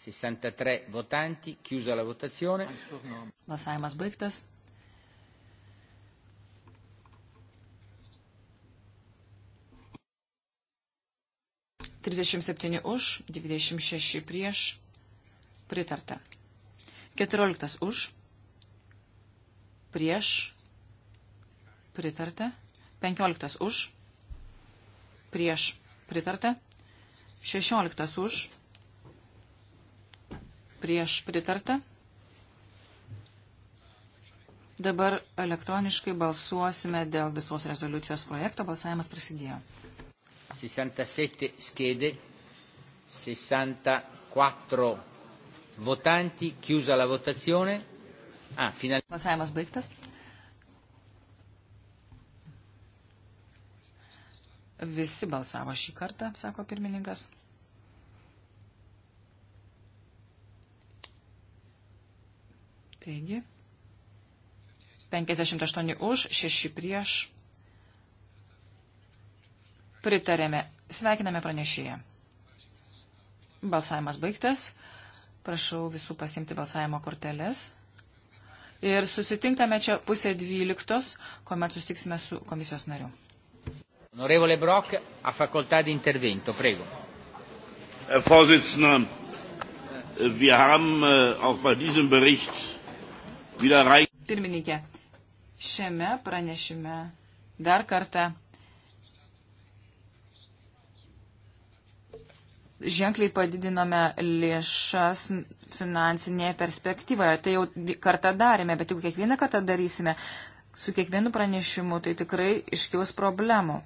63 votanti, chiusa la votazione. Balsavimas baigtas. 37 už, 26 prieš, pritarta. 14 už, prieš, pritarta. 15 už, prieš, pritarta. 16 už, prieš, pritarta. Dabar elektroniškai balsuosime dėl visos rezoliucijos projekto. Balsavimas prasidėjo. 67 schede, 64 votanti, chiusa la votazione. Ah, final... Balsavimas baigtas. Visi balsavo šį kartą, sako pirmininkas. Taigi, 58 už, 6 prieš, Pritarėme. Sveikiname pranešėją. Balsavimas baigtas. Prašau visų pasimti balsavimo korteles. Ir susitinkame čia pusė dvyliktos, kuomet susitiksime su komisijos nariu. Onorevole Brock, a facoltà di intervento, prego. Herr Vorsitzender, wir haben äh, auch bei diesem Bericht wieder reich. Pirmininkė, šiame pranešime dar kartą ženkliai padidinome lėšas finansinėje perspektyvoje. Tai jau kartą darėme, bet jeigu kiekvieną kartą darysime, su kiekvienu pranešimu, tai tikrai iškils problemų.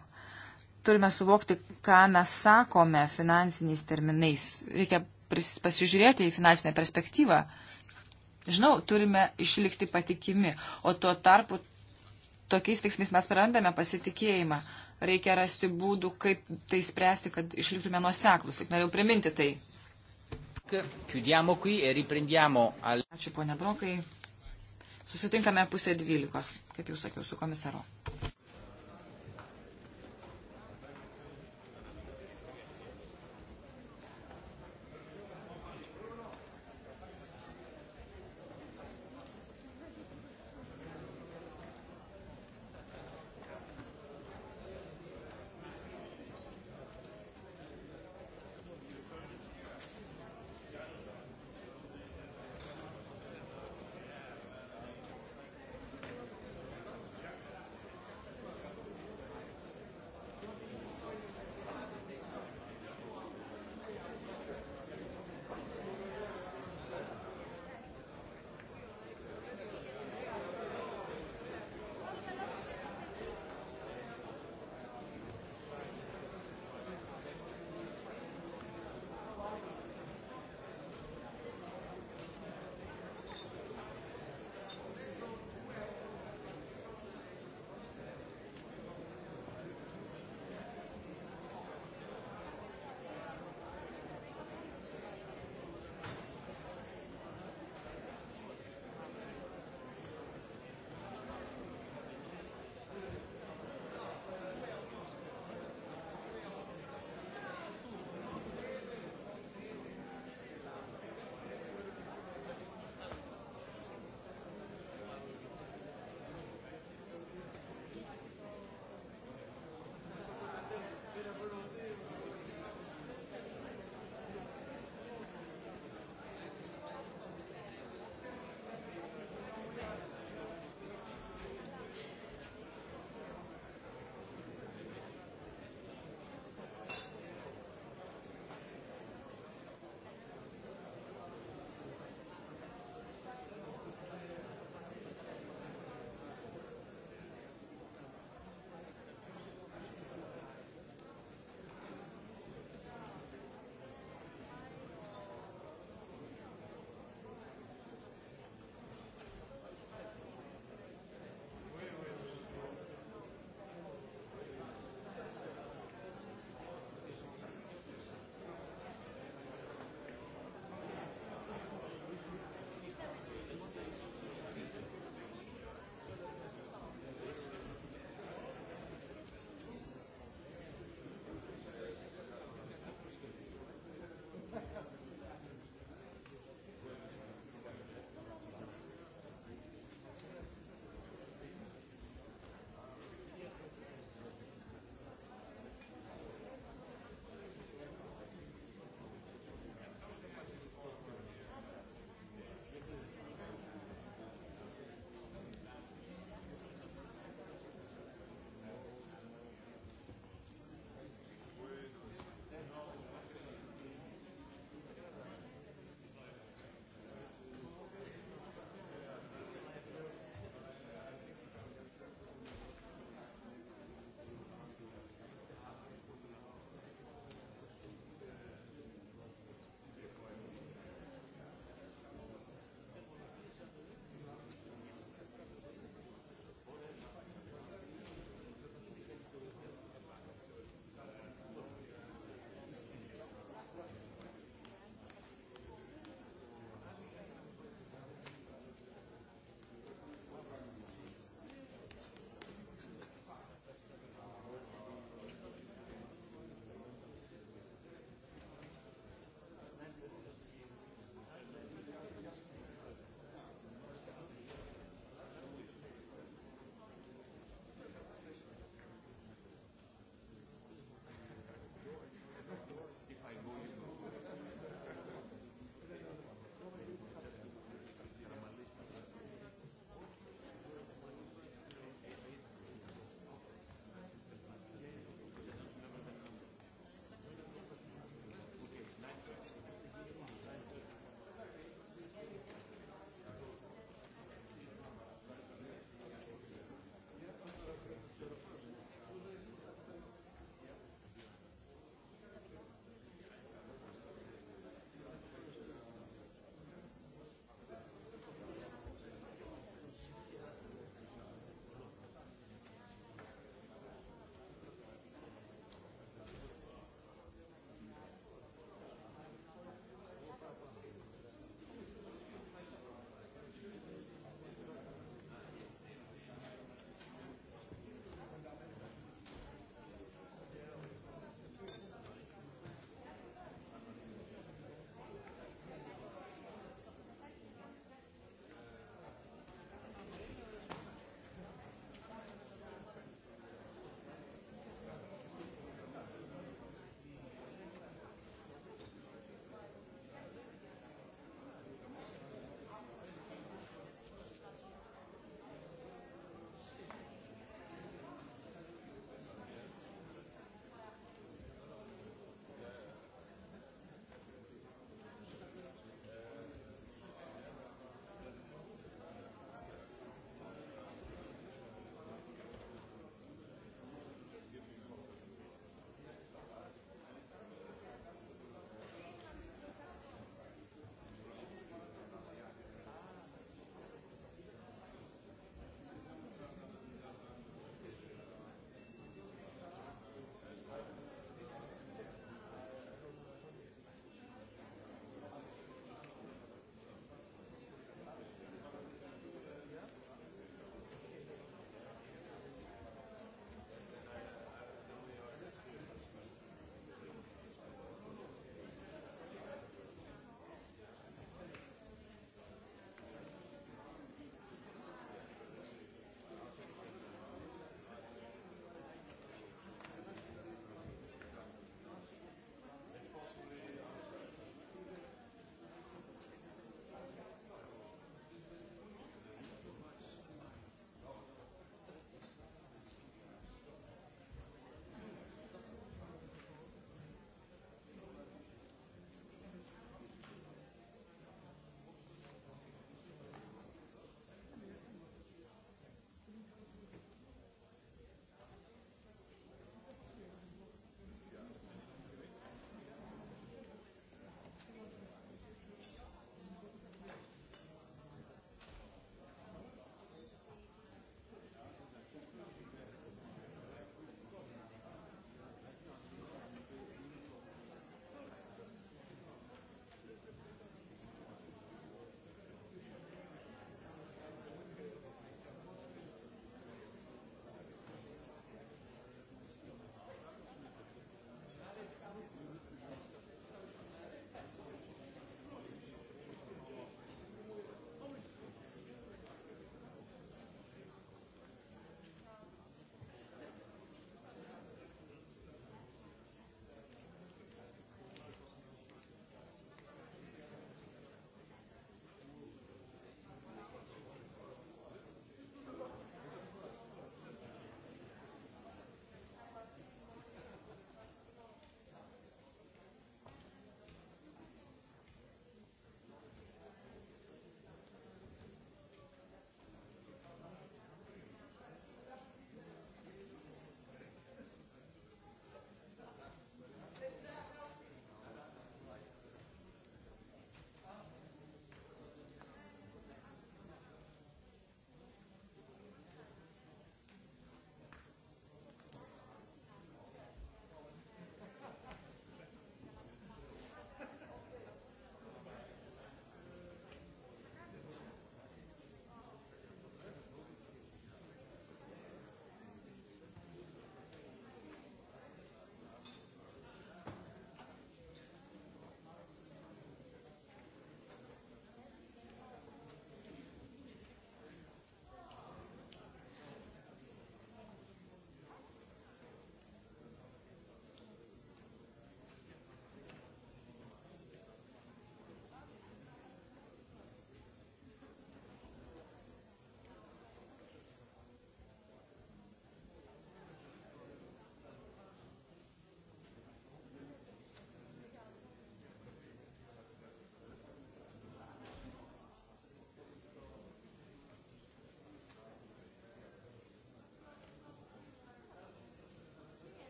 Turime suvokti, ką mes sakome finansiniais terminais. Reikia pasižiūrėti į finansinę perspektyvą. Žinau, turime išlikti patikimi, o tuo tarpu tokiais veiksmais mes prarandame pasitikėjimą reikia rasti būdų, kaip tai spręsti, kad išliktume nuoseklus. Tik norėjau priminti tai. E Ačiū, ponia Brokai. Susitinkame pusė dvylikos, kaip jau sakiau, su komisaru.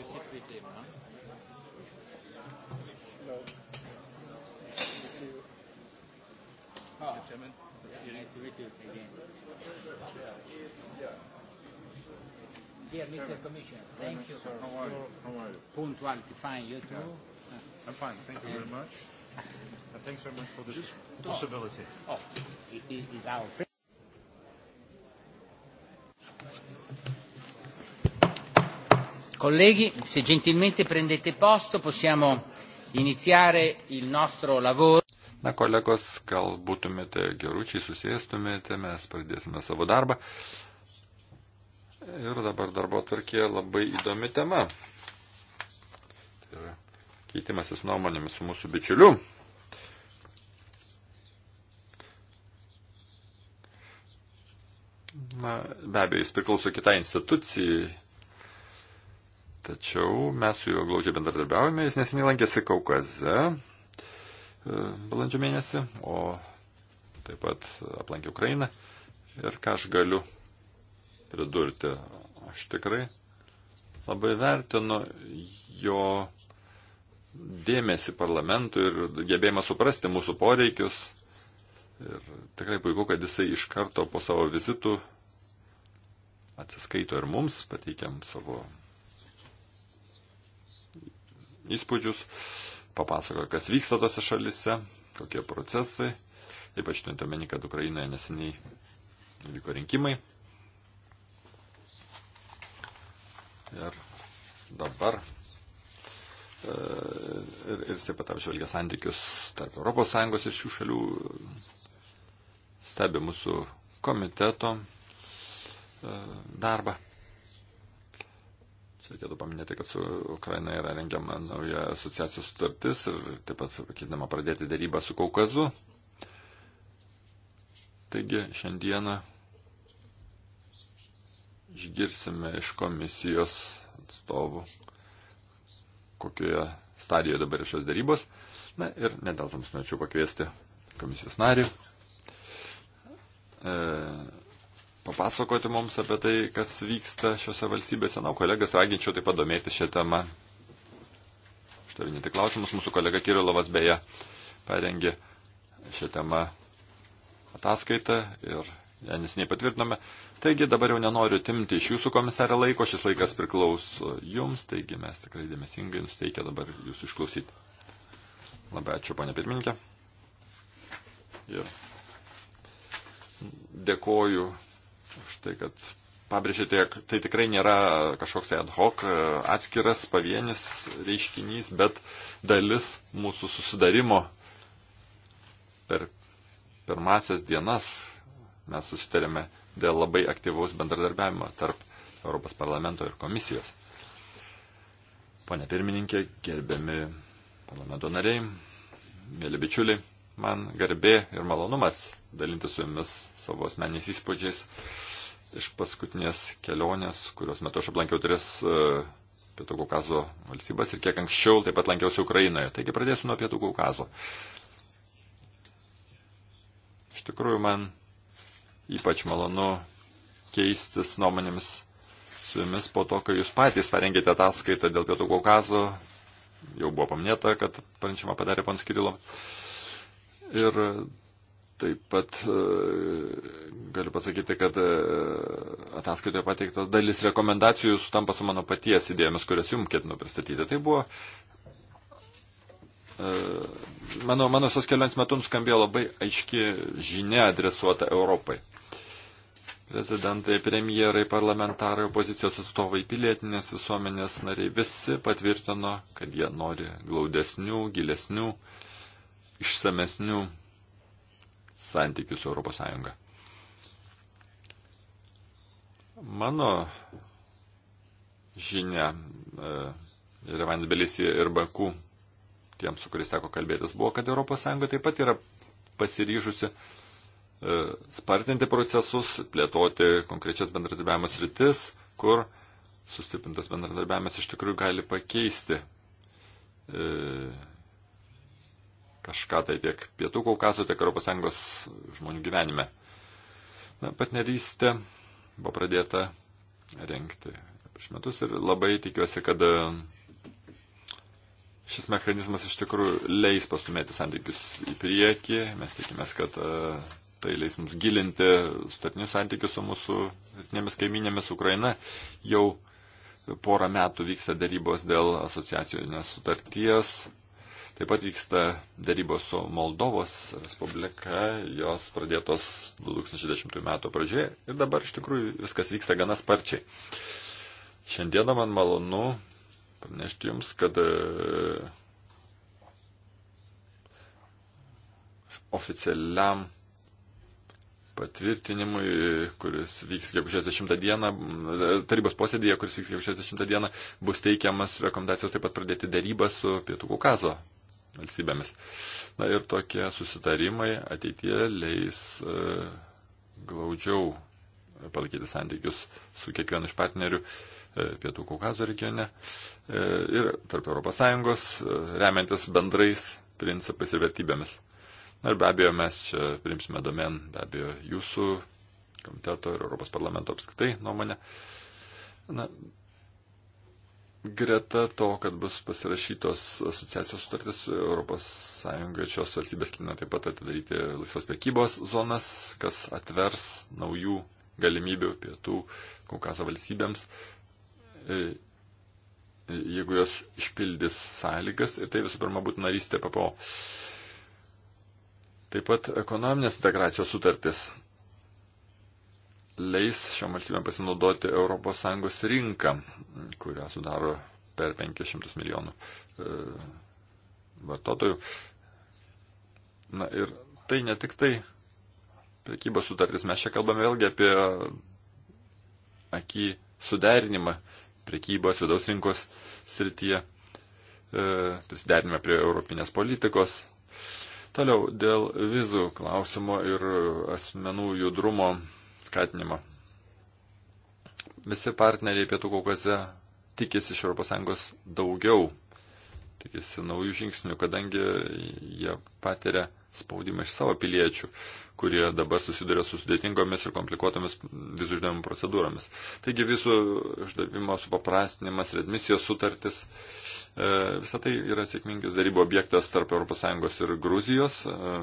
Biciclete eben, ne? No. Ah, Chairman. Biciclete again. Dear Mr. Commissioner, thank you for How are you? How are you? punctuality. Fine, you too? Yeah. I'm fine, thank you very much. (laughs) And thanks very much for this possibility. Oh, it is our Colleghi, se gentilmente prendete posto possiamo iniziare il nostro lavoro. Na, kolegos, gal būtumėte geručiai susėstumėte, mes pradėsime savo darbą. Ir dabar darbo tvarkė labai įdomi tema. Tai yra keitimasis nuomonėmis su mūsų bičiuliu. Na, be abejo, jis priklauso kitai institucijai Tačiau mes su juo glaudžiai bendradarbiavome, jis neseniai lankėsi Kaukaze e, balandžio mėnesį, o taip pat aplankė Ukrainą. Ir ką aš galiu pridurti, aš tikrai labai vertinu jo dėmesį parlamentui ir gebėjimą suprasti mūsų poreikius. Ir tikrai puiku, kad jisai iš karto po savo vizitų atsiskaito ir mums, pateikiam savo įspūdžius, papasakojo, kas vyksta tose šalise, kokie procesai, ypač turint omeny, kad Ukrainoje neseniai vyko rinkimai. Ir dabar e, ir, ir jisai pat apžvelgia santykius tarp ES ir šių šalių, stebi mūsų komiteto e, darbą reikėtų paminėti, kad su Ukraina yra rengiama nauja asociacijos sutartis ir taip pat ketinama pradėti dėrybą su Kaukazu. Taigi šiandieną išgirsime iš komisijos atstovų, kokioje stadijoje dabar šios dėrybos. Na ir nedelsams norėčiau pakviesti komisijos narį. E, papasakoti mums apie tai, kas vyksta šiuose valstybėse. Na, kolegas raginčiau taip pat domėti šią temą. Užtavinėti klausimus. Mūsų kolega Kirilovas beje parengė šią temą ataskaitą ir ją nesiniai patvirtinome. Taigi dabar jau nenoriu timti iš jūsų komisarė laiko, šis laikas priklauso jums, taigi mes tikrai dėmesingai nusteikia dabar jūsų išklausyti. Labai ačiū, ponė pirmininkė. Ir dėkoju už tai, kad pabrėžėte, jog tai tikrai nėra kažkoks ad hoc e, atskiras pavienis reiškinys, bet dalis mūsų susidarimo per pirmasias dienas mes susitarėme dėl labai aktyvaus bendradarbiavimo tarp Europos parlamento ir komisijos. Pone pirmininkė, gerbiami parlamento nariai, mėly bičiuliai, man garbė ir malonumas dalinti su jumis savo asmeniais įspūdžiais iš paskutinės kelionės, kurios metu aš aplankiau tris e, Pietų Kaukazo valstybės ir kiek anksčiau taip pat lankiausi Ukrainoje. Taigi pradėsiu nuo Pietų Kaukazo. Iš tikrųjų, man ypač malonu keistis nuomonėmis su jumis po to, kai jūs patys parengėte ataskaitą dėl Pietų Kaukazo. Jau buvo paminėta, kad pranešimą padarė pons Kirilo. Ir Taip pat e, galiu pasakyti, kad e, ataskaitoje pateikta dalis rekomendacijų sutampa su mano paties idėjomis, kurias jums ketinu pristatyti. Tai buvo e, mano, mano visos kelionės metu skambėjo labai aiški žinia adresuota Europai. Prezidentai, premjerai, parlamentarai, opozicijos atstovai, pilietinės visuomenės nariai visi patvirtino, kad jie nori glaudesnių, gilesnių, išsamesnių santykių su ES. Mano žinia e, ir Vandebelisija, ir Baku, tiems, su kuriais teko kalbėtis, buvo, kad ES taip pat yra pasiryžusi e, spartinti procesus, plėtoti konkrečias bendradarbiavimas rytis, kur sustiprintas bendradarbiavimas iš tikrųjų gali pakeisti e, kažką tai tiek Pietų Kaukaso, tiek ES žmonių gyvenime. Na, partnerystė buvo pradėta renkti prieš metus ir labai tikiuosi, kad e, šis mechanizmas iš tikrųjų leis pastumėti santykius į priekį. Mes tikimės, kad e, tai leis mums gilinti statinius santykius su mūsų rytinėmis kaiminėmis Ukraina. Jau porą metų vyksta darybos dėl asociacijos nesutarties. Taip pat vyksta darybos su Moldovos Respublika, jos pradėtos 2010 metų pradžioje ir dabar iš tikrųjų viskas vyksta gana sparčiai. Šiandieną man malonu pranešti Jums, kad e, oficialiam patvirtinimui, kuris vyks gegužės 10 dieną, e, tarybos posėdėje, kuris vyks gegužės 10 dieną, bus teikiamas rekomendacijos taip pat pradėti darybą su Pietų Kaukazo valstybėmis. Na ir tokie susitarimai ateitie leis e, glaudžiau palaikyti santykius su kiekvienu iš partnerių e, Pietų Kaukazo regione e, ir tarp ES, remiantis bendrais principais ir vertybėmis. Na ir be abejo, mes čia primsime domen, be abejo, jūsų komiteto ir Europos parlamento apskritai nuomonę. Na, greta to, kad bus pasirašytos asociacijos sutartis Europos Sąjunga, šios valstybės kina taip pat atidaryti laisvos priekybos zonas, kas atvers naujų galimybių pietų Kaukazo valstybėms, e, e, jeigu jos išpildys sąlygas ir tai visų pirma būtų narystė PPO. Taip pat ekonominės integracijos sutartis leis šiom valstybėm pasinaudoti ES rinką, kurią sudaro per 500 milijonų e, vartotojų. Na ir tai ne tik tai prekybos sutartis, mes čia kalbame vėlgi apie akį suderinimą prekybos vidaus rinkos srityje, e, prisiderinimą prie europinės politikos. Toliau dėl vizų klausimo ir asmenų judrumo skatinimo. Visi partneriai Pietų Kaukaze tikisi iš ES daugiau, tikisi naujų žingsnių, kadangi jie patiria spaudimą iš savo piliečių, kurie dabar susiduria su sudėtingomis ir komplikuotomis vizų išdavimo procedūromis. Taigi visų išdavimo supaprastinimas, redmisijos sutartis, e, visą tai yra sėkmingas darybo objektas tarp ES ir Gruzijos. E,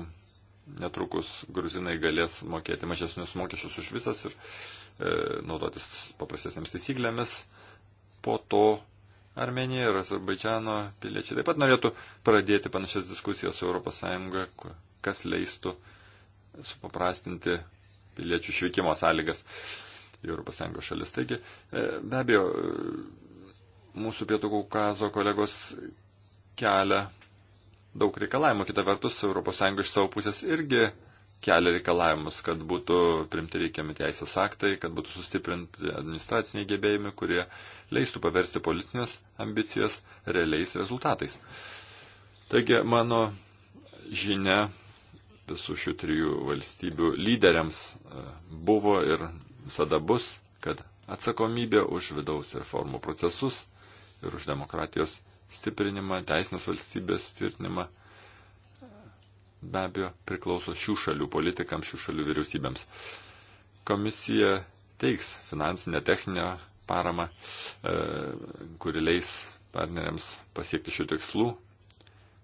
netrukus gruzinai galės mokėti mažesnius mokesčius už visas ir e, naudotis paprastesnėmis taisyklėmis. Po to Armenija ir Azerbaidžiano piliečiai taip pat norėtų pradėti panašias diskusijas su ES, kas leistų supaprastinti piliečių išvykimo sąlygas į ES šalis. Taigi, e, be abejo, e, mūsų Pietų Kaukazo kolegos kelia daug reikalavimų. Kita vertus, ES iš savo pusės irgi kelia reikalavimus, kad būtų primti reikiami teisės aktai, kad būtų sustiprinti administraciniai gebėjimai, kurie leistų paversti politinės ambicijas realiais rezultatais. Taigi mano žinia visų šių trijų valstybių lyderiams e, buvo ir visada bus, kad atsakomybė už vidaus reformų procesus ir už demokratijos stiprinimą, teisinės valstybės tvirtinimą be abejo priklauso šių šalių politikams, šių šalių vyriausybėms. Komisija teiks finansinę techninę paramą, e, kuri leis partneriams pasiekti šių tikslų.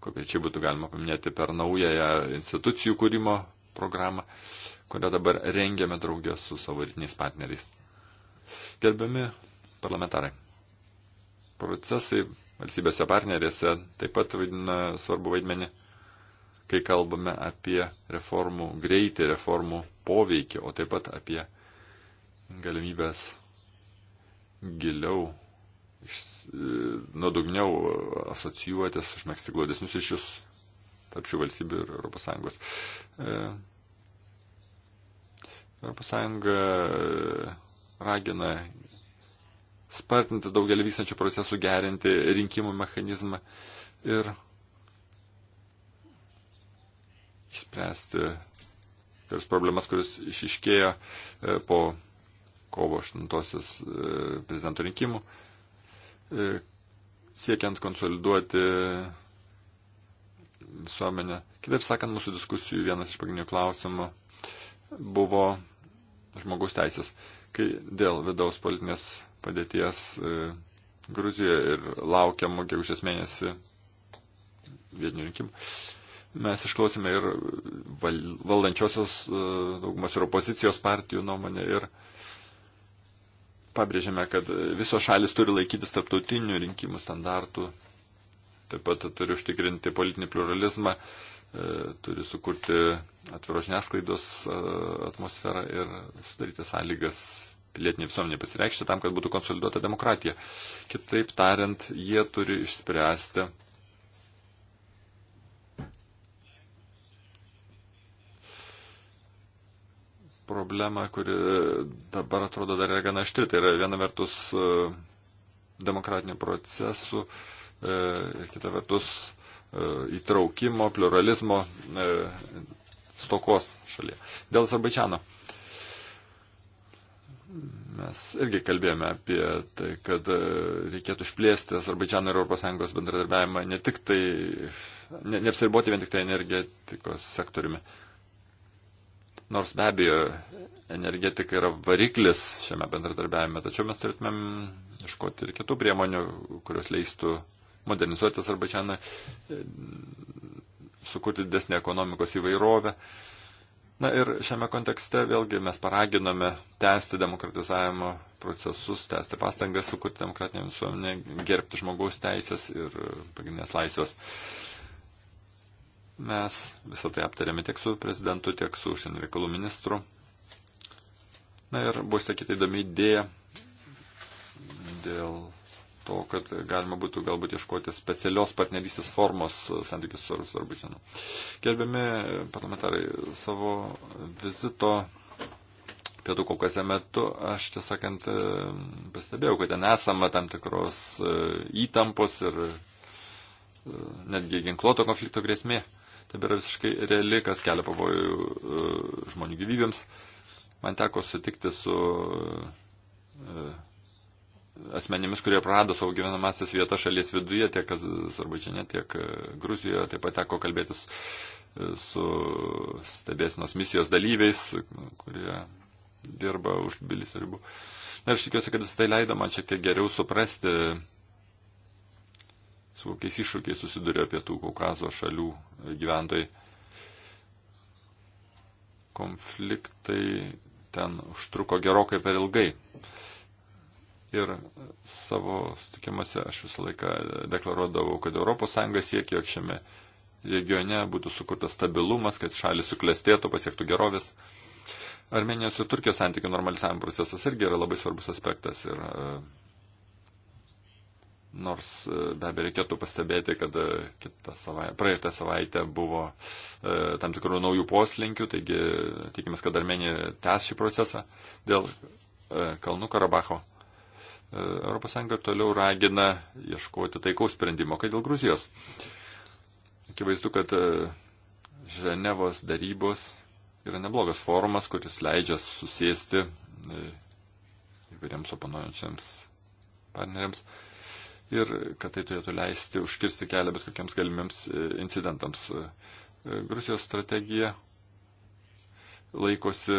Konkrečiai būtų galima paminėti per naująją institucijų kūrimo programą, kurią dabar rengiame draugę su savo rytiniais partneriais. Gerbiami parlamentarai, procesai valstybėse partnerėse taip pat vaidina svarbu vaidmenį, kai kalbame apie reformų greitį, reformų poveikį, o taip pat apie galimybės giliau, e, nuodugniau asocijuotis, užmėgsti glaudesnius ryšius tarp šių valstybių ir ES. ES e, ragina spartinti daugelį vykstančių procesų, gerinti rinkimų mechanizmą ir išspręsti tas problemas, kuris išiškėjo e, po kovo 8 e, prezidento rinkimų, e, siekiant konsoliduoti visuomenę. Kitaip sakant, mūsų diskusijų vienas iš pagrindinių klausimų buvo žmogaus teisės, kai dėl vidaus politinės padėties e, Gruzijoje ir laukiamų gegužės mėnesį vietinių rinkimų. Mes išklausėme ir valdančiosios e, daugumos ir opozicijos partijų nuomonę ir pabrėžėme, kad visos šalis turi laikytis tarptautinių rinkimų standartų, taip pat turi užtikrinti politinį pluralizmą, e, turi sukurti atviro žiniasklaidos atmosferą ir sudaryti sąlygas pilietinė visuomenė pasireikšti tam, kad būtų konsoliduota demokratija. Kitaip tariant, jie turi išspręsti problemą, kuri dabar atrodo dar yra gana aštri. Tai yra viena vertus e, demokratinių procesų e, ir kita vertus e, įtraukimo, pluralizmo stokos šalyje. Dėl Azerbaidžiano mes irgi kalbėjome apie tai, kad e, reikėtų išplėsti Azerbaidžiano ir ES bendradarbiavimą ne tik tai, ne, neapsiriboti vien tik tai energetikos sektoriumi. Nors be abejo, energetika yra variklis šiame bendradarbiavime, tačiau mes turėtumėm iškoti ir kitų priemonių, kurios leistų modernizuoti Azerbaidžianą, e, sukurti didesnį ekonomikos įvairovę. Uh, Na ir šiame kontekste vėlgi mes paraginame tęsti demokratizavimo procesus, tęsti pastangas sukurti demokratinę visuomenę, gerbti žmogaus teisės ir pagrindinės laisvės. Mes visą tai aptarėme tiek su prezidentu, tiek su užsienio reikalų ministru. Na ir buvo sakyti įdomi idėja dėl to, kad galima būtų galbūt ieškoti specialios partnerystės formos santykius su Azerbaidžanu. Gerbiami parlamentarai, savo vizito Pietų Kaukaze metu aš tiesąkant e, pastebėjau, kad ten esama tam tikros e, įtampos ir e, netgi ginkluoto konflikto grėsmė. Tai yra visiškai reali, kas kelia pavojų žmonių gyvybėms. Man teko sutikti su asmenimis, kurie prarado savo gyvenamasias vietas šalies viduje, tiek Azerbaidžiane, tiek e, Gruzijoje, taip pat teko kalbėtis e, su stebėsinos misijos dalyviais, kurie dirba už bilis ribų. Na, aš tikiuosi, kad visą tai leido man šiek tiek geriau suprasti, su kokiais iššūkiais susiduria pietų Kaukazo šalių gyventojai. Konfliktai ten užtruko gerokai per ilgai. Ir savo sutikimuose aš visą laiką deklaruodavau, kad ES siekia, jog šiame regione būtų sukurtas stabilumas, kad šalis suklestėtų, pasiektų gerovės. Armenijos ir Turkijos santykių normalizavimo procesas irgi yra labai svarbus aspektas. Ir, e, Nors e, be abejo reikėtų pastebėti, kad e, savaitę, praeitą savaitę buvo e, tam tikrų naujų poslinkių, taigi tikimės, kad Armenija tęs šį procesą dėl e, Kalnų Karabacho. ES toliau ragina ieškoti taikaus sprendimo, kad dėl Gruzijos. Akivaizdu, kad e, Ženevos darybos yra neblogas forumas, kuris leidžia susėsti e, įvairiems oponuojančiams partneriams ir kad tai turėtų leisti užkirsti kelią bet kokiems galimiems e, incidentams. Gruzijos strategija laikosi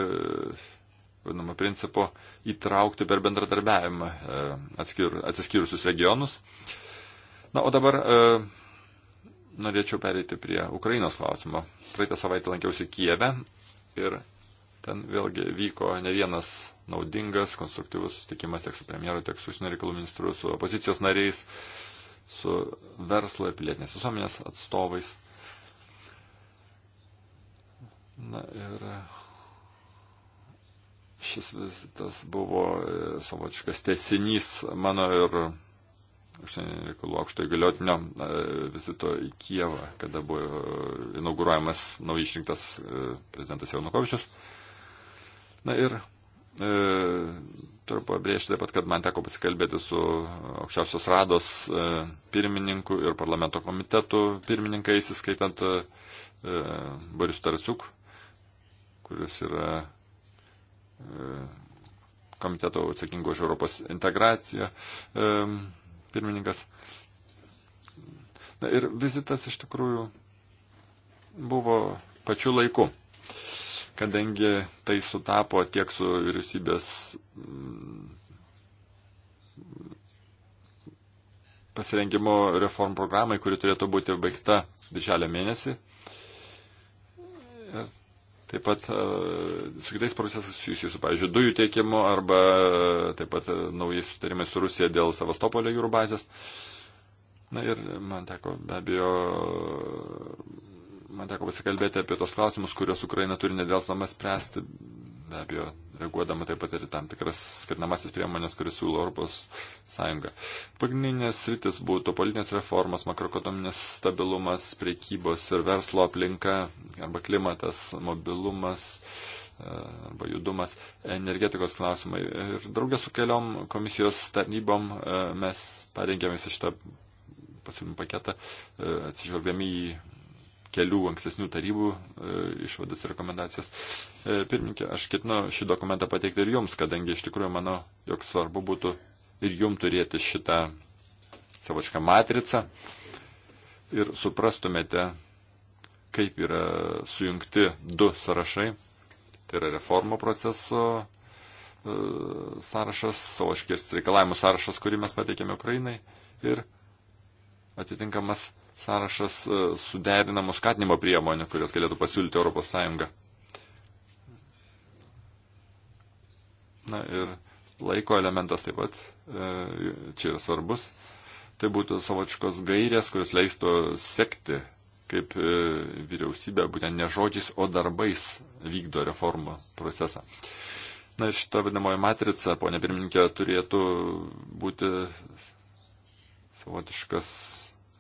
vadinamo principo įtraukti per bendradarbiavimą e, atskir, atsiskyrusius regionus. Na, o dabar e, norėčiau pereiti prie Ukrainos klausimo. Praeitą savaitę lankiausi Kijeve ir ten vėlgi vyko ne vienas naudingas, konstruktyvus susitikimas tiek su premjeru, tiek su užsienio reikalų ministru, su opozicijos nariais, su verslo ir pilietinės visuomenės atstovais. Na ir Šis vizitas buvo e, savotiškas tesinys mano ir užsienio reikalų aukšto įgaliotinio e, vizito į Kievą, kada buvo e, inauguruojamas naujai išrinktas prezidentas Jaunukovičius. Na ir e, turiu pabrėžti taip pat, kad man teko pasikalbėti su aukščiausios rados e, pirmininku ir parlamento komitetų pirmininkais, įskaitant e, Boris Tarsiuk, kuris yra E, komiteto atsakingo už Europos integraciją e, pirmininkas. Na ir vizitas iš tikrųjų buvo pačiu laiku, kadangi tai sutapo tiek su vyriausybės mm, pasirengimo reform programai, kuri turėtų būti baigta didžialę mėnesį. Ir taip pat e, su kitais procesais susijusiais su, pavyzdžiui, dujų teikimu arba e, taip pat e, naujais sutarimais su Rusija dėl Savastopolio jūrų bazės. Na ir man teko be abejo, man teko pasikalbėti apie tos klausimus, kuriuos Ukraina turi nedėlsama spręsti. Be abejo, reaguodama taip pat ir tam tikras skatinamasis priemonės, kuris siūlo Europos Sąjunga. Pagrindinės rytis būtų politinės reformos, makroekonominės stabilumas, priekybos ir verslo aplinka arba klimatas, mobilumas e, arba judumas, energetikos klausimai. Ir draugės su keliom komisijos tarnybom e, mes parengėme šitą pasiūlymų paketą, e, atsižvelgdami į kelių ankstesnių tarybų e, išvadas ir rekomendacijas. E, pirminkė, aš ketinu šį dokumentą pateikti ir jums, kadangi iš tikrųjų manau, jog svarbu būtų ir jum turėti šitą savočką matricą ir suprastumėte, kaip yra sujungti du sąrašai. Tai yra reformų proceso e, sąrašas, savoškis reikalavimų sąrašas, kurį mes pateikėme Ukrainai ir atitinkamas sąrašas e, suderinamų skatinimo priemonių, kurias galėtų pasiūlyti ES. Na ir laiko elementas taip pat e, čia yra svarbus. Tai būtų savočios gairės, kuris leistų sekti, kaip e, vyriausybė būtent ne žodžiais, o darbais vykdo reformų procesą. Na ir šita vadinamoji matrica, ponė pirmininkė, turėtų būti savotiškas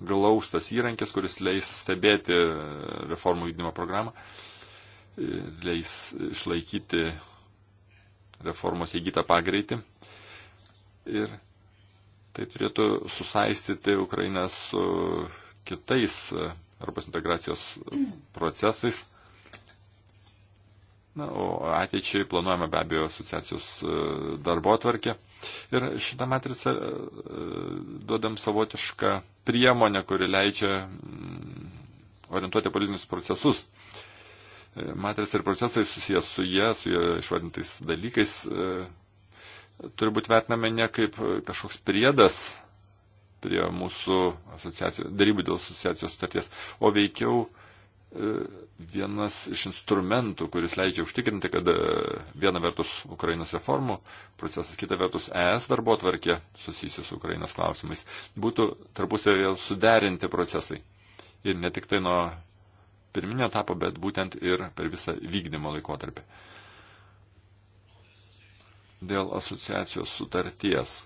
glaustas įrankis, kuris leis stebėti reformų vykdymo programą, leis išlaikyti reformos įgytą pagreitį. Ir tai turėtų susaistyti Ukrainą su kitais arba integracijos procesais Na, o ateičiai planuojame be abejo asociacijos e, darbo atvarkė. Ir šitą matricą e, e, duodam savotišką priemonę, kuri leidžia mm, orientuoti politinius procesus. Matrica ir procesai susijęs su jie, su jie išvardintais dalykais, turi būti vertinami ne kaip kažkoks priedas prie mūsų darybų dėl asociacijos sutarties, o veikiau uh, vienas iš instrumentų, kuris leidžia užtikrinti, kad e, viena vertus Ukrainos reformų procesas, kita vertus ES darbo atvarkė susijusi su Ukrainos klausimais, būtų tarpusavėje suderinti procesai. Ir ne tik tai nuo pirminio etapo, bet būtent ir per visą vykdymo laikotarpį. Dėl asociacijos sutarties.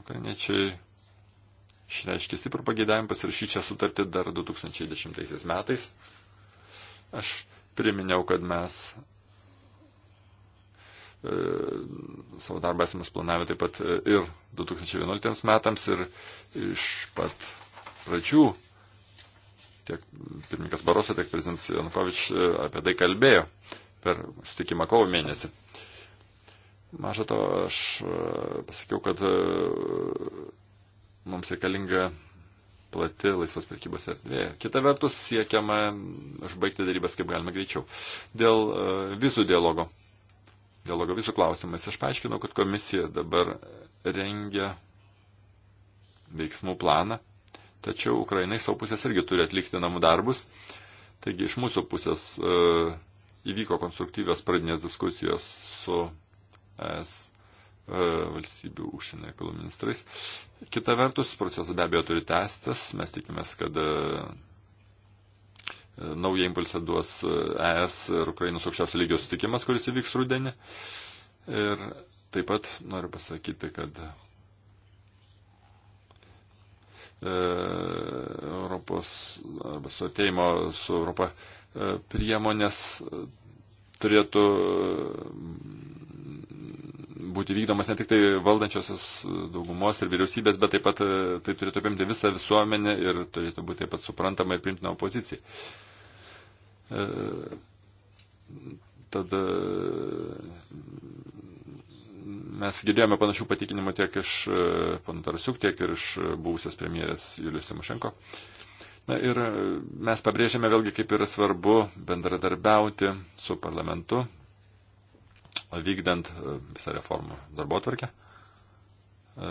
Ukrainiečiai išreiškė stiprų pageidavimą pasirašyti šią sutartį dar 2010 metais. Aš priminiau, kad mes e, savo darbą esame planavę taip pat e, ir 2011 metams ir iš pat pradžių tiek pirmininkas Baroso, tiek prezidentas Janukovič e, apie tai kalbėjo per sutikimą kovo mėnesį. Maža to, aš e, pasakiau, kad mums reikalinga plati laisvos prekybos erdvė. Kita vertus, siekiama užbaigti darybas kaip galima greičiau. Dėl e, visų dialogo, dialogo visų klausimais, aš paaiškinau, kad komisija dabar rengia veiksmų planą, tačiau Ukrainai savo pusės irgi turi atlikti namų darbus. Taigi iš mūsų pusės e, įvyko konstruktyvios pradinės diskusijos su es E, valstybių užsienio reikalų ministrais. Kita vertus, procesas be abejo turi tęstis. Mes tikimės, kad e, e, naują impulsą duos ES ir Ukrainos aukščiausio lygio sutikimas, kuris įvyks rudenį. Ir taip pat noriu pasakyti, kad Europos arba suartėjimo su Europa priemonės turėtų būti vykdomas ne tik tai valdančiosios daugumos ir vyriausybės, bet taip pat e, tai turėtų apimti visą visuomenę ir turėtų būti taip pat suprantama ir primtina opozicija. E, tad e, mes girdėjome panašių patikinimų tiek iš pana Tarsiuk, tiek ir iš buvusios premjerės Julius Simušenko. Na ir mes pabrėžiame vėlgi, kaip yra svarbu bendradarbiauti su parlamentu, vykdant e, visą reformų darbo tvarkę, e,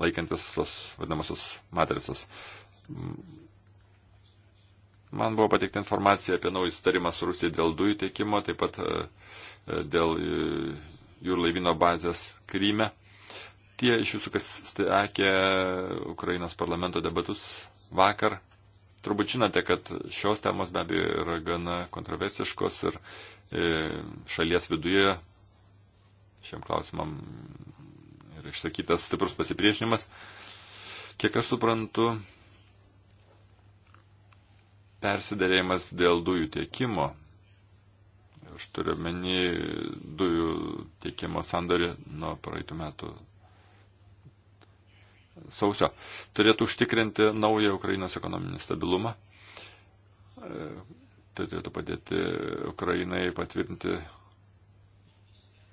laikantis tos vadinamosios matricos. Man buvo pateikta informacija apie naują sutarimą su Rusija dėl dujų tiekimo, taip pat e, dėl jūrų laivyno bazės Kryme. Tie iš jūsų, kas stekė Ukrainos parlamento debatus vakar, turbūt žinote, kad šios temos be abejo yra gana kontroversiškos ir šalies viduje šiam klausimam yra išsakytas stiprus pasipriešinimas. Kiek aš suprantu, persidarėjimas dėl dujų tiekimo, aš turiu menį dujų tiekimo sandorį nuo praeitų metų sausio, turėtų užtikrinti naują Ukrainos ekonominį stabilumą. E, tai turėtų padėti Ukrainai patvirtinti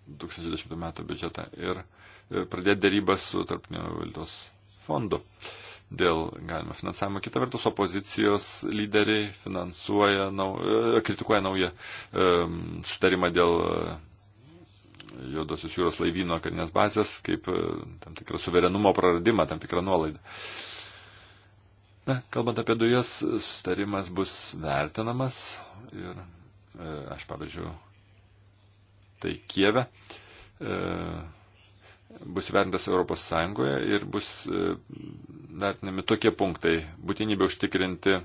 2010 metų biudžetą ir pradėti darybas su tarpinio valdos fondu dėl galimo finansavimo. Kita vertus, opozicijos lyderiai finansuoja, nau, e, kritikuoja naują um, sutarimą dėl e, Juodosios jūros laivyno karinės bazės kaip tam tikrą suverenumo praradimą, tam tikrą nuolaidą. Na, kalbant apie dujas, sustarimas bus vertinamas ir e, aš pabrėžiu tai Kieve, e, bus vertintas ES ir bus e, vertinami tokie punktai - būtinybė užtikrinti e,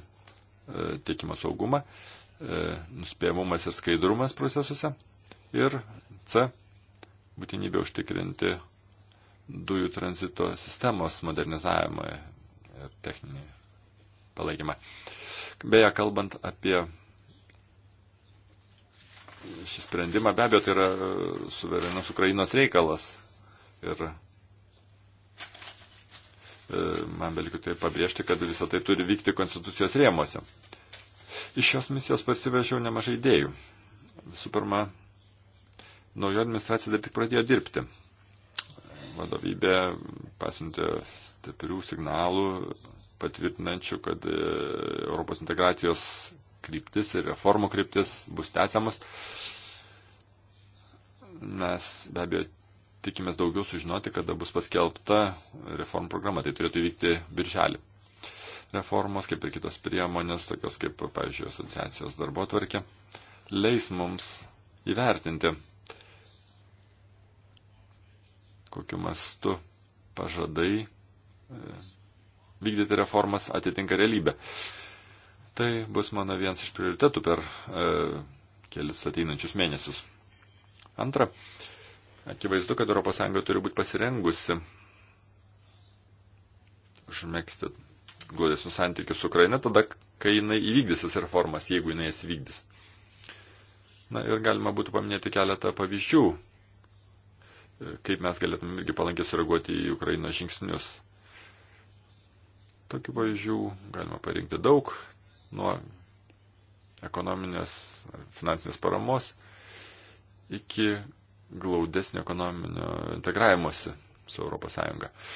tiekimo saugumą, nuspėjamumas ir skaidrumas procesuose ir C - būtinybė užtikrinti dujų tranzito sistemos modernizavimą ir techninį palaikymą. Beje, kalbant apie šį sprendimą. Be abejo, tai yra e, suverenos Ukrainos reikalas. Ir e, man belikų tai pabrėžti, kad visą tai turi vykti konstitucijos rėmose. Iš šios misijos pasivežiau nemažai idėjų. Visų pirma, naujo administracija dar tik pradėjo dirbti. Vadovybė pasiuntė stiprių signalų patvirtinančių, kad e, Europos integracijos kryptis ir reformų kryptis bus tęsiamas. Mes be abejo tikimės daugiau sužinoti, kada bus paskelbta reformų programa. Tai turėtų įvykti birželį. Reformos, kaip ir kitos priemonės, tokios kaip, pavyzdžiui, asociacijos darbo tvarkė, leis mums įvertinti, kokiu mastu pažadai e, vykdyti reformas atitinka realybę. Tai bus mano vienas iš prioritetų per e, kelis ateinančius mėnesius. Antra, akivaizdu, kad ES turi būti pasirengusi užmėgsti glaudesnius santykius su Ukraina tada, kai jinai įvykdys tas reformas, jeigu jinai jas įvykdys. Na ir galima būtų paminėti keletą pavyzdžių, e, kaip mes galėtume irgi palankiai sureaguoti į Ukrainos žingsnius. Tokių pavyzdžių galima parinkti daug, nuo ekonominės ar finansinės paramos iki glaudesnio ekonominio integravimuose su ES.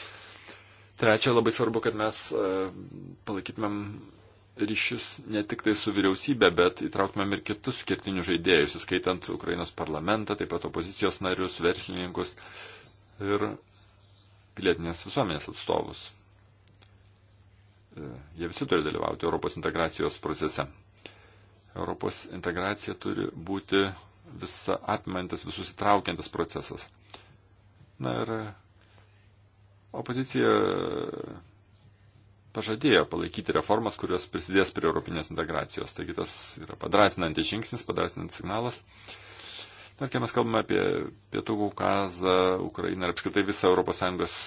Trečia, labai svarbu, kad mes e, palaikytumėm ryšius ne tik tai su vyriausybė, bet įtrauktumėm ir kitus skirtinius žaidėjus, įskaitant Ukrainos parlamentą, taip pat opozicijos narius, verslininkus ir pilietinės visuomenės atstovus. E, jie visi turi dalyvauti Europos integracijos procese. Europos integracija turi būti visa apimantis, visus įtraukiantis procesas. Na ir opozicija pažadėjo palaikyti reformas, kurios prisidės prie europinės integracijos. Taigi tas yra padrasinantis žingsnis, padrasinantis signalas. Na, kai mes kalbame apie Pietų Kaukazą, Ukrainą ir apskritai visą ES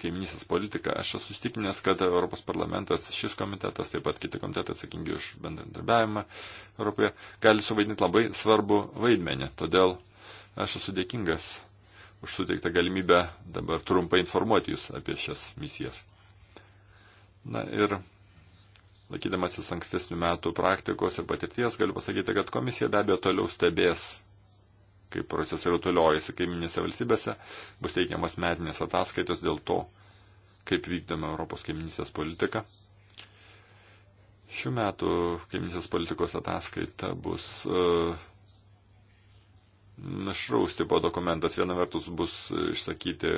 kaiminysės politiką. Aš esu stikinęs, kad Europos parlamentas, šis komitetas, taip pat kiti komitetai atsakingi už bendradarbiavimą Europoje, gali suvaidinti labai svarbu vaidmenį. Todėl aš esu dėkingas už suteiktą galimybę dabar trumpai informuoti Jūs apie šias misijas. Na ir laikydamasis ankstesnių metų praktikos ir patirties, galiu pasakyti, kad komisija be abejo toliau stebės kaip procesai rutuliojasi kaiminėse valstybėse, bus teikiamas metinės ataskaitos dėl to, kaip vykdama Europos kaiminysės politika. Šių metų kaiminysės politikos ataskaita bus uh, e, našraus tipo dokumentas. Viena vertus bus išsakyti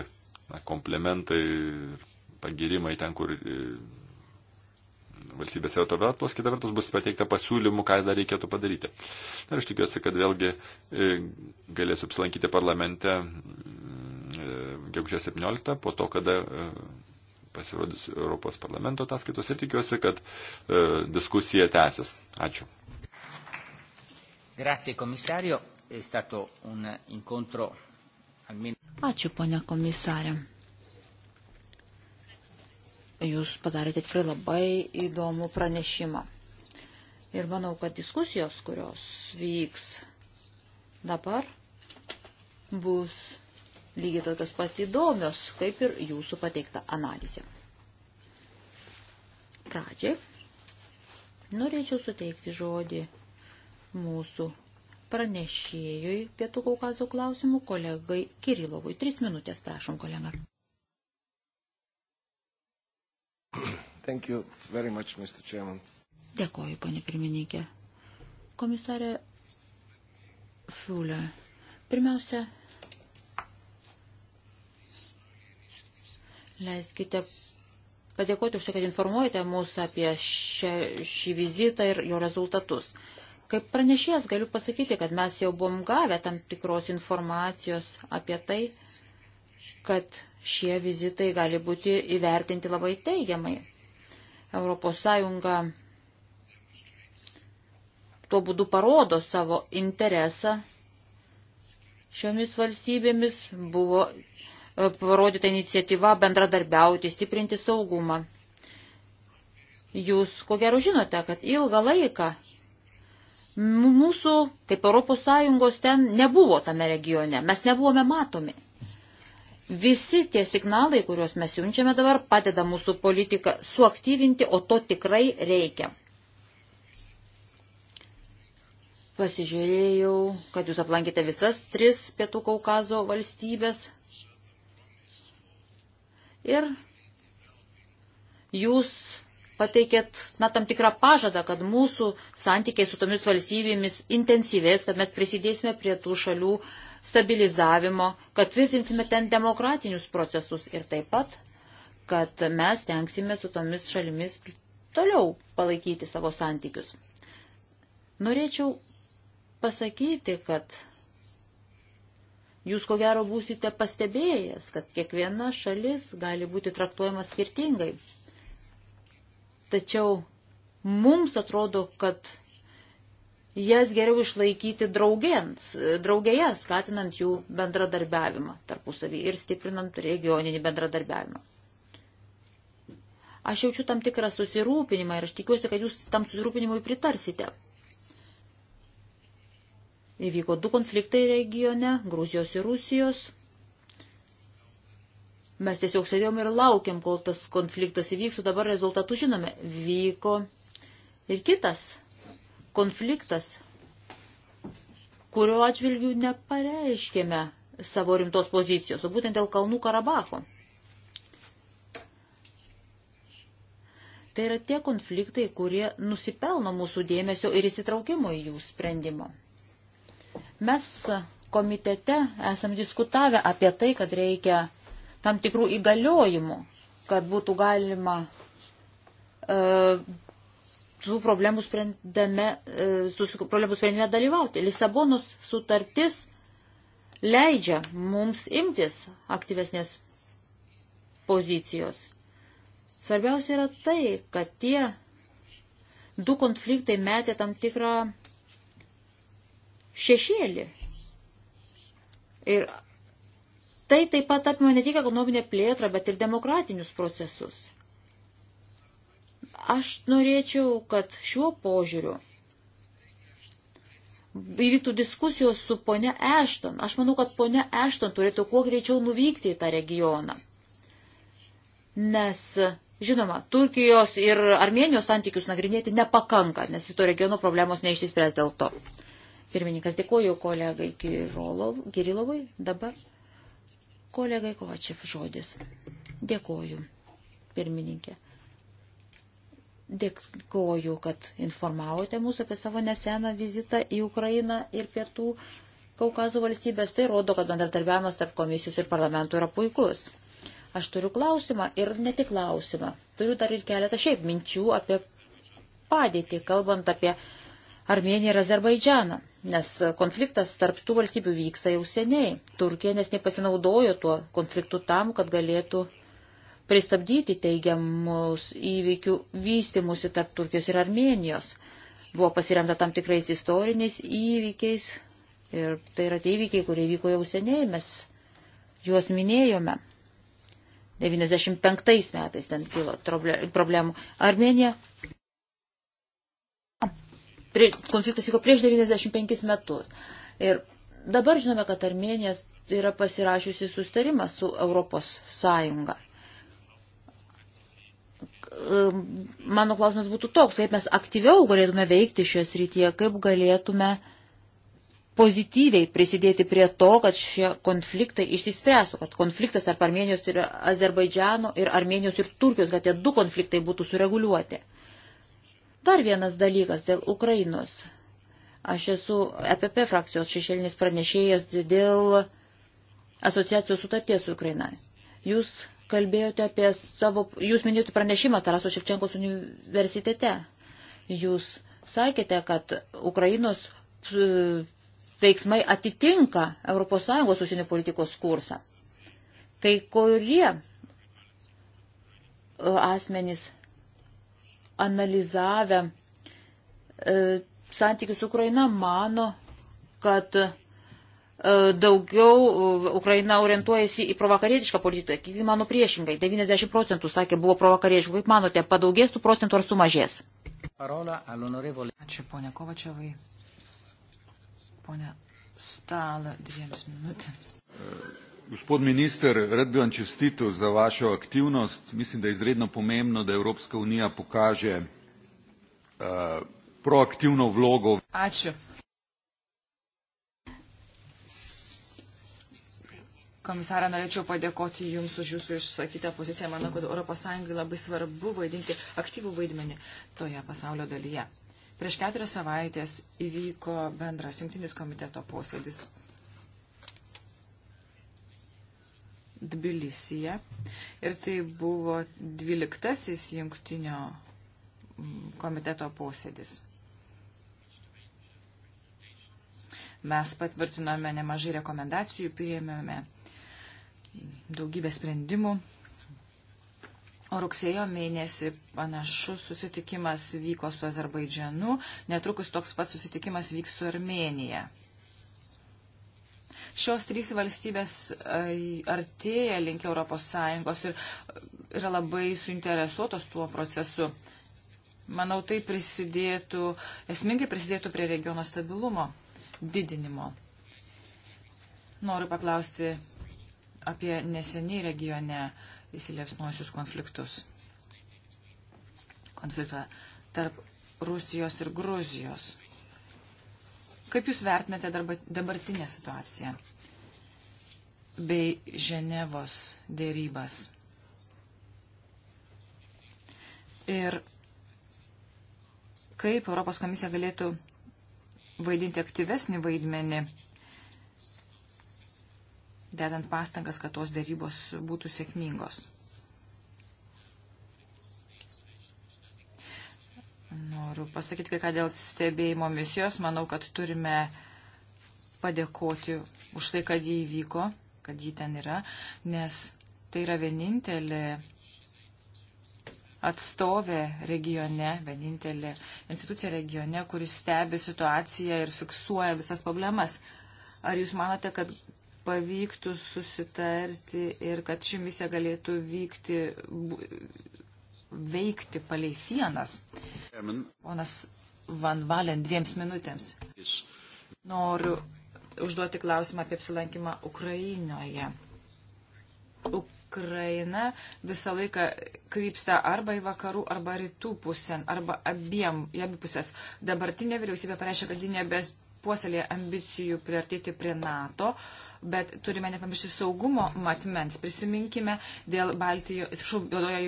na, komplementai ir pagirimai ten, kur uh, valstybėse, o to vertus, kita vertus bus pateikta pasiūlymų, ką dar reikėtų padaryti. Na, aš tikiuosi, kad vėlgi e, galėsiu apsilankyti parlamente e, gegužės 17, po to, kada e, pasirodys Europos parlamento ataskaitos ir tikiuosi, kad diskusija tęsis. Ačiū. Grazie, komisario. È stato un incontro almeno. Ačiū, ponia komisarė. Jūs padarėte tikrai labai įdomų pranešimą. Ir manau, kad diskusijos, kurios vyks dabar, bus lygiai tokios pat įdomios, kaip ir jūsų pateikta analizė. Pradžiai norėčiau suteikti žodį mūsų pranešėjui Pietų Kaukazo klausimų kolegai Kirilovui. Tris minutės, prašom, kolega. Thank you very much, Mr. Chairman. Dėkoju, ponė pirmininkė. Komisarė Fiulė. Pirmiausia, leiskite padėkoti už tai, kad informuojate mus apie šią, šį vizitą ir jo rezultatus. Kaip pranešėjas galiu pasakyti, kad mes jau buvom gavę tam tikros informacijos apie tai, kad šie vizitai gali būti įvertinti labai teigiamai. ES tuo būdu parodo savo interesą šiomis valstybėmis, buvo e, parodyta iniciatyva bendradarbiauti, stiprinti saugumą. Jūs, ko gero, žinote, kad ilgą laiką mūsų, kaip ES, ten nebuvo tame regione, mes nebuvome matomi. Visi tie signalai, kuriuos mes siunčiame dabar, padeda mūsų politiką suaktyvinti, o to tikrai reikia. Pasižiūrėjau, kad jūs aplankite visas tris Pietų Kaukazo valstybės. Ir jūs pateikėt, na, tam tikrą pažadą, kad mūsų santykiai su tomis valstybėmis intensyvės, kad mes prisidėsime prie tų šalių stabilizavimo, kad tvirtinsime ten demokratinius procesus ir taip pat, kad mes tenksime su tomis šalimis toliau palaikyti savo santykius. Norėčiau pasakyti, kad Jūs ko gero būsite pastebėjęs, kad kiekviena šalis gali būti traktuojama skirtingai. Tačiau mums atrodo, kad jas geriau išlaikyti draugėms, draugėje, skatinant jų bendradarbiavimą tarpusavį ir stiprinant regioninį bendradarbiavimą. Aš jaučiu tam tikrą susirūpinimą ir aš tikiuosi, kad jūs tam susirūpinimui pritarsite. Įvyko du konfliktai regione - Gruzijos ir Rusijos. Mes tiesiog sėdėjom ir laukiam, kol tas konfliktas įvyks, o dabar rezultatų žinome. Vyko ir kitas konfliktas, kurio atžvilgių nepareiškėme savo rimtos pozicijos, o būtent dėl Kalnų Karabacho. Tai yra tie konfliktai, kurie nusipelno mūsų dėmesio ir įsitraukimo į jų sprendimo. Mes komitete esam diskutavę apie tai, kad reikia tam tikrų įgaliojimų, kad būtų galima e, tų problemų sprendime, tų e, problemų sprendime dalyvauti. Lisabonos sutartis leidžia mums imtis aktyvesnės pozicijos. Svarbiausia yra tai, kad tie du konfliktai metė tam tikrą šešėlį. Ir tai taip pat apima ne tik ekonominę plėtrą, bet ir demokratinius procesus. Aš norėčiau, kad šiuo požiūriu įvyktų diskusijos su ponia Ešton. Aš manau, kad ponia Ešton turėtų kuo greičiau nuvykti į tą regioną. Nes, žinoma, Turkijos ir Armenijos santykius nagrinėti nepakanka, nes į to regiono problemos neišsispręs dėl to. Pirmininkas, dėkuoju kolegai Kirilov, Kirilovui. Dabar kolegai Kovačiev žodis. Dėkuoju, pirmininkė. Dėkoju, kad informavote mūsų apie savo neseną vizitą į Ukrainą ir pietų Kaukazų valstybės. Tai rodo, kad bendradarbiavimas tarp komisijos ir parlamentų yra puikus. Aš turiu klausimą ir ne tik klausimą. Turiu dar ir keletą šiaip minčių apie padėtį, kalbant apie Armėniją ir Azerbaidžianą, nes konfliktas tarp tų valstybių vyksta jau seniai. Turkija nes nepasinaudojo tuo konfliktu tam, kad galėtų pristabdyti teigiamus įvykių vystimusi tarp Turkijos ir Armenijos. Buvo pasiremta tam tikrais istoriniais įvykiais ir tai yra tie įvykiai, kurie vyko jau seniai, mes juos minėjome. 95 metais ten kilo problemų. Armenija. Konfliktas vyko prieš 95 metus. Ir dabar žinome, kad Armenija yra pasirašiusi sustarimą su Europos Sąjunga mano klausimas būtų toks, kaip mes aktyviau galėtume veikti šioje srityje, kaip galėtume pozityviai prisidėti prie to, kad šie konfliktai išsispręstų, kad konfliktas tarp Armenijos ir Azerbaidžiano ir Armenijos ir Turkijos, kad tie du konfliktai būtų sureguliuoti. Dar vienas dalykas dėl Ukrainos. Aš esu EPP frakcijos šešėlinis pranešėjas dėl asociacijos sutarties su Ukraina. Jūs kalbėjote apie savo, jūs minėjote pranešimą Taraso Ševčenkos universitete. Jūs sakėte, kad Ukrainos e, veiksmai atitinka ES užsienio politikos kursą. Kai kurie e, asmenys analizavę e, santykius su Ukraina mano, kad E, daugiau e, Ukraina orientuojasi į provakarietišką politiką, kiti mano priešingai, 90 procentų, sakė, buvo provakarietiškų. Kaip manote, padaugės tų procentų ar sumažės? Ačiū, ponia Kovačiavai. Ponia Stala, dviems minutėms. E, gospod minister, rad bi vam čestito za vašo aktivnost. Mislim, da je izredno pomembno, da Evropska unija pokaže uh, proaktivno vlogo. Ačiū. Komisarą norėčiau padėkoti Jums už Jūsų išsakytą poziciją. Manau, kad ES labai svarbu vaidinti aktyvų vaidmenį toje pasaulio dalyje. Prieš keturias savaitės įvyko bendras jungtinis komiteto posėdis Dbilisyje ir tai buvo dvyliktasis jungtinio komiteto posėdis. Mes patvirtinome nemažai rekomendacijų, priėmėme daugybę sprendimų. O rugsėjo mėnesį panašus susitikimas vyko su Azerbaidžianu, netrukus toks pat susitikimas vyks su Armenija. Šios trys valstybės artėja link ES ir yra labai suinteresuotos tuo procesu. Manau, tai prisidėtų, esmingai prisidėtų prie regiono stabilumo didinimo. Noriu paklausti apie neseniai regione įsiliepsnuosius konfliktus. Konfliktą tarp Rusijos ir Gruzijos. Kaip Jūs vertinate dabartinę situaciją bei Ženevos dėrybas? Ir kaip Europos komisija galėtų vaidinti aktyvesnį vaidmenį dedant pastangas, kad tos dėrybos būtų sėkmingos. Noriu pasakyti, kad dėl stebėjimo misijos, manau, kad turime padėkoti už tai, kad jį įvyko, kad jį ten yra, nes tai yra vienintelė atstovė regione, vienintelė institucija regione, kuris stebi situaciją ir fiksuoja visas problemas. Ar jūs manote, kad pavyktų susitarti ir kad ši misija galėtų vykti, veikti palei sienas. Ponas Van Valen dviems minutėms. Noriu užduoti klausimą apie apsilankimą Ukrainoje. Ukraina visą laiką krypsta arba į vakarų, arba rytų pusę, arba abiem, į abi pusės. Dabartinė vyriausybė pareiškia, kad ji nebes puoselėje ambicijų priartėti prie NATO. Uh, bet turime nepamiršti saugumo matmens. Prisiminkime dėl Baltijos, atsiprašau, Jodoje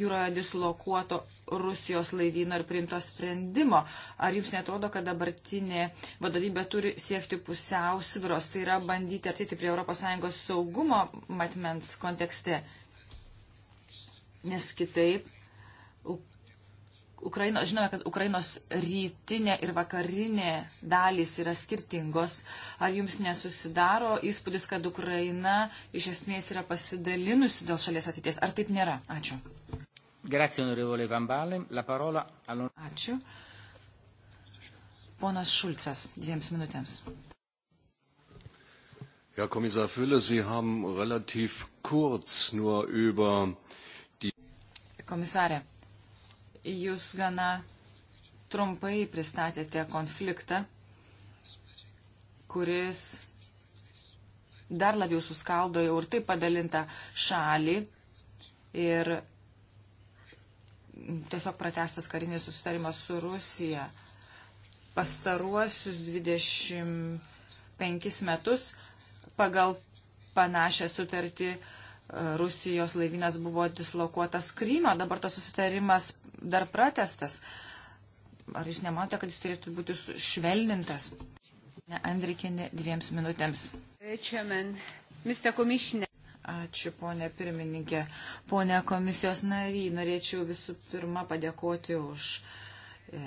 jūroje dislokuoto Rusijos laivyno ir priimto sprendimo. Ar jums netrodo, kad dabartinė vadovybė turi siekti pusiausviros, tai yra bandyti artyti prie ES saugumo matmens kontekste? Nes kitaip Ukrainos, žinome, kad Ukrainos rytinė ir vakarinė dalys yra skirtingos. Ar jums nesusidaro įspūdis, kad Ukraina iš esmės yra pasidalinusi dėl šalies ateities? Ar taip nėra? Ačiū. Grazie, onorevole Van Balen. La parola allora. Ačiū. Ponas Šulcas, dviems minutėms. Herr ja, Kommissar Fülle, Sie haben relativ kurz nur über die. Kommissare, jūs gana trumpai pristatėte konfliktą, kuris dar labiau suskaldo jau ir taip padalintą šalį ir tiesiog pratestas karinis susitarimas su Rusija. Pastaruosius 25 metus pagal panašią sutartį uh, Rusijos laivynas buvo dislokuotas Krymo, dabar tas susitarimas dar pratestas. Ar jūs nematote, kad jis turėtų būti švelnintas? Ne, Andrikinė dviems minutėms. Ačiū, ponė pirmininkė. Pone komisijos nariai, norėčiau visų pirma padėkoti už e,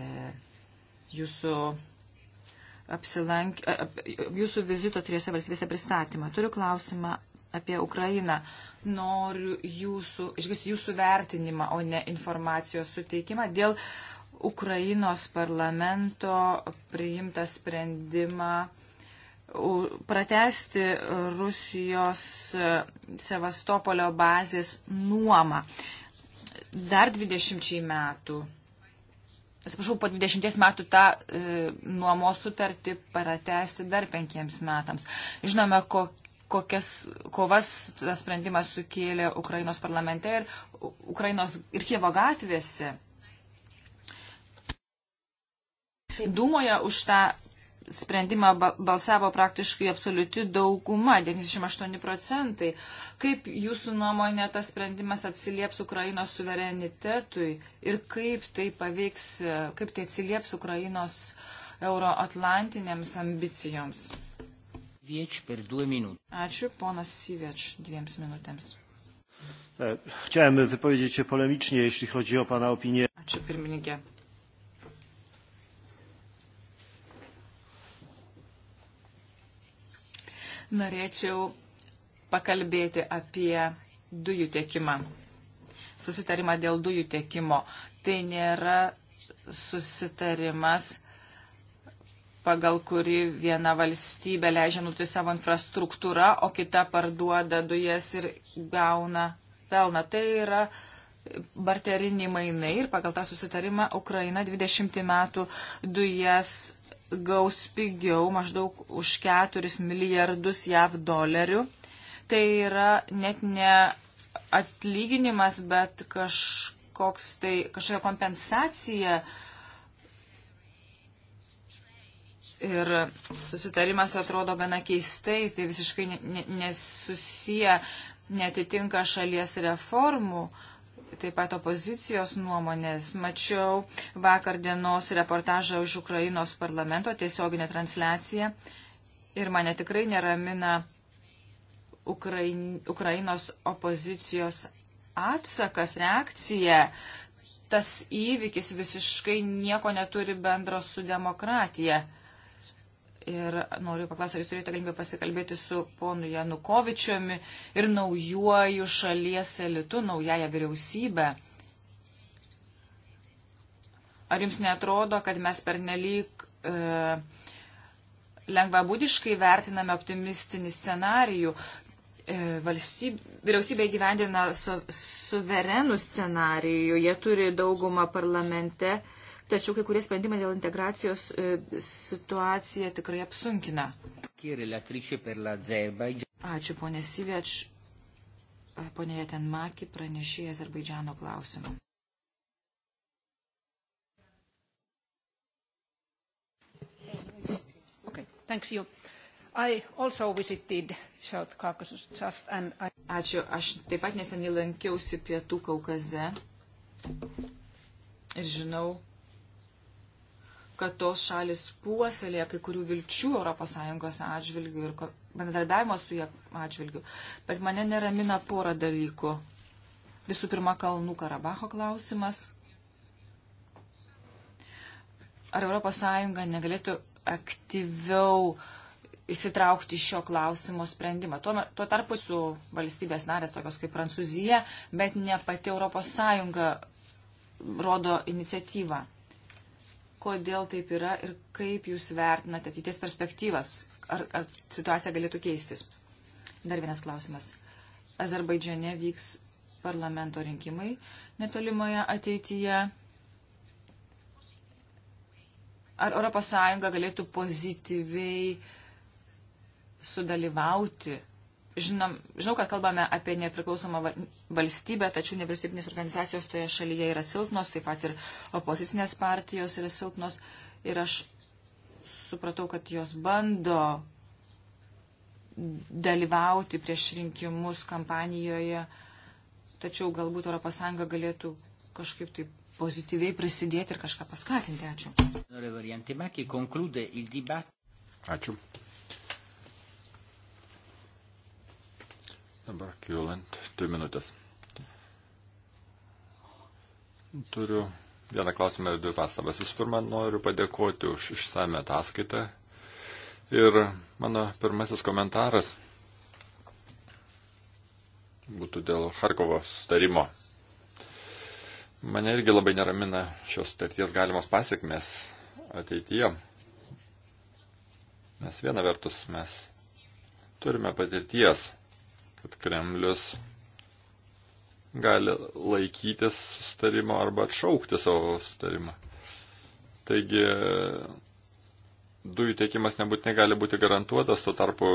jūsų apsilank, jūsų vizito trijose valstybėse pristatymą. Turiu klausimą apie Ukrainą noriu jūsų, išgirsti jūsų vertinimą, o ne informacijos suteikimą dėl Ukrainos parlamento priimtą sprendimą pratesti Rusijos e, Sevastopolio bazės nuomą dar 20 metų. Atsiprašau, po 20 metų tą e, nuomos sutartį paratesti dar penkiems metams. Žinome, kokia kokias kovas tas sprendimas sukėlė Ukrainos parlamente ir Ukrainos ir Kievo gatvėse. Taip. Dūmoje už tą sprendimą balsavo praktiškai absoliuti dauguma, 98 procentai. Kaip jūsų nuomonė tas sprendimas atsilieps Ukrainos suverenitetui ir kaip tai paveiks, kaip tai atsilieps Ukrainos euroatlantinėms ambicijoms? Sivieč per due minutę. Ačiū, ponas Sivieč, dviems minutėms. E, chciałem wypowiedzieć się polemicznie, jeśli chodzi o Pana opinię. Ačiū, pirmininkė. Norėčiau pakalbėti apie dujų tiekimą. Susitarimą dėl dujų tiekimo. Tai nėra susitarimas pagal kuri viena valstybė leidžia nuti savo infrastruktūrą, o kita parduoda dujas ir gauna pelną. Tai yra barteriniai mainai ir pagal tą susitarimą Ukraina 20 metų dujas gaus pigiau maždaug už 4 milijardus JAV dolerių. Tai yra net ne atlyginimas, bet kažkoks tai, kažkokia kompensacija uh, Ir susitarimas atrodo gana keistai, tai visiškai nesusiję, netitinka šalies reformų, taip pat opozicijos nuomonės. Mačiau vakar dienos reportažą iš Ukrainos parlamento tiesioginę transliaciją ir mane tikrai neramina Ukrain, Ukrainos opozicijos atsakas, reakcija tas įvykis visiškai nieko neturi bendro su demokratija ir noriu paklausyti, ar jūs turėjote galimybę pasikalbėti su ponu Janukovičiumi ir naujuoju šalies elitu, naująją vyriausybę. Ar jums netrodo, kad mes pernelyg e, lengvabūdiškai vertiname optimistinį scenarijų? E, valstyb, vyriausybė gyvendina su, suverenų scenarijų, jie turi daugumą parlamente. E, tačiau kai kurie sprendimai dėl integracijos e, situaciją tikrai apsunkina. Ačiū, ponė Siveč. Ponė Jatenmaki pranešė Azerbaidžiano klausimą. Okay, thanks you. I also visited South Caucasus just and I... Ačiū. Aš taip pat neseniai lankiausi Pietų Kaukaze ir žinau, kad tos šalis puoselėja kai kurių vilčių ES atžvilgių ir bendradarbiavimo su jie atžvilgių. Bet mane neramina porą dalykų. Visų pirma, Kalnų Karabaho klausimas. Ar ES negalėtų aktyviau įsitraukti šio klausimo sprendimą. Tuo, tuo tarpu su valstybės narės, tokios kaip Prancūzija, bet ne pati ES rodo iniciatyvą kodėl taip yra ir kaip jūs vertinate ateities perspektyvas, ar, ar situacija galėtų keistis. Dar vienas klausimas. Azerbaidžiane vyks parlamento rinkimai netolimoje ateityje. Ar ES galėtų pozityviai sudalyvauti Žinom, žinau, kad kalbame apie nepriklausomą valstybę, tačiau nevyriausybinės organizacijos toje šalyje yra silpnos, taip pat ir opozicinės partijos yra silpnos. Ir aš supratau, kad jos bando dalyvauti prieš rinkimus kampanijoje, tačiau galbūt ES galėtų kažkaip taip pozityviai prisidėti ir kažką paskatinti. Ačiū. Ačiū. Dabar kiulant, dvi minutės. Turiu vieną klausimą ir dvi pastabas. Visų pirma, noriu padėkoti už išsame ataskaitą. Ir mano pirmasis komentaras būtų dėl Harkovo starimo. Mane irgi labai neramina šios starties galimos pasiekmes ateityje. Nes viena vertus mes turime patirties kad Kremlius gali laikytis sustarimo arba atšaukti savo sustarimą. Taigi dujų tiekimas nebūtinai gali būti garantuotas, tuo tarpu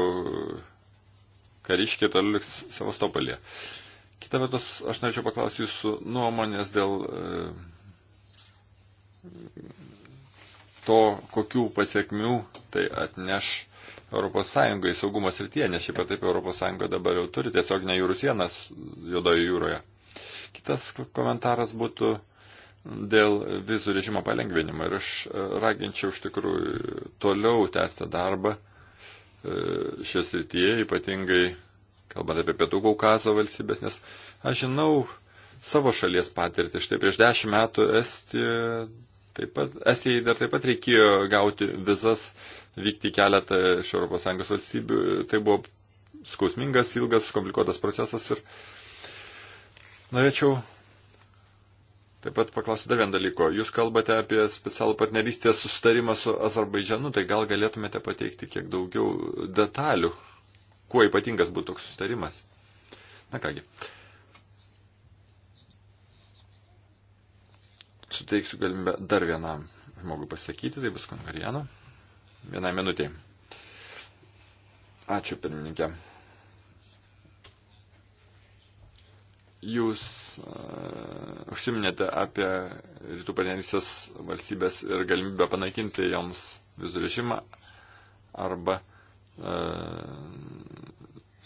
kariškiai toliau liks Sevastopolėje. Kita vertus, aš norėčiau paklausti jūsų nuomonės dėl e, to, kokių pasiekmių tai atneš ES saugumo srityje, nes šiaip taip ES dabar jau turi tiesiog ne jūrų sienas juodoje jūroje. Kitas komentaras būtų dėl vizų režimo palengvinimo ir aš e, raginčiau iš tikrųjų toliau tęsti darbą e, šią srityje, ypatingai kalbant apie Pietų Kaukazo valstybės, nes aš žinau savo šalies patirtį. Štai prieš dešimt metų Estija, taip pat, Estijai dar taip pat reikėjo gauti vizas uh, vykti keletą iš ES valstybių. Tai buvo skausmingas, ilgas, komplikuotas procesas ir norėčiau Taip pat paklausiu dar vieną dalyko. Jūs kalbate apie specialų partnerystės sustarimą su Azerbaidžianu, tai gal galėtumėte pateikti kiek daugiau detalių, kuo ypatingas būtų toks sustarimas. Na kągi. Suteiksiu galimybę dar vienam žmogui pasakyti, tai bus Kongarijano vienai minutėjai. Ačiū, pirmininkė. Jūs uh, užsiminėte apie rytų partnerystės valstybės ir galimybę panaikinti joms vizų režimą arba, uh,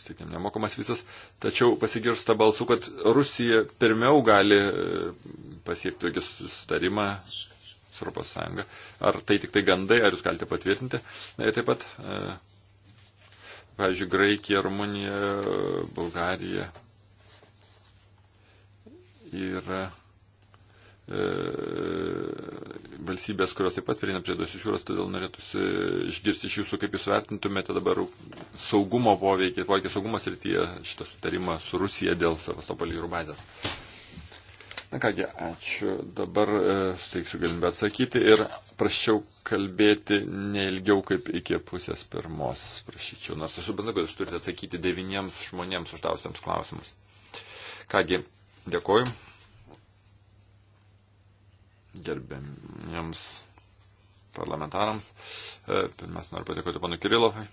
sakykime, nemokamas visas. Tačiau pasigirsta balsų, kad Rusija pirmiau gali uh, pasiekti tokį sustarimą Europos Sąjunga. Ar tai tik tai gandai, ar jūs galite patvirtinti? Na, taip pat, e, pavyzdžiui, Graikija, Rumunija, Bulgarija yra e, valstybės, kurios taip pat prieina prie dosios jūros, todėl norėtųsi išgirsti iš jūsų, kaip jūs vertintumėte dabar saugumo poveikį, poveikį saugumo srityje šitą sutarimą su Rusija dėl Sevastopolio jūrų bazės. Na kągi, ačiū. Dabar e, steiksiu galimybę atsakyti ir praščiau kalbėti neilgiau kaip iki pusės pirmos, prašyčiau. Nors esu bendra, kad jūs turite atsakyti devyniems žmonėms uždavusiams klausimus. Kągi, dėkoju. Gerbėmiems parlamentarams. E, Pirmiausia, noriu padėkoti panu Kirilovai.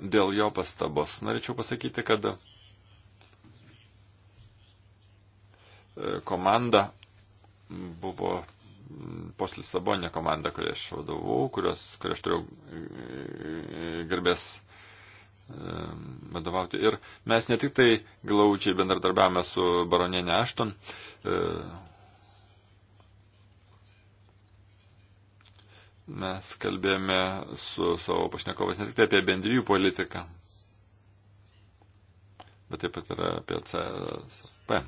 Dėl jo pastabos norėčiau pasakyti, kad E, komanda buvo post Lisabonė komanda, kurią aš vadovau, kurios, kurią aš turėjau e, e, garbės vadovauti. Ir mes ne tik tai glaučiai bendradarbiavome su baronienė Ašton, mes kalbėjome su savo pašnekovas ne tik tai apie bendrijų politiką, bet taip pat ir apie CSP.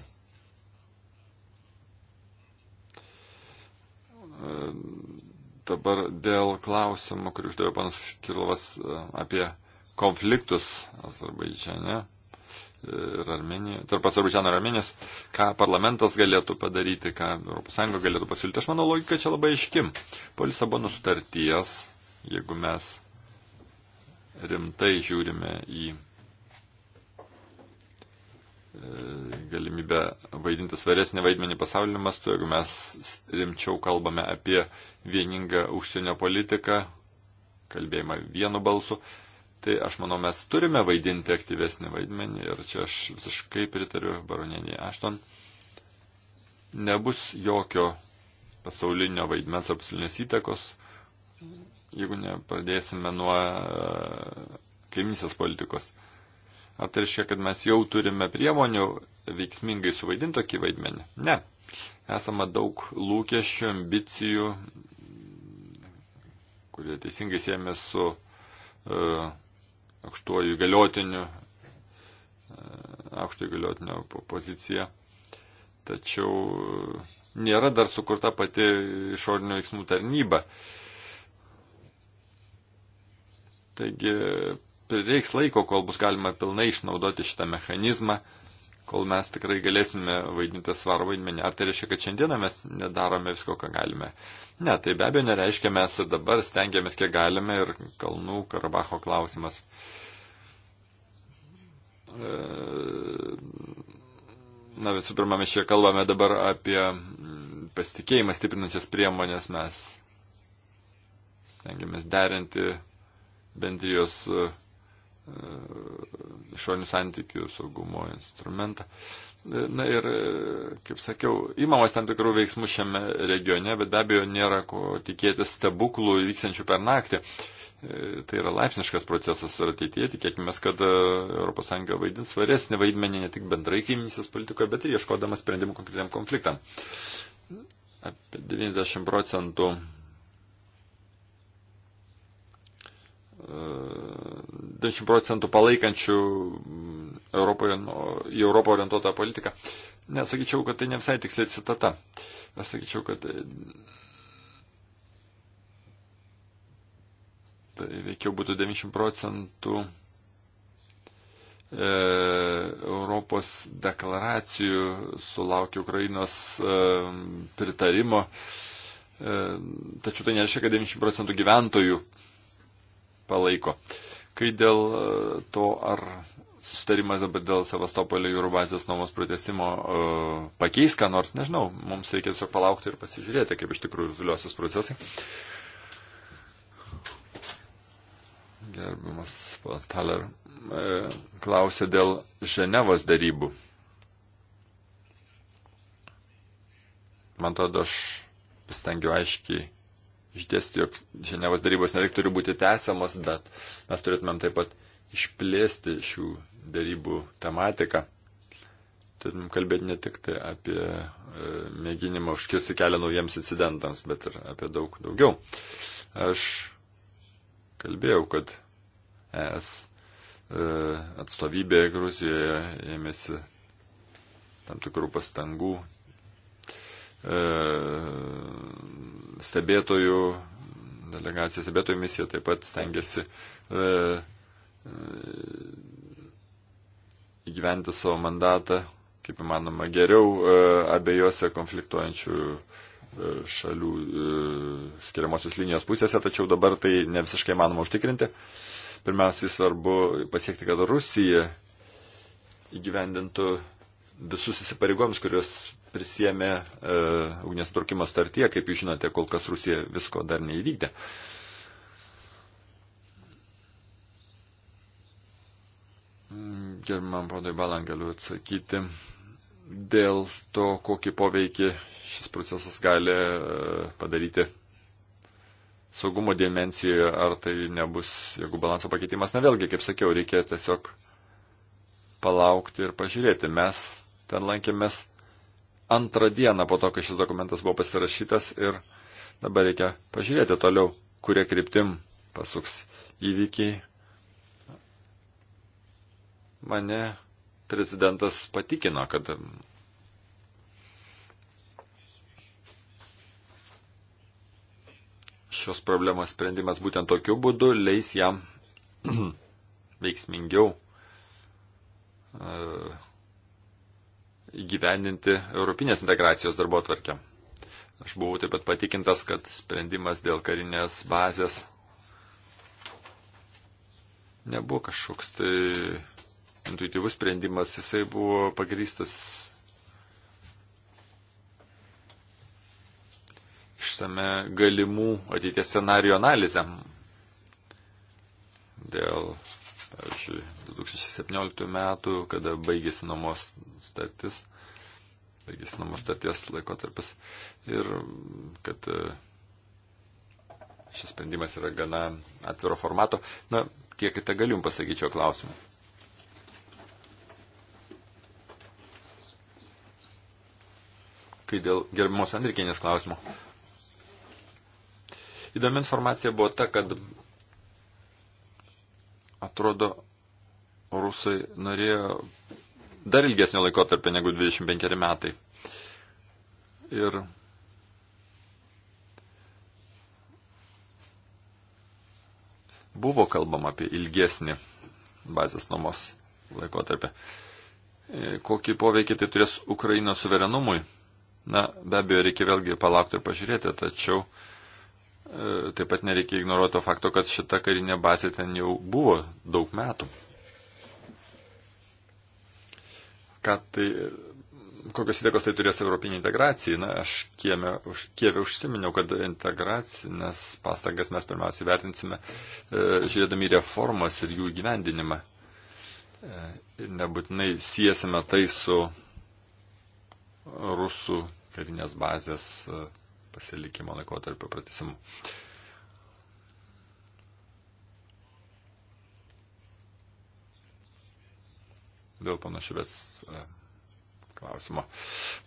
Dabar dėl klausimo, kurį uždavė panas Kirlovas e, apie konfliktus Azerbaidžiane ir Armenijoje, tarp Azerbaidžiano ir Armenijos, ką parlamentas galėtų padaryti, ką ES galėtų pasiūlyti. Aš manau, logika čia labai aiški. Po Lisabono sutarties, jeigu mes rimtai žiūrime į galimybę vaidinti svaresnį vaidmenį pasaulyje mastu, jeigu mes rimčiau kalbame apie vieningą užsienio politiką, kalbėjimą vienu balsu, tai aš manau, mes turime vaidinti aktyvesnį vaidmenį ir čia aš visiškai pritariu baronieniai Ašton. Nebus jokio pasaulinio vaidmens ar pasaulinės įtakos, jeigu nepradėsime nuo e, kaimynės politikos. Ar tai reiškia, kad mes jau turime priemonių veiksmingai suvaidinti tokį vaidmenį? Ne. Esama daug lūkesčių, ambicijų, kurie teisingai siejami su uh, aukštuoju galiotiniu, uh, e, aukštuoju galiotiniu pozicija. Tačiau uh, nėra dar sukurta pati išorinio veiksmų tarnyba. Taigi prireiks laiko, kol bus galima pilnai išnaudoti šitą mechanizmą, kol mes tikrai galėsime vaidinti svarų vaidmenį. Ar tai reiškia, kad šiandieną mes nedarome visko, ką galime? Ne, tai be abejo nereiškia, mes ir dabar stengiamės, kiek galime ir Kalnų Karabacho klausimas. E, Na visų pirma, mes čia kalbame dabar apie pasitikėjimą stiprinančias priemonės, mes stengiamės derinti bendrijos uh, išorinių santykių saugumo instrumentą. Na ir, kaip sakiau, įmamas tam tikrų veiksmų šiame regione, bet be abejo nėra ko tikėtis stebuklų įvyksančių per naktį. Tai yra laipsniškas procesas ir ateityje tikėkime, kad ES vaidins svaresnį vaidmenį ne tik bendrai kaiminysis politikoje, bet ir ieškodama sprendimų konkretiniam konfliktam. Apie 90 procentų 20 procentų palaikančių mm, Europoje, nu, į Europą orientuotą politiką. Nesakyčiau, kad tai ne visai tiksliai citata. Aš sakyčiau, kad tai veikiau būtų 90 procentų e, Europos deklaracijų sulaukė Ukrainos e, pritarimo, e, tačiau tai nereiškia, kad 90 procentų gyventojų palaiko. Kai dėl e, to, ar sustarimas dabar dėl Sevastopolio jūrų bazės nuomos pratesimo uh, pakeis, ką nors, nežinau, mums reikia tiesiog palaukti ir pasižiūrėti, kaip iš tikrųjų viliosios procesai. Gerbimas ponas Taler uh, klausė dėl Ženevos darybų. Man atrodo, aš pasistengiu aiškiai išdėsti, jog Ženevos darybos ne tik turi būti tęsiamos, bet mes turėtumėm taip pat išplėsti šių darybų tematiką. Turim kalbėti ne tik tai apie e, mėginimą užkirsti kelią naujiems incidentams, bet ir apie daug daugiau. Aš kalbėjau, kad ES e, atstovybė Gruzijoje ėmėsi tam tikrų pastangų E, stebėtojų delegacija, stebėtojų misija taip pat stengiasi e, e, įgyventi savo mandatą, kaip įmanoma, geriau abiejose konfliktuojančių šalių skiriamosios linijos pusėse, tačiau dabar tai ne visiškai manoma užtikrinti. Pirmiausiai svarbu pasiekti, kad Rusija įgyvendintų visus įsipareigojimus, kuriuos prisėmė e, ugnies turkimo startyje, kaip jūs žinote, kol kas Rusija visko dar neįvykdė. Gerbiam ponui Balan galiu atsakyti dėl to, kokį poveikį šis procesas gali e, padaryti saugumo dimencijoje, ar tai nebus, jeigu balanso pakeitimas, na vėlgi, kaip sakiau, reikia tiesiog palaukti ir pažiūrėti. Mes ten lankėmės antrą dieną po to, kai šis dokumentas buvo pasirašytas ir dabar reikia pažiūrėti toliau, kurie kryptim pasuks įvykiai. Mane prezidentas patikino, kad šios problemos sprendimas būtent tokiu būdu leis jam (clears throat) veiksmingiau uh, įgyvendinti Europinės integracijos darbo atvarkę. Aš buvau taip pat patikintas, kad sprendimas dėl karinės bazės nebuvo kažkoks tai intuityvus sprendimas, jisai buvo pagrįstas išsame galimų ateities scenarijų analizėm dėl Pavyzdžiui, 2017 metų, kada baigėsi nuomos startis, baigėsi nuomos starties laikotarpis ir kad e, šis sprendimas yra gana atviro formato. Na, tiek ir te galim pasakyčiau klausimą. Kai dėl gerbimos Andrikienės klausimo. Įdomi informacija buvo ta, kad Atrodo, rusai norėjo dar ilgesnio laikotarpio negu 25 metai. Ir buvo kalbama apie ilgesnį bazės nuomos laikotarpį. E, kokį poveikį tai turės Ukrainos suverenumui? Na, be abejo, reikia vėlgi palaukti ir pažiūrėti, tačiau uh, E, taip pat nereikia ignoruoti to fakto, kad šita karinė bazė ten jau buvo daug metų. Ką tai, kokios įtakos tai turės europinį integraciją? Na, aš kieme, už, kievė užsiminiau, kad integracinės pastangas mes pirmiausiai vertinsime, e, žiūrėdami reformas ir jų gyvendinimą. E, ir nebūtinai siesime tai su rusų karinės bazės. E, pasilikimo laikotarpio pratesimu. Dėl panašybės e, klausimo.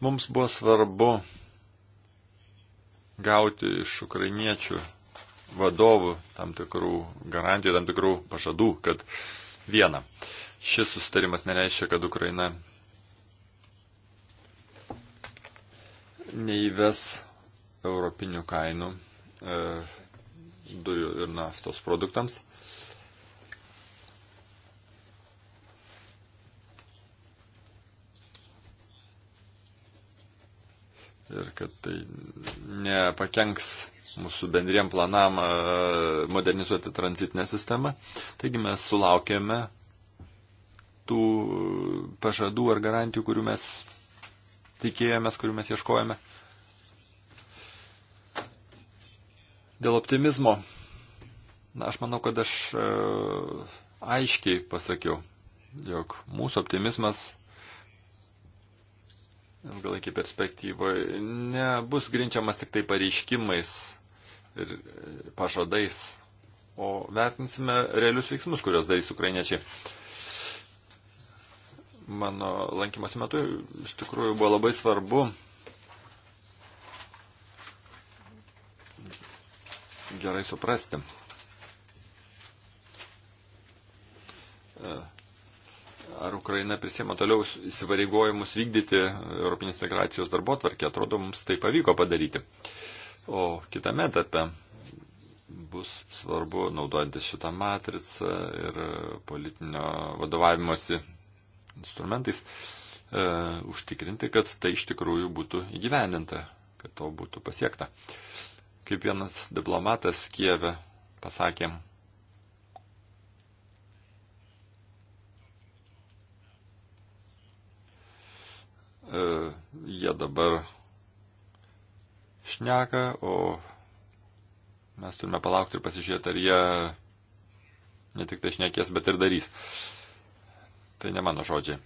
Mums buvo svarbu gauti iš ukrainiečių vadovų tam tikrų garantijų, tam tikrų pažadų, kad viena, šis sustarimas nereiškia, kad Ukraina neįves europinių kainų e, dujų ir naftos produktams. Ir kad tai nepakenks mūsų bendriem planam e, modernizuoti tranzitinę sistemą. Taigi mes sulaukėme tų pažadų ar garantijų, kurių mes tikėjomės, kurių mes ieškojame. Dėl optimizmo, na, aš manau, kad aš e, aiškiai pasakiau, jog mūsų optimizmas ilgalaikį perspektyvoje nebus grinčiamas tik tai pareiškimais ir e, pažadais, o vertinsime realius veiksmus, kuriuos darys ukrainiečiai. Mano lankymas metu iš tikrųjų buvo labai svarbu gerai suprasti. Ar Ukraina prisėmė toliau įsivareigojimus vykdyti Europinės integracijos darbo tvarkį? Atrodo, mums tai pavyko padaryti. O kitame etape bus svarbu naudojantis šitą matricą ir politinio vadovavimosi instrumentais e, užtikrinti, kad tai iš tikrųjų būtų įgyvendinta, kad to būtų pasiekta. Kaip vienas diplomatas Kieve pasakė, e, jie dabar šneka, o mes turime palaukti ir pasižiūrėti, ar jie ne tik tai šnekės, bet ir darys. Tai ne mano žodžiai.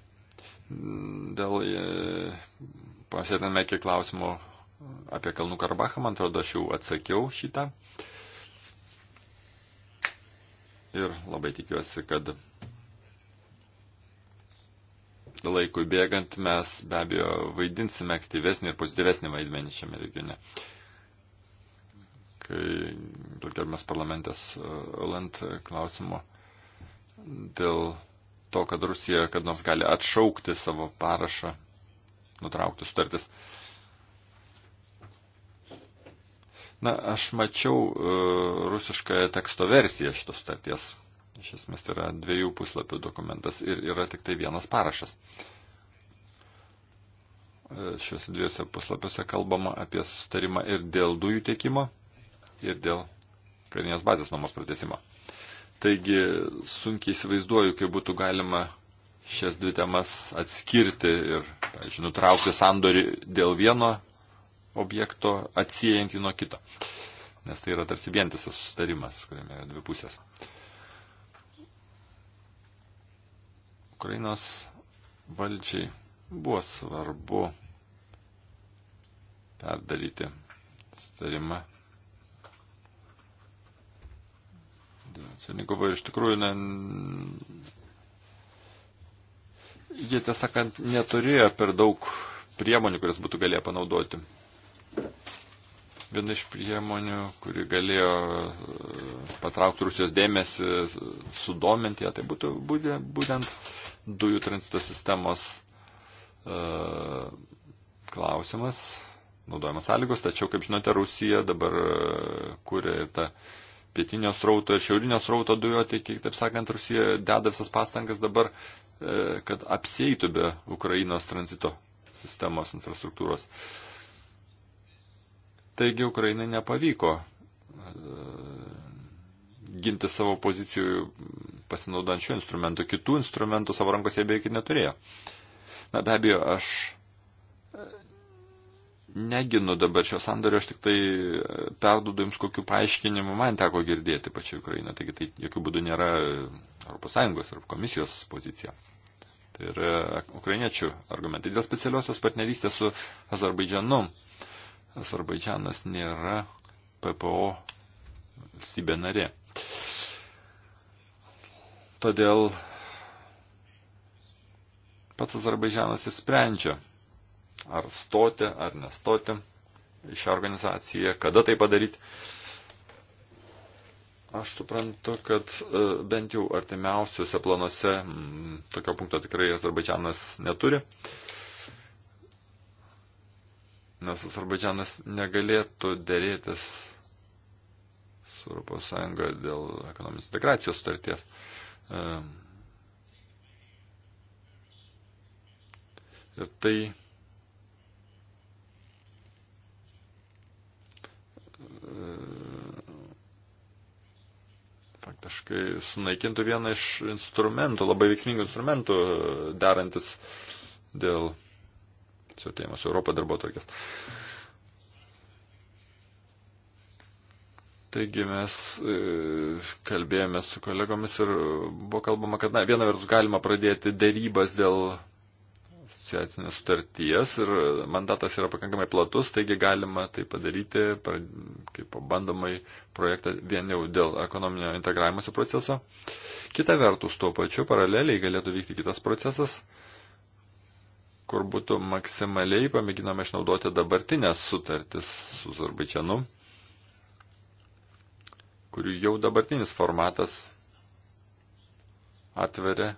Dėl e, pasėtiname iki klausimų, apie Kalnų Karabachą, man atrodo, aš jau atsakiau šitą. Ir labai tikiuosi, kad laikui bėgant mes be abejo vaidinsime aktyvesnį ir pozityvesnį vaidmenį šiame regione. Kai dėl gerbiamas parlamentas Oland uh, uh, klausimo dėl to, kad Rusija kad nors gali atšaukti savo parašą, nutraukti sutartis. Uh, Na, aš mačiau e, rusišką teksto versiją šitos sutarties. Iš esmės tai yra dviejų puslapių dokumentas ir yra tik tai vienas parašas. E, šiuose dviejose puslapiuose kalbama apie sustarimą ir dėl dujų tiekimo, ir dėl karinės bazės nuomos pratesimo. Taigi sunkiai įsivaizduoju, kaip būtų galima šias dvi temas atskirti ir, pavyzdžiui, nutraukti sandorį dėl vieno objekto atsiejantį nuo kito. Nes tai yra tarsi vientisas sustarimas, kuriame yra dvi pusės. Ukrainos valdžiai buvo svarbu perdaryti sustarimą. Senikovo iš tikrųjų ne, jie tiesąkant neturėjo per daug priemonių, kurias būtų galėję panaudoti viena iš priemonių, kuri galėjo e, patraukti Rusijos dėmesį, sudominti ją, tai būtų būtent dujų tranzito sistemos e, klausimas, naudojamas sąlygos, tačiau, kaip žinote, Rusija dabar e, kūrė ir tą pietinio srauto ir šiaurinio srauto dujotiekį, taip sakant, Rusija deda visas pastangas dabar, kad apsieitų be Ukrainos tranzito sistemos infrastruktūros. Uh, Taigi Ukrainai nepavyko e, ginti savo pozicijų pasinaudojant šių instrumentų. Kitų instrumentų savo rankose beveik ir neturėjo. Na be abejo, aš e, neginu dabar šio sandorio, aš tik tai e, perduodu jums kokiu paaiškinimu man teko girdėti pačią Ukrainą. Taigi tai jokių būdų nėra ES ar komisijos pozicija. Tai yra ukrainiečių argumentai. Dėl specialiosios partnerystės su Azerbaidžianu. Uh, Azerbaidžianas nėra PPO valstybė narė. Todėl pats Azerbaidžianas ir sprendžia, ar stoti, ar nestoti į šią organizaciją, kada tai padaryti. Aš suprantu, kad e, bent jau artimiausiuose planuose m, tokio punkto tikrai Azerbaidžianas neturi. Uh, nes Azerbaidžianas negalėtų dėrėtis su ES dėl ekonominės integracijos sutarties. Ir tai e, faktiškai sunaikintų vieną iš instrumentų, labai veiksmingų instrumentų e, derantis dėl suotėjimas su Europą darbo tvarkės. Taigi mes e, kalbėjome su kolegomis ir buvo kalbama, kad na, viena vertus galima pradėti dėrybas dėl asociacinės sutarties ir mandatas yra pakankamai platus, taigi galima tai padaryti kaip bandomai projektą vien jau dėl ekonominio integravimosi proceso. Kita vertus, tuo pačiu paraleliai galėtų vykti kitas procesas, kur būtų maksimaliai pamėginama išnaudoti dabartinės sutartis su Azerbaidžianu, kurių jau dabartinis formatas atveria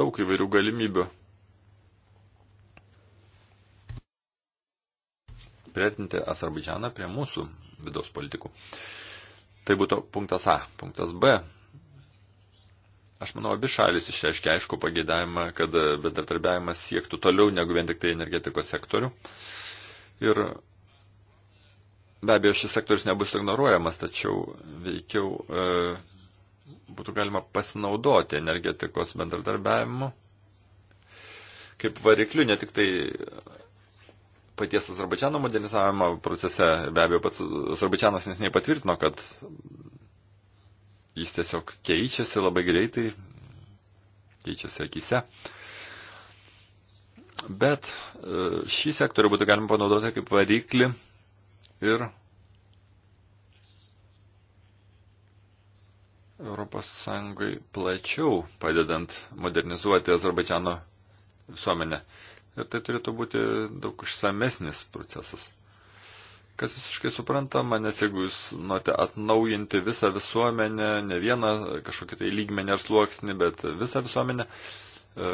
daug įvairių galimybių. Priartinti Azerbaidžianą prie mūsų vidaus politikų. Tai būtų punktas A. Punktas B Aš manau, abi šalis išreiškia aišku pageidavimą, kad bendradarbiavimas siektų toliau negu vien tik tai energetikos sektorių. Ir be abejo, šis sektorius nebus ignoruojamas, tačiau veikiau e, būtų galima pasinaudoti energetikos bendradarbiavimu kaip varikliu, ne tik tai paties Azerbaidžiano modernizavimo procese, be abejo, pats Azerbaidžianas nesiniai patvirtino, kad jis tiesiog keičiasi labai greitai, keičiasi akise. Bet e, šį sektorių būtų galima panaudoti kaip variklį ir Europos Sąjungai plačiau padedant modernizuoti Azerbaidžiano visuomenę. Ir tai turėtų būti daug išsamesnis procesas kas visiškai suprantama, nes jeigu jūs norite atnaujinti visą visuomenę, ne vieną kažkokį tai lygmenį ar sluoksnį, bet visą visuomenę, e,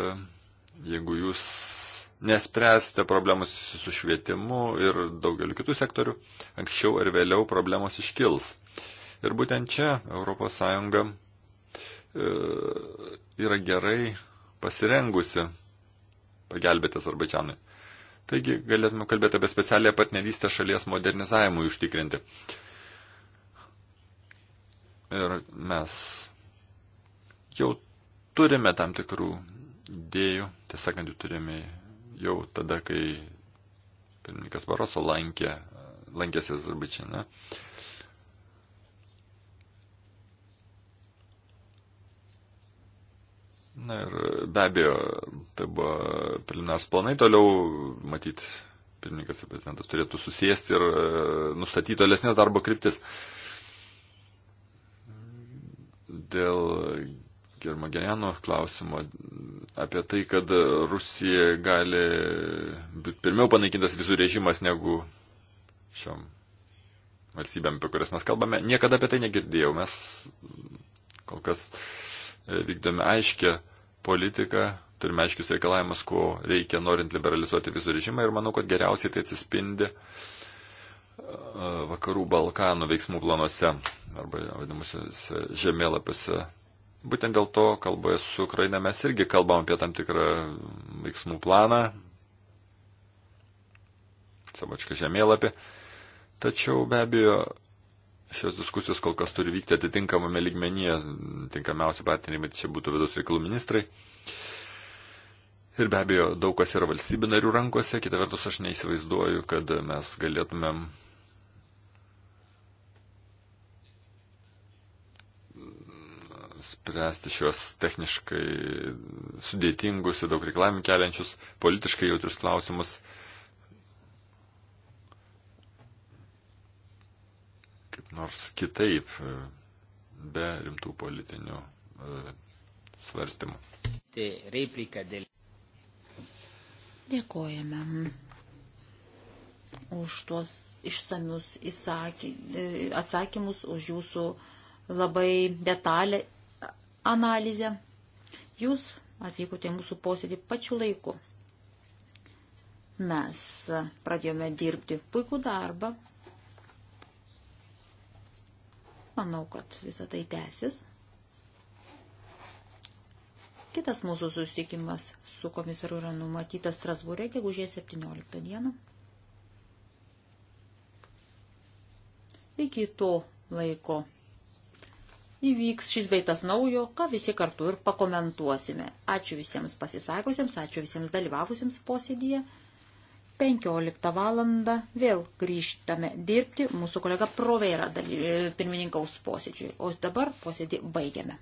jeigu jūs nespręsite problemus su švietimu ir daugeliu kitų sektorių, anksčiau ar vėliau problemos iškils. Ir būtent čia ES e, yra gerai pasirengusi pagelbėti Azerbaidžianui. Taigi galėtume kalbėti apie specialią partnerystę šalies modernizavimui užtikrinti. Ir mes jau turime tam tikrų idėjų, tiesąkant jų turime jau tada, kai pirmininkas Baroso lankė, lankėsi Azerbaidžiane. Na, Na ir e, be abejo, tai buvo preliminars planai, toliau matyt, pirmininkas ir prezidentas turėtų susijęsti ir e, nustatyti tolesnės darbo kryptis. Dėl Germageniano klausimo apie tai, kad Rusija gali būti pirmiau panaikintas visų režimas negu šiom valstybėm, apie kurias mes kalbame, niekada apie tai negirdėjau. Mes kol kas uh, E, vykdome aiškę politiką, turime aiškius reikalavimus, ko reikia norint liberalizuoti vizų režimą ir manau, kad geriausiai tai atsispindi e, vakarų Balkanų veiksmų planuose arba vadinamuose žemėlapiuose. Būtent dėl to kalboje su Ukraina mes irgi kalbam apie tam tikrą veiksmų planą, savočką žemėlapį. Tačiau be abejo šios diskusijos kol kas turi vykti atitinkamame lygmenyje. Tinkamiausi partneriai, bet čia būtų vidaus reikalų ministrai. Ir be abejo, daug kas yra valstybių narių rankose. Kita vertus, aš neįsivaizduoju, kad mes galėtumėm spręsti šios techniškai sudėtingus ir daug reikalavimų keliančius, politiškai jautrius klausimus kaip nors kitaip, e, be rimtų politinių e, svarstymų. Tai Dėkojame už tuos išsamius e, atsakymus, už jūsų labai detalę analizę. Jūs atvykote į mūsų posėdį pačiu laiku. Mes pradėjome dirbti puikų darbą, Manau, kad visą tai tęsis. Kitas mūsų susitikimas su komisaru yra numatytas Strasbūrė, gegužės 17 dieną. Iki to laiko įvyks šis beitas naujo, ką visi kartu ir pakomentuosime. Ačiū visiems pasisakusiems, ačiū visiems dalyvavusiems posėdyje. 15 valandą vėl grįžtame dirbti. Mūsų kolega Provera e, pirmininkaus posėdžiui. O dabar posėdį baigiame.